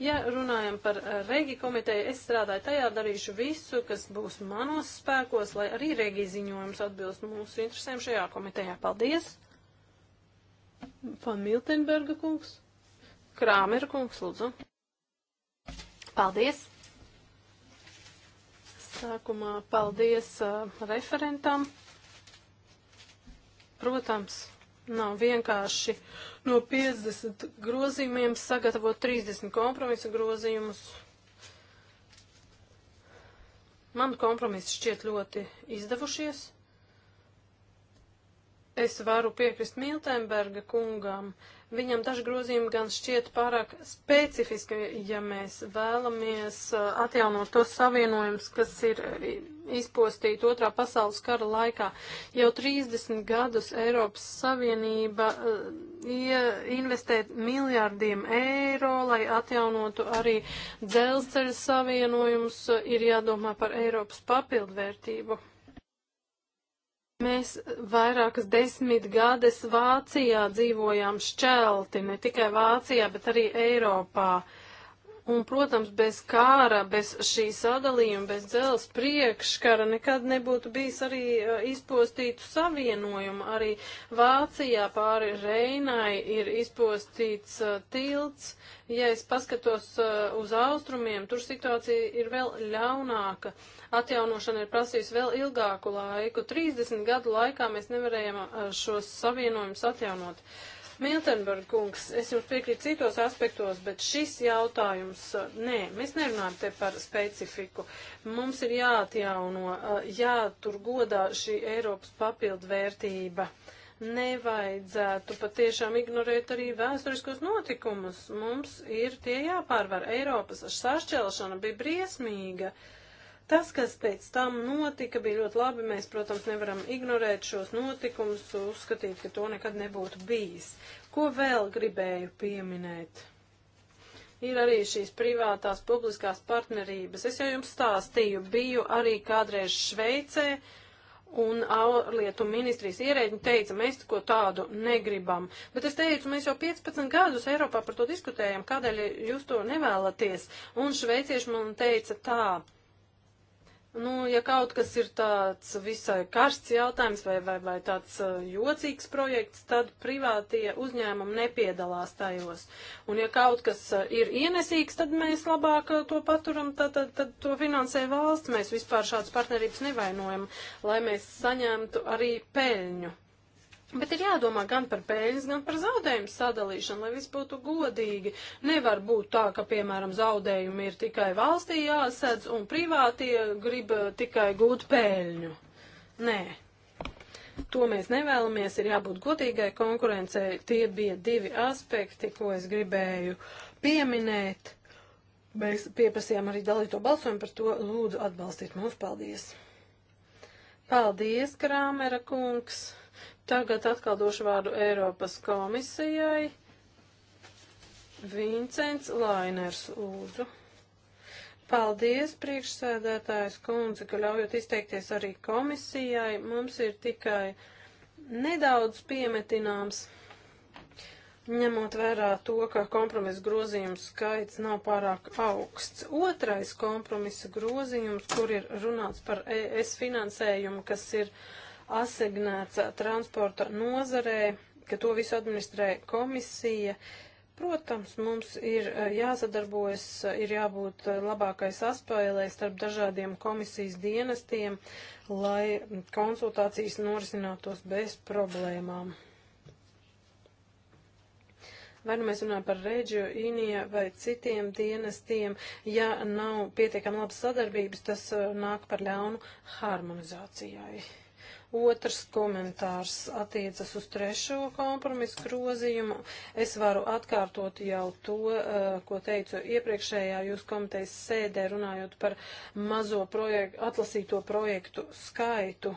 Speaker 1: Ja runājam par Regi komiteju, es strādāju tajā, darīšu visu, kas būs manos spēkos, lai arī Regi ziņojums atbilst mūsu interesēm šajā komitejā. Paldies! Pan Miltenberga kungs, Krāmera kungs, lūdzu. Paldies! Sākumā paldies uh, referentam. Protams, nav vienkārši no 50 grozījumiem sagatavot 30 kompromisa grozījumus. Man kompromisi šķiet ļoti izdevušies. Es varu piekrist Miltenberga kungam. Uh, Viņam daži grozījumi gan šķiet pārāk
Speaker 3: specifiski,
Speaker 1: ja mēs vēlamies uh, atjaunot tos savienojumus, kas ir uh, izpostīti otrā pasaules kara laikā. Jau 30 gadus Eiropas Savienība uh, investē miljārdiem eiro, lai atjaunotu arī dzelzceļa savienojumus, ir jādomā par Eiropas papildvērtību. Mēs vairākas desmit gades Vācijā dzīvojām šķelti, ne tikai Vācijā, bet arī Eiropā. Uh, Un, protams, bez kāra, bez šī sadalījuma, bez dzels priekškara nekad nebūtu bijis arī uh, izpostītu savienojumu. Arī Vācijā pāri Reinai ir izpostīts uh, tilts. Ja es paskatos uh, uz austrumiem, tur situācija ir vēl ļaunāka. Atjaunošana ir prasījusi vēl ilgāku laiku. 30 gadu laikā mēs nevarējām uh, šos savienojumus atjaunot. Uh, Miltenberg kungs, es jums piekrītu citos aspektos, bet šis jautājums, uh, nē, mēs nerunājam te par specifiku. Mums ir jāatjauno, uh, jātur godā šī Eiropas papildvērtība. Nevajadzētu patiešām ignorēt arī vēsturiskos notikumus. Mums ir tie jāpārvar. Eiropas sašķelšana bija briesmīga. Uh, Tas, kas pēc tam notika, bija ļoti labi. Mēs, protams, nevaram ignorēt šos notikumus, uzskatīt, ka to nekad nebūtu bijis. Ko vēl gribēju pieminēt? ir arī šīs privātās publiskās partnerības. Es jau jums stāstīju, biju arī kādreiz Šveicē, un ārlietu ministrijas ierēģi teica, mēs ko tādu negribam. Bet es teicu, mēs jau 15 gadus Eiropā par to diskutējam, kādēļ jūs to nevēlaties. Un šveicieši man teica tā. Nu, ja kaut kas ir tāds visai karsts jautājums vai, vai, vai tāds uh, jocīgs projekts, tad privātie uzņēmumi nepiedalās tajos. Un ja kaut kas uh, ir ienesīgs, tad mēs labāk uh, to paturam, tad, tad, tad to finansē valsts. Mēs vispār šādas partnerības nevainojam, lai mēs saņemtu arī peļņu. Bet ir jādomā gan par peļņas, gan par zaudējumu sadalīšanu, lai viss būtu godīgi. Nevar būt tā, ka, piemēram, zaudējumi ir tikai valstī jāsadz un privātie grib uh, tikai gūt peļņu. Nē. To mēs nevēlamies, ir jābūt godīgai konkurencei. Tie bija divi aspekti, ko es gribēju pieminēt. Mēs pieprasījām arī dalīto balsojumu par to. Lūdzu, atbalstīt mūs. Paldies! Paldies, Krāmera kungs! Tagad atkal došu vārdu Eiropas komisijai. Vincents Lainers, lūdzu. Paldies, priekšsēdētājs kundze, ka ļaujot izteikties arī komisijai. Mums ir tikai nedaudz piemetināms, ņemot vērā to, ka kompromisa grozījumu skaits nav pārāk augsts. Otrais kompromisa grozījums, kur ir runāts par ES finansējumu, kas ir uh, asignēts transporta nozarē, ka to visu administrē komisija. Protams, mums ir eh, jāsadarbojas, eh, ir jābūt eh, labākai saspēlē starp dažādiem komisijas dienestiem, lai konsultācijas norisinātos bez problēmām. Vai nu mēs runājam par reģio, īnija vai citiem dienestiem, ja nav pietiekami labas sadarbības, tas nāk par ļaunu harmonizācijai. Otrs komentārs attiecas uz trešo kompromisu grozījumu. Es varu atkārtot jau to, eh, ko teicu iepriekšējā jūs komitejas sēdē, runājot par mazo projektu, atlasīto projektu skaitu.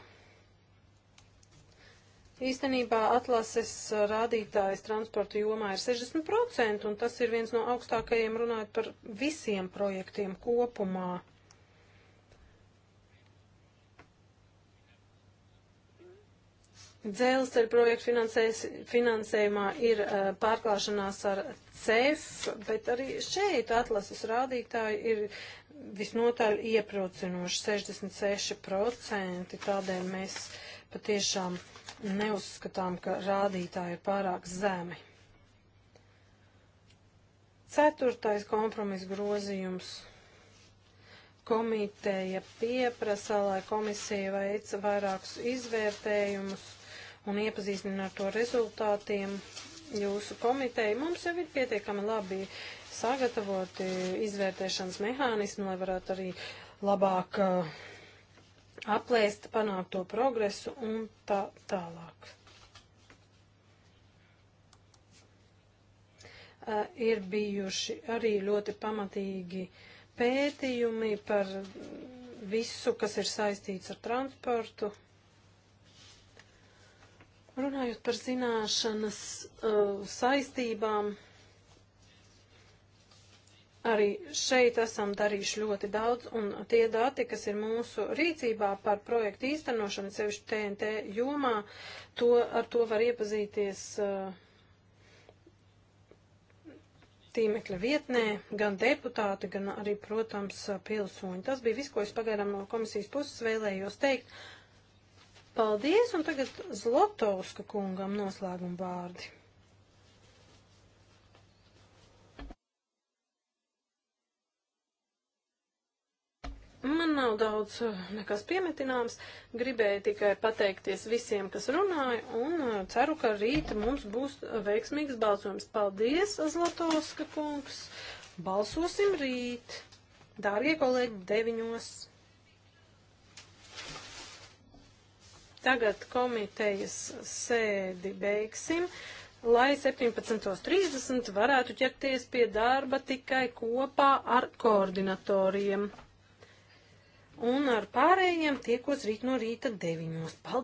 Speaker 1: Īstenībā atlases rādītājs transporta jomā ir 60%, un tas ir viens no augstākajiem runājot par visiem projektiem kopumā. Dzelzceļa projekta finansējumā ir uh, pārklāšanās ar CEF, bet arī šeit atlases rādītāji ir visnotaļ ieprocinoši 66%, tādēļ mēs patiešām neuzskatām, ka rādītāji ir pārāk zemi. Ceturtais kompromis grozījums. Komiteja pieprasa, lai komisija veica vairākus izvērtējumus un iepazīstina ar to rezultātiem jūsu komiteju. Mums jau ir pietiekami labi sagatavoti izvērtēšanas mehānismi, lai varētu arī labāk uh, aplēst panākto progresu un tā tālāk. Uh, ir bijuši arī ļoti pamatīgi pētījumi par visu, kas ir saistīts ar transportu, Runājot par zināšanas uh, saistībām, arī šeit esam darījuši ļoti daudz, un tie dati, kas ir mūsu rīcībā par projektu īstenošanu, sevišķi TNT jomā, to, ar to var iepazīties uh, tīmekļa vietnē, gan deputāti, gan arī, protams, pilsoņi. Tas bija viss, ko es pagaidām no komisijas puses vēlējos teikt. Uh, Paldies, un tagad Zlotovska kungam noslēguma vārdi. Man nav daudz eh, nekas piemetināms, gribēju tikai pateikties visiem, kas runāja, un eh, ceru, ka rīt mums būs veiksmīgs balsojums. Paldies, Zlatovska kungs! Balsosim rīt! Dārgie kolēģi, deviņos! Tagad komitejas sēdi beigsim, lai 17.30 varētu ķerties pie darba tikai kopā ar koordinatoriem. Un ar pārējiem tiekos rīt no rīta 9. Paldies!